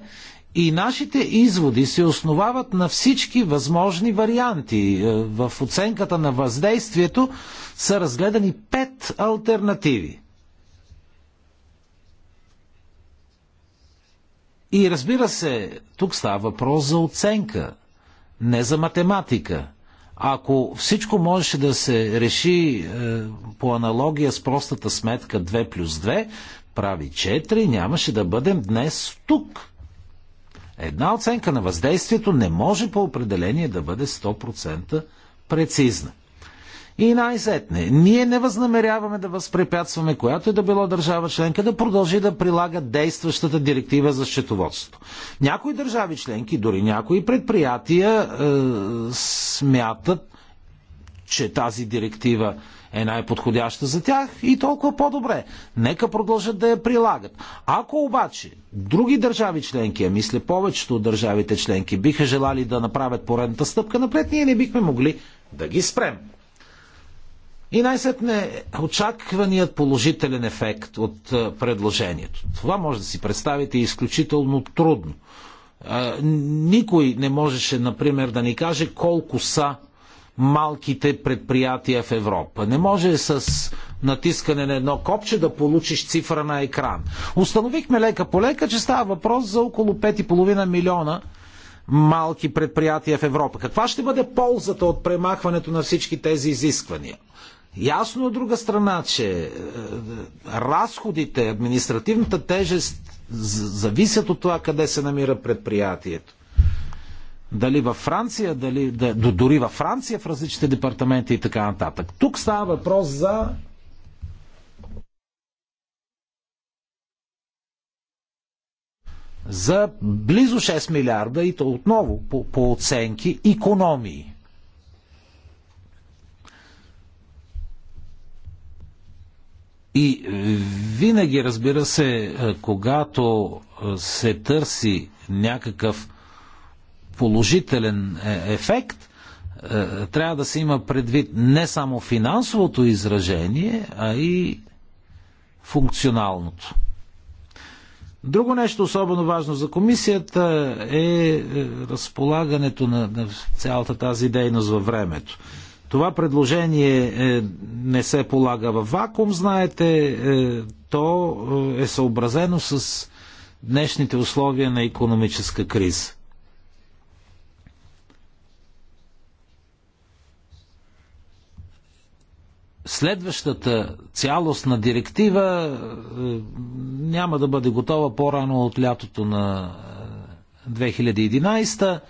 и нашите изводи се основават на всички възможни варианти. Е, в оценката на въздействието са разгледани пет альтернативи. И разбира се, тук става въпрос за оценка, не за математика. Ако всичко можеше да се реши е, по аналогия с простата сметка 2 плюс 2, прави 4, нямаше да бъдем днес тук. Една оценка на въздействието не може по определение да бъде 100% прецизна. И най-сетне, ние не възнамеряваме да възпрепятстваме която и е да било държава членка да продължи да прилага действащата директива за счетоводство. Някои държави членки, дори някои предприятия е, смятат, че тази директива е най-подходяща за тях и толкова по-добре. Нека продължат да я прилагат. Ако обаче други държави членки, а мисля повечето от държавите членки, биха желали да направят поредната стъпка напред, ние не бихме могли да ги спрем. И най-сетне очакваният положителен ефект от е, предложението. Това може да си представите изключително трудно. Е, никой не можеше, например, да ни каже колко са малките предприятия в Европа. Не може с натискане на едно копче да получиш цифра на екран. Установихме лека по лека, че става въпрос за около 5,5 милиона малки предприятия в Европа. Каква ще бъде ползата от премахването на всички тези изисквания? Ясно от друга страна, че е, разходите, административната тежест зависят от това къде се намира предприятието. Дали във Франция, дали, да, дори във Франция, в различните департаменти и така нататък. Тук става въпрос за за близо 6 милиарда и то отново по, по оценки економии. И винаги, разбира се, е, когато се търси някакъв положителен е, ефект, е, трябва да се има предвид не само финансовото изражение, а и функционалното. Друго нещо особено важно за комисията е, е разполагането на, на цялата тази дейност във времето. Това предложение е, не се полага в вакуум, знаете, е, то е съобразено с днешните условия на економическа криза. следващата цялостна директива е, няма да бъде готова по-рано от лятото на 2011. Е,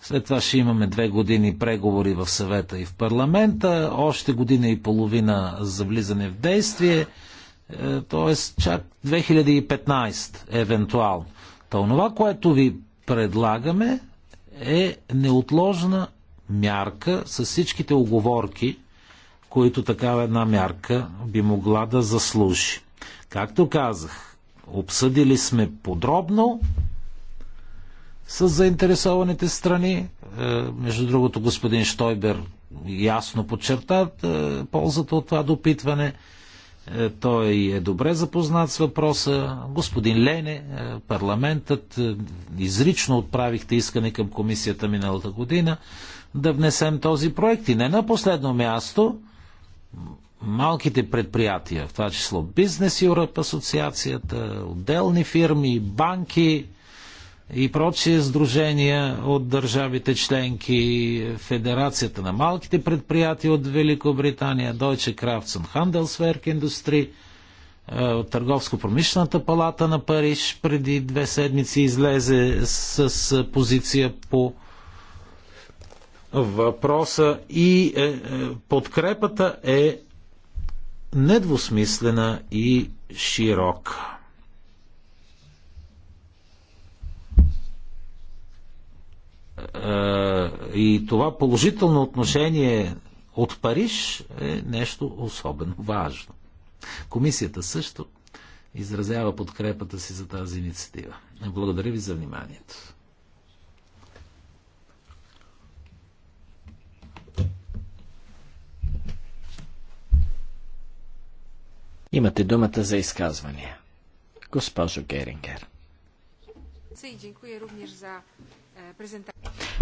След това ще имаме две години преговори в съвета и в парламента, още година и половина за влизане в действие, т.е. чак 2015 евентуално. Та онова, което ви предлагаме е неотложна мярка с всичките оговорки, които такава една мярка би могла да заслужи. Както казах, обсъдили сме подробно с заинтересованите страни. Е, между другото, господин Штойбер ясно подчерта е, ползата от това допитване. Е, той е добре запознат с въпроса. Господин Лене, парламентът, изрично отправихте искане към комисията миналата година да внесем този проект. И не на последно място, малките предприятия, в това число Бизнес Европ асоциацията, отделни фирми, банки и прочие сдружения от държавите членки, Федерацията на малките предприятия от Великобритания, Deutsche Crafts and Handelswerk Industry, е, от Търговско-промишлената палата на Париж преди две седмици излезе с е, позиция по въпроса и е, е, подкрепата е недвусмислена и широка. Е, и това положително отношение от Париж е нещо особено важно. Комисията също изразява подкрепата си за тази инициатива. Благодаря ви за вниманието. Имате думата за изказвания. Госпожо Герингер. Е,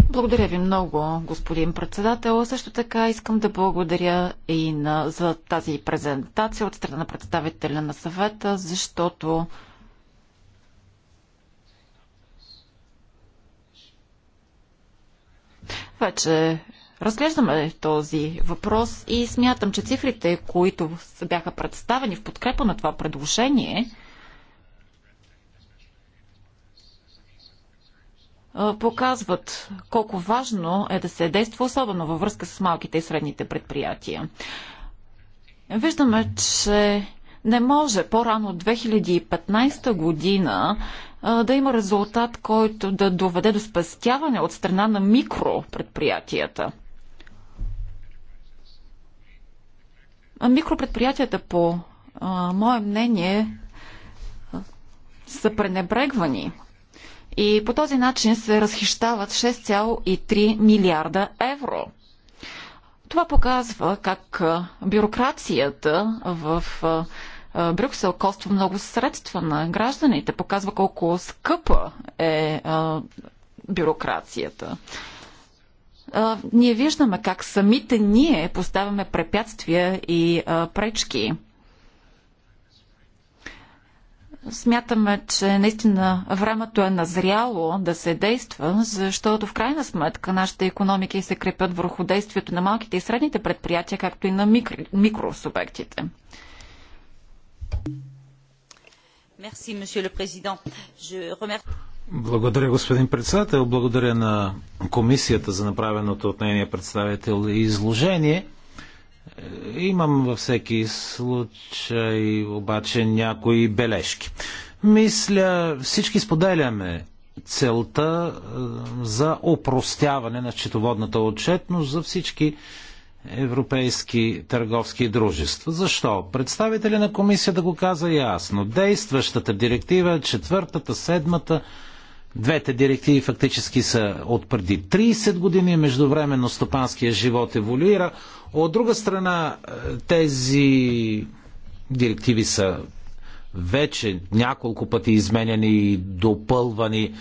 благодаря ви много, господин председател. Също така искам да благодаря и на, за тази презентация от страна на представителя на съвета, защото вече разглеждаме този въпрос и смятам, че цифрите, които бяха представени в подкрепа на това предложение, показват колко важно е да се действа, особено във връзка с малките и средните предприятия. Виждаме, че не може по-рано от 2015 година да има резултат, който да доведе до спастяване от страна на микропредприятията. Микропредприятията, по а, мое мнение, са пренебрегвани и по този начин се разхищават 6,3 милиарда евро. Това показва как бюрокрацията в Брюксел коства много средства на гражданите, показва колко скъпа е бюрокрацията а, ние виждаме как самите ние поставяме препятствия и а, пречки. Смятаме, че наистина времето е назряло да се действа, защото в крайна сметка нашите економики се крепят върху действието на малките и средните предприятия, както и на микро, микросубектите. Merci, monsieur le président. Je remercie... Благодаря, господин председател. Благодаря на комисията за направеното от нейния представител изложение. Имам във всеки случай обаче някои бележки. Мисля, всички споделяме целта е, за опростяване на счетоводната отчетност за всички европейски търговски дружества. Защо? Представители на комисията го каза ясно. Действащата директива, четвъртата, седмата, Двете директиви фактически са от преди 30 години, междувременно стопанския живот еволюира. От друга страна, е, тези директиви са вече няколко пъти изменяни и допълвани,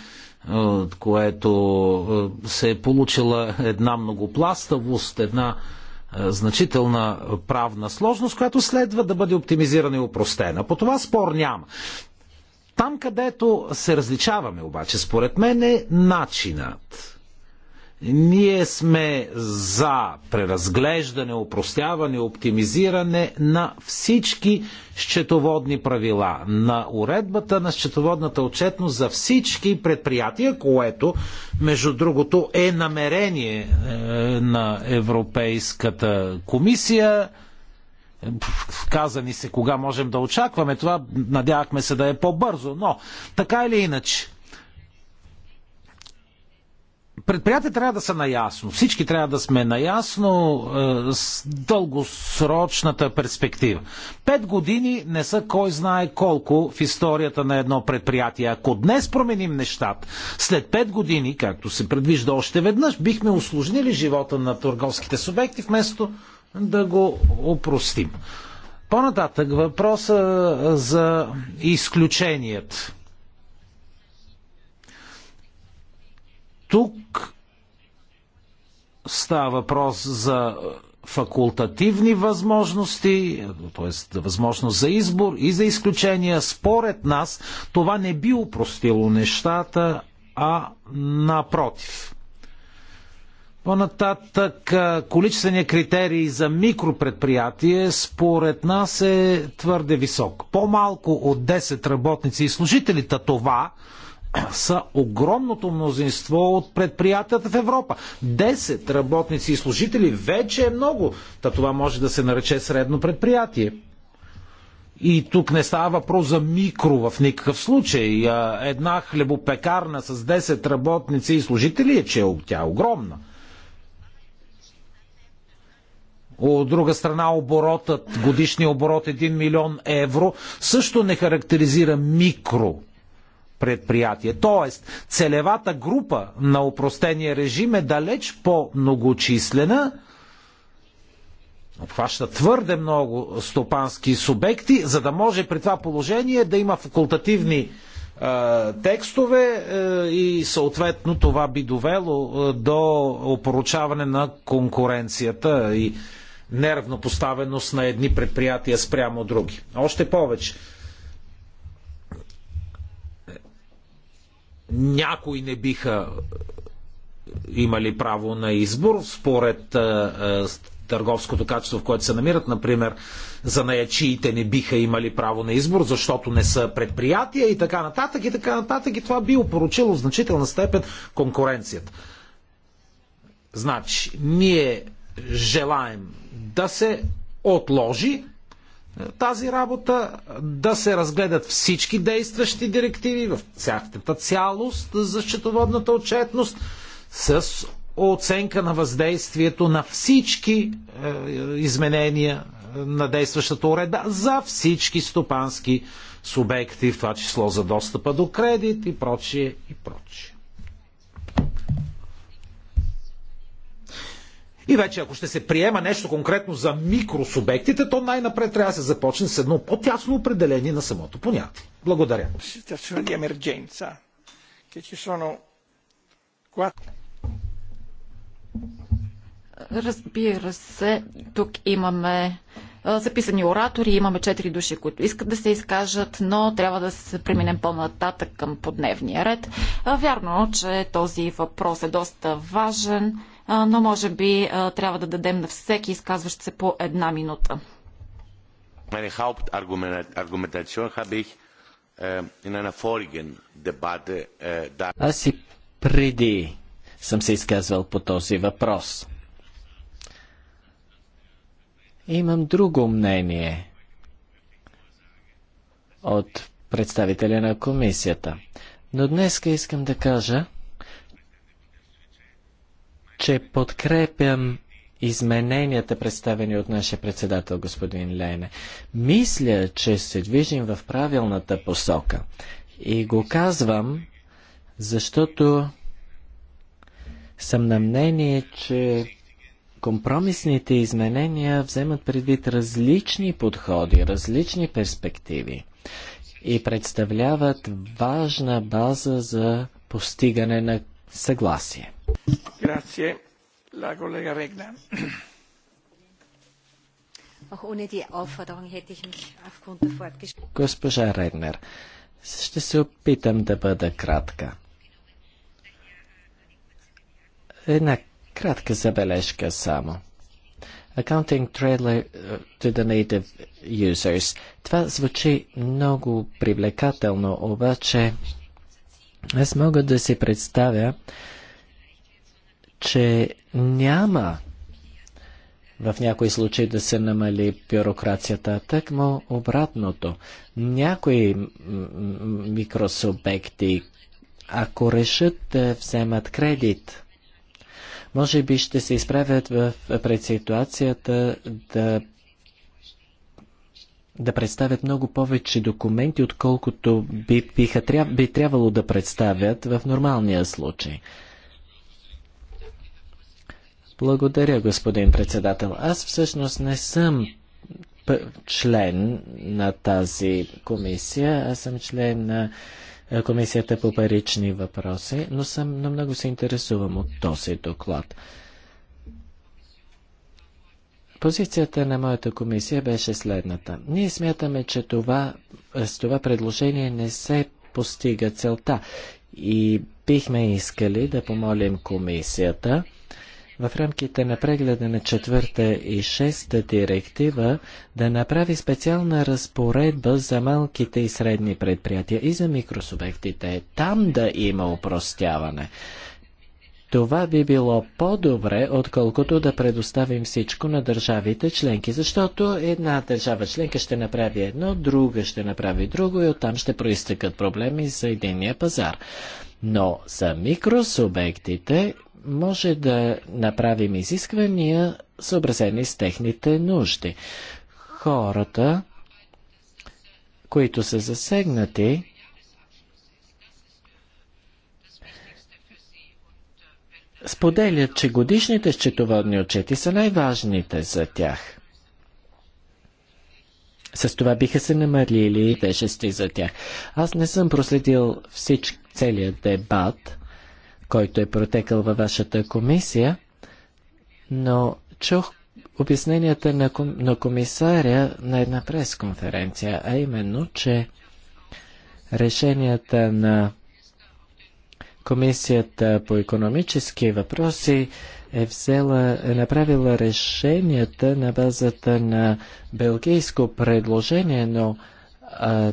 от е, което е, се е получила една многопластавост, една значителна правна сложност, която следва да бъде оптимизирана и упростена. По това спор няма. Там, където се различаваме обаче, според мен е начинът. Ние сме за преразглеждане, упростяване, оптимизиране на всички счетоводни правила, на уредбата на счетоводната отчетност за всички предприятия, което, между другото, е намерение е, на Европейската комисия каза ни се кога можем да очакваме това, надявахме се да е по-бързо, но така или иначе, предприятия трябва да са наясно, всички трябва да сме наясно е, с дългосрочната перспектива. Пет години не са кой знае колко в историята на едно предприятие. Ако днес променим нещата, след пет години, както се предвижда още веднъж, бихме усложнили живота на търговските субекти, вместо да го опростим. По-нататък въпроса за изключеният. Тук става въпрос за факултативни възможности, т.е. възможност за избор и за изключения. Според нас това не би упростило нещата, а напротив. По-нататък количествения критерий за микропредприятие според нас е твърде висок. По-малко от 10 работници и служителите това са огромното мнозинство от предприятията в Европа. 10 работници и служители вече е много. Та това може да се нарече средно предприятие. И тук не става въпрос за микро в никакъв случай. Една хлебопекарна с 10 работници и служители е, че е, тя е огромна. От друга страна оборотът, годишния оборот 1 милион евро също не характеризира микро предприятие. Тоест, целевата група на упростения режим е далеч по-многочислена, обхваща твърде много стопански субекти, за да може при това положение да има факултативни е, текстове е, и съответно това би довело е, до опоручаване на конкуренцията и неравнопоставеност на едни предприятия спрямо други. Още повече, някои не биха имали право на избор според а, търговското качество, в което се намират. Например, за наячиите не биха имали право на избор, защото не са предприятия и така нататък и така нататък. И това би опоручило в значителна степен конкуренцията. Значи, ние желаем да се отложи е, тази работа, да се разгледат всички действащи директиви в цялата цялост за счетоводната отчетност с оценка на въздействието на всички е, изменения е, на действащата уреда за всички стопански субекти, в това число за достъпа до кредит и прочие и прочие. И вече ако ще се приема нещо конкретно за микросубектите, то най-напред трябва да се започне с едно по-тясно определение на самото понятие. Благодаря. Разбира се, тук имаме записани оратори, имаме четири души, които искат да се изкажат, но трябва да се преминем по-нататък към подневния ред. Вярно, че този въпрос е доста важен но може би трябва да дадем на всеки изказващ се по една минута. Meine Hauptargumentation habe ich э, in einer vorigen Debatte э, da. Аз и преди съм се изказвал по този въпрос. Имам друго мнение от представителя на комисията. Но днес искам да кажа, че подкрепям измененията, представени от нашия председател господин Лене. Мисля, че се движим в правилната посока. И го казвам, защото съм на мнение, че компромисните изменения вземат предвид различни подходи, различни перспективи и представляват важна база за постигане на съгласие. Grazie. La collega Regner. Госпожа Регнер, ще се опитам да бъда кратка. Една кратка забележка само. Accounting Trailer uh, to the Native Users. Това звучи много привлекателно, обаче аз мога да си представя, че няма в някои случаи да се намали бюрокрацията, так тъкмо обратното. Някои микросубекти, ако решат да вземат кредит, може би ще се изправят в, пред ситуацията да, да представят много повече документи, отколкото би, биха, би трябвало да представят в нормалния случай. Благодаря, господин председател. Аз всъщност не съм член на тази комисия, аз съм член на Комисията по парични въпроси, но, съм, но много се интересувам от този доклад. Позицията на моята комисия беше следната. Ние смятаме, че това, с това предложение не се постига целта и бихме искали да помолим комисията в рамките на прегледа на четвърта и шеста директива да направи специална разпоредба за малките и средни предприятия и за микросубектите. Там да има упростяване. Това би било по-добре, отколкото да предоставим всичко на държавите членки, защото една държава членка ще направи едно, друга ще направи друго и оттам ще проистъкат проблеми за единния пазар. Но за микросубектите може да направим изисквания, съобразени с техните нужди. Хората, които са засегнати, споделят, че годишните счетоводни отчети са най-важните за тях. С това биха се намалили тежести за тях. Аз не съм проследил всички целият дебат, който е протекал във вашата комисия, но чух обясненията на, ком, на комисаря на една пресконференция, а именно, че решенията на Комисията по економически въпроси е, взела, е направила решенията на базата на белгийско предложение, но а,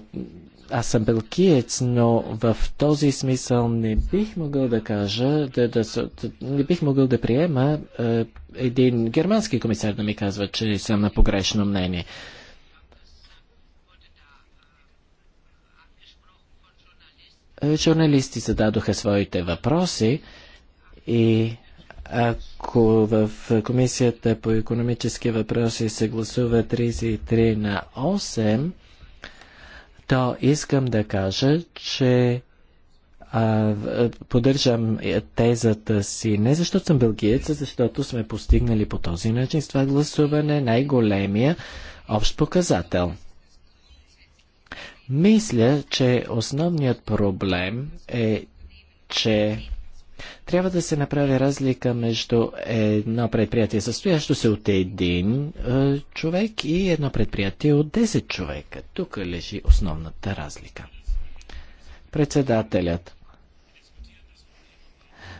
аз съм белкиец, но в този смисъл не бих могъл да кажа, да, да, да, не бих могъл да приема е, един германски комисар да ми казва, че съм на погрешно мнение. Е, журналисти зададоха своите въпроси и ако в Комисията по економически въпроси се гласува 33 на 8, то искам да кажа, че а, поддържам е, тезата си не защото съм бългиец, а защото сме постигнали по този начин с това гласуване най-големия общ показател. Мисля, че основният проблем е, че трябва да се направи разлика между едно предприятие, състоящо се от един е, човек и едно предприятие от 10 човека. Тук лежи основната разлика. Председателят.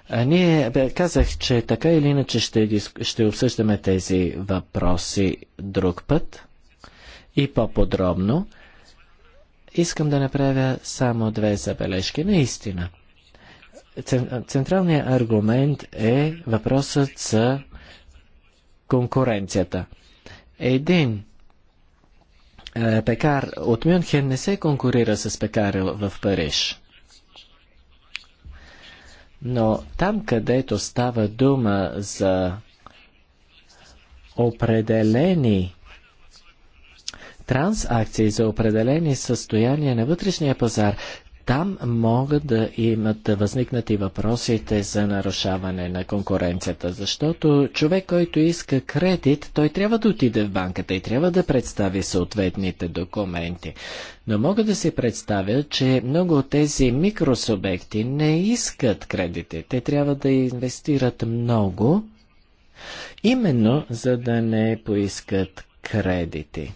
А ние казах, че така или иначе ще, ще обсъждаме тези въпроси друг път и по-подробно. Искам да направя само две забележки. Наистина. Централният аргумент е въпросът за конкуренцията. Един е, пекар от Мюнхен не се конкурира с пекаря в Париж. Но там, където става дума за определени трансакции за определени състояния на вътрешния пазар, там могат да имат да възникнат и въпросите за нарушаване на конкуренцията, защото човек, който иска кредит, той трябва да отиде в банката и трябва да представи съответните документи. Но мога да си представя, че много от тези микросубекти не искат кредити. Те трябва да инвестират много, именно за да не поискат кредити.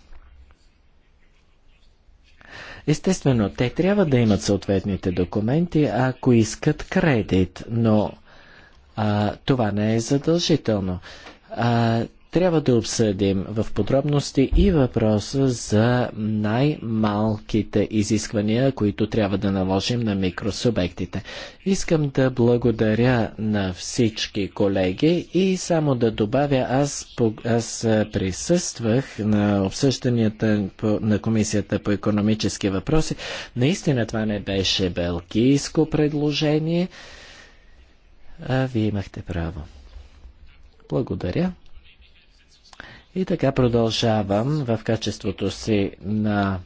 Естествено, те трябва да имат съответните документи, ако искат кредит, но а, това не е задължително. А, трябва да обсъдим в подробности и въпроса за най-малките изисквания, които трябва да наложим на микросубектите. Искам да благодаря на всички колеги и само да добавя, аз, аз присъствах на обсъжданията на Комисията по економически въпроси. Наистина това не беше белгийско предложение. А, вие имахте право. Благодаря. И така продължавам в качеството си на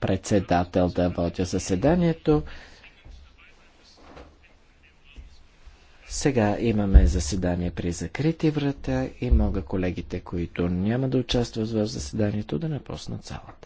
председател да водя заседанието. Сега имаме заседание при закрити врата и мога колегите, които няма да участват в заседанието, да напуснат залата.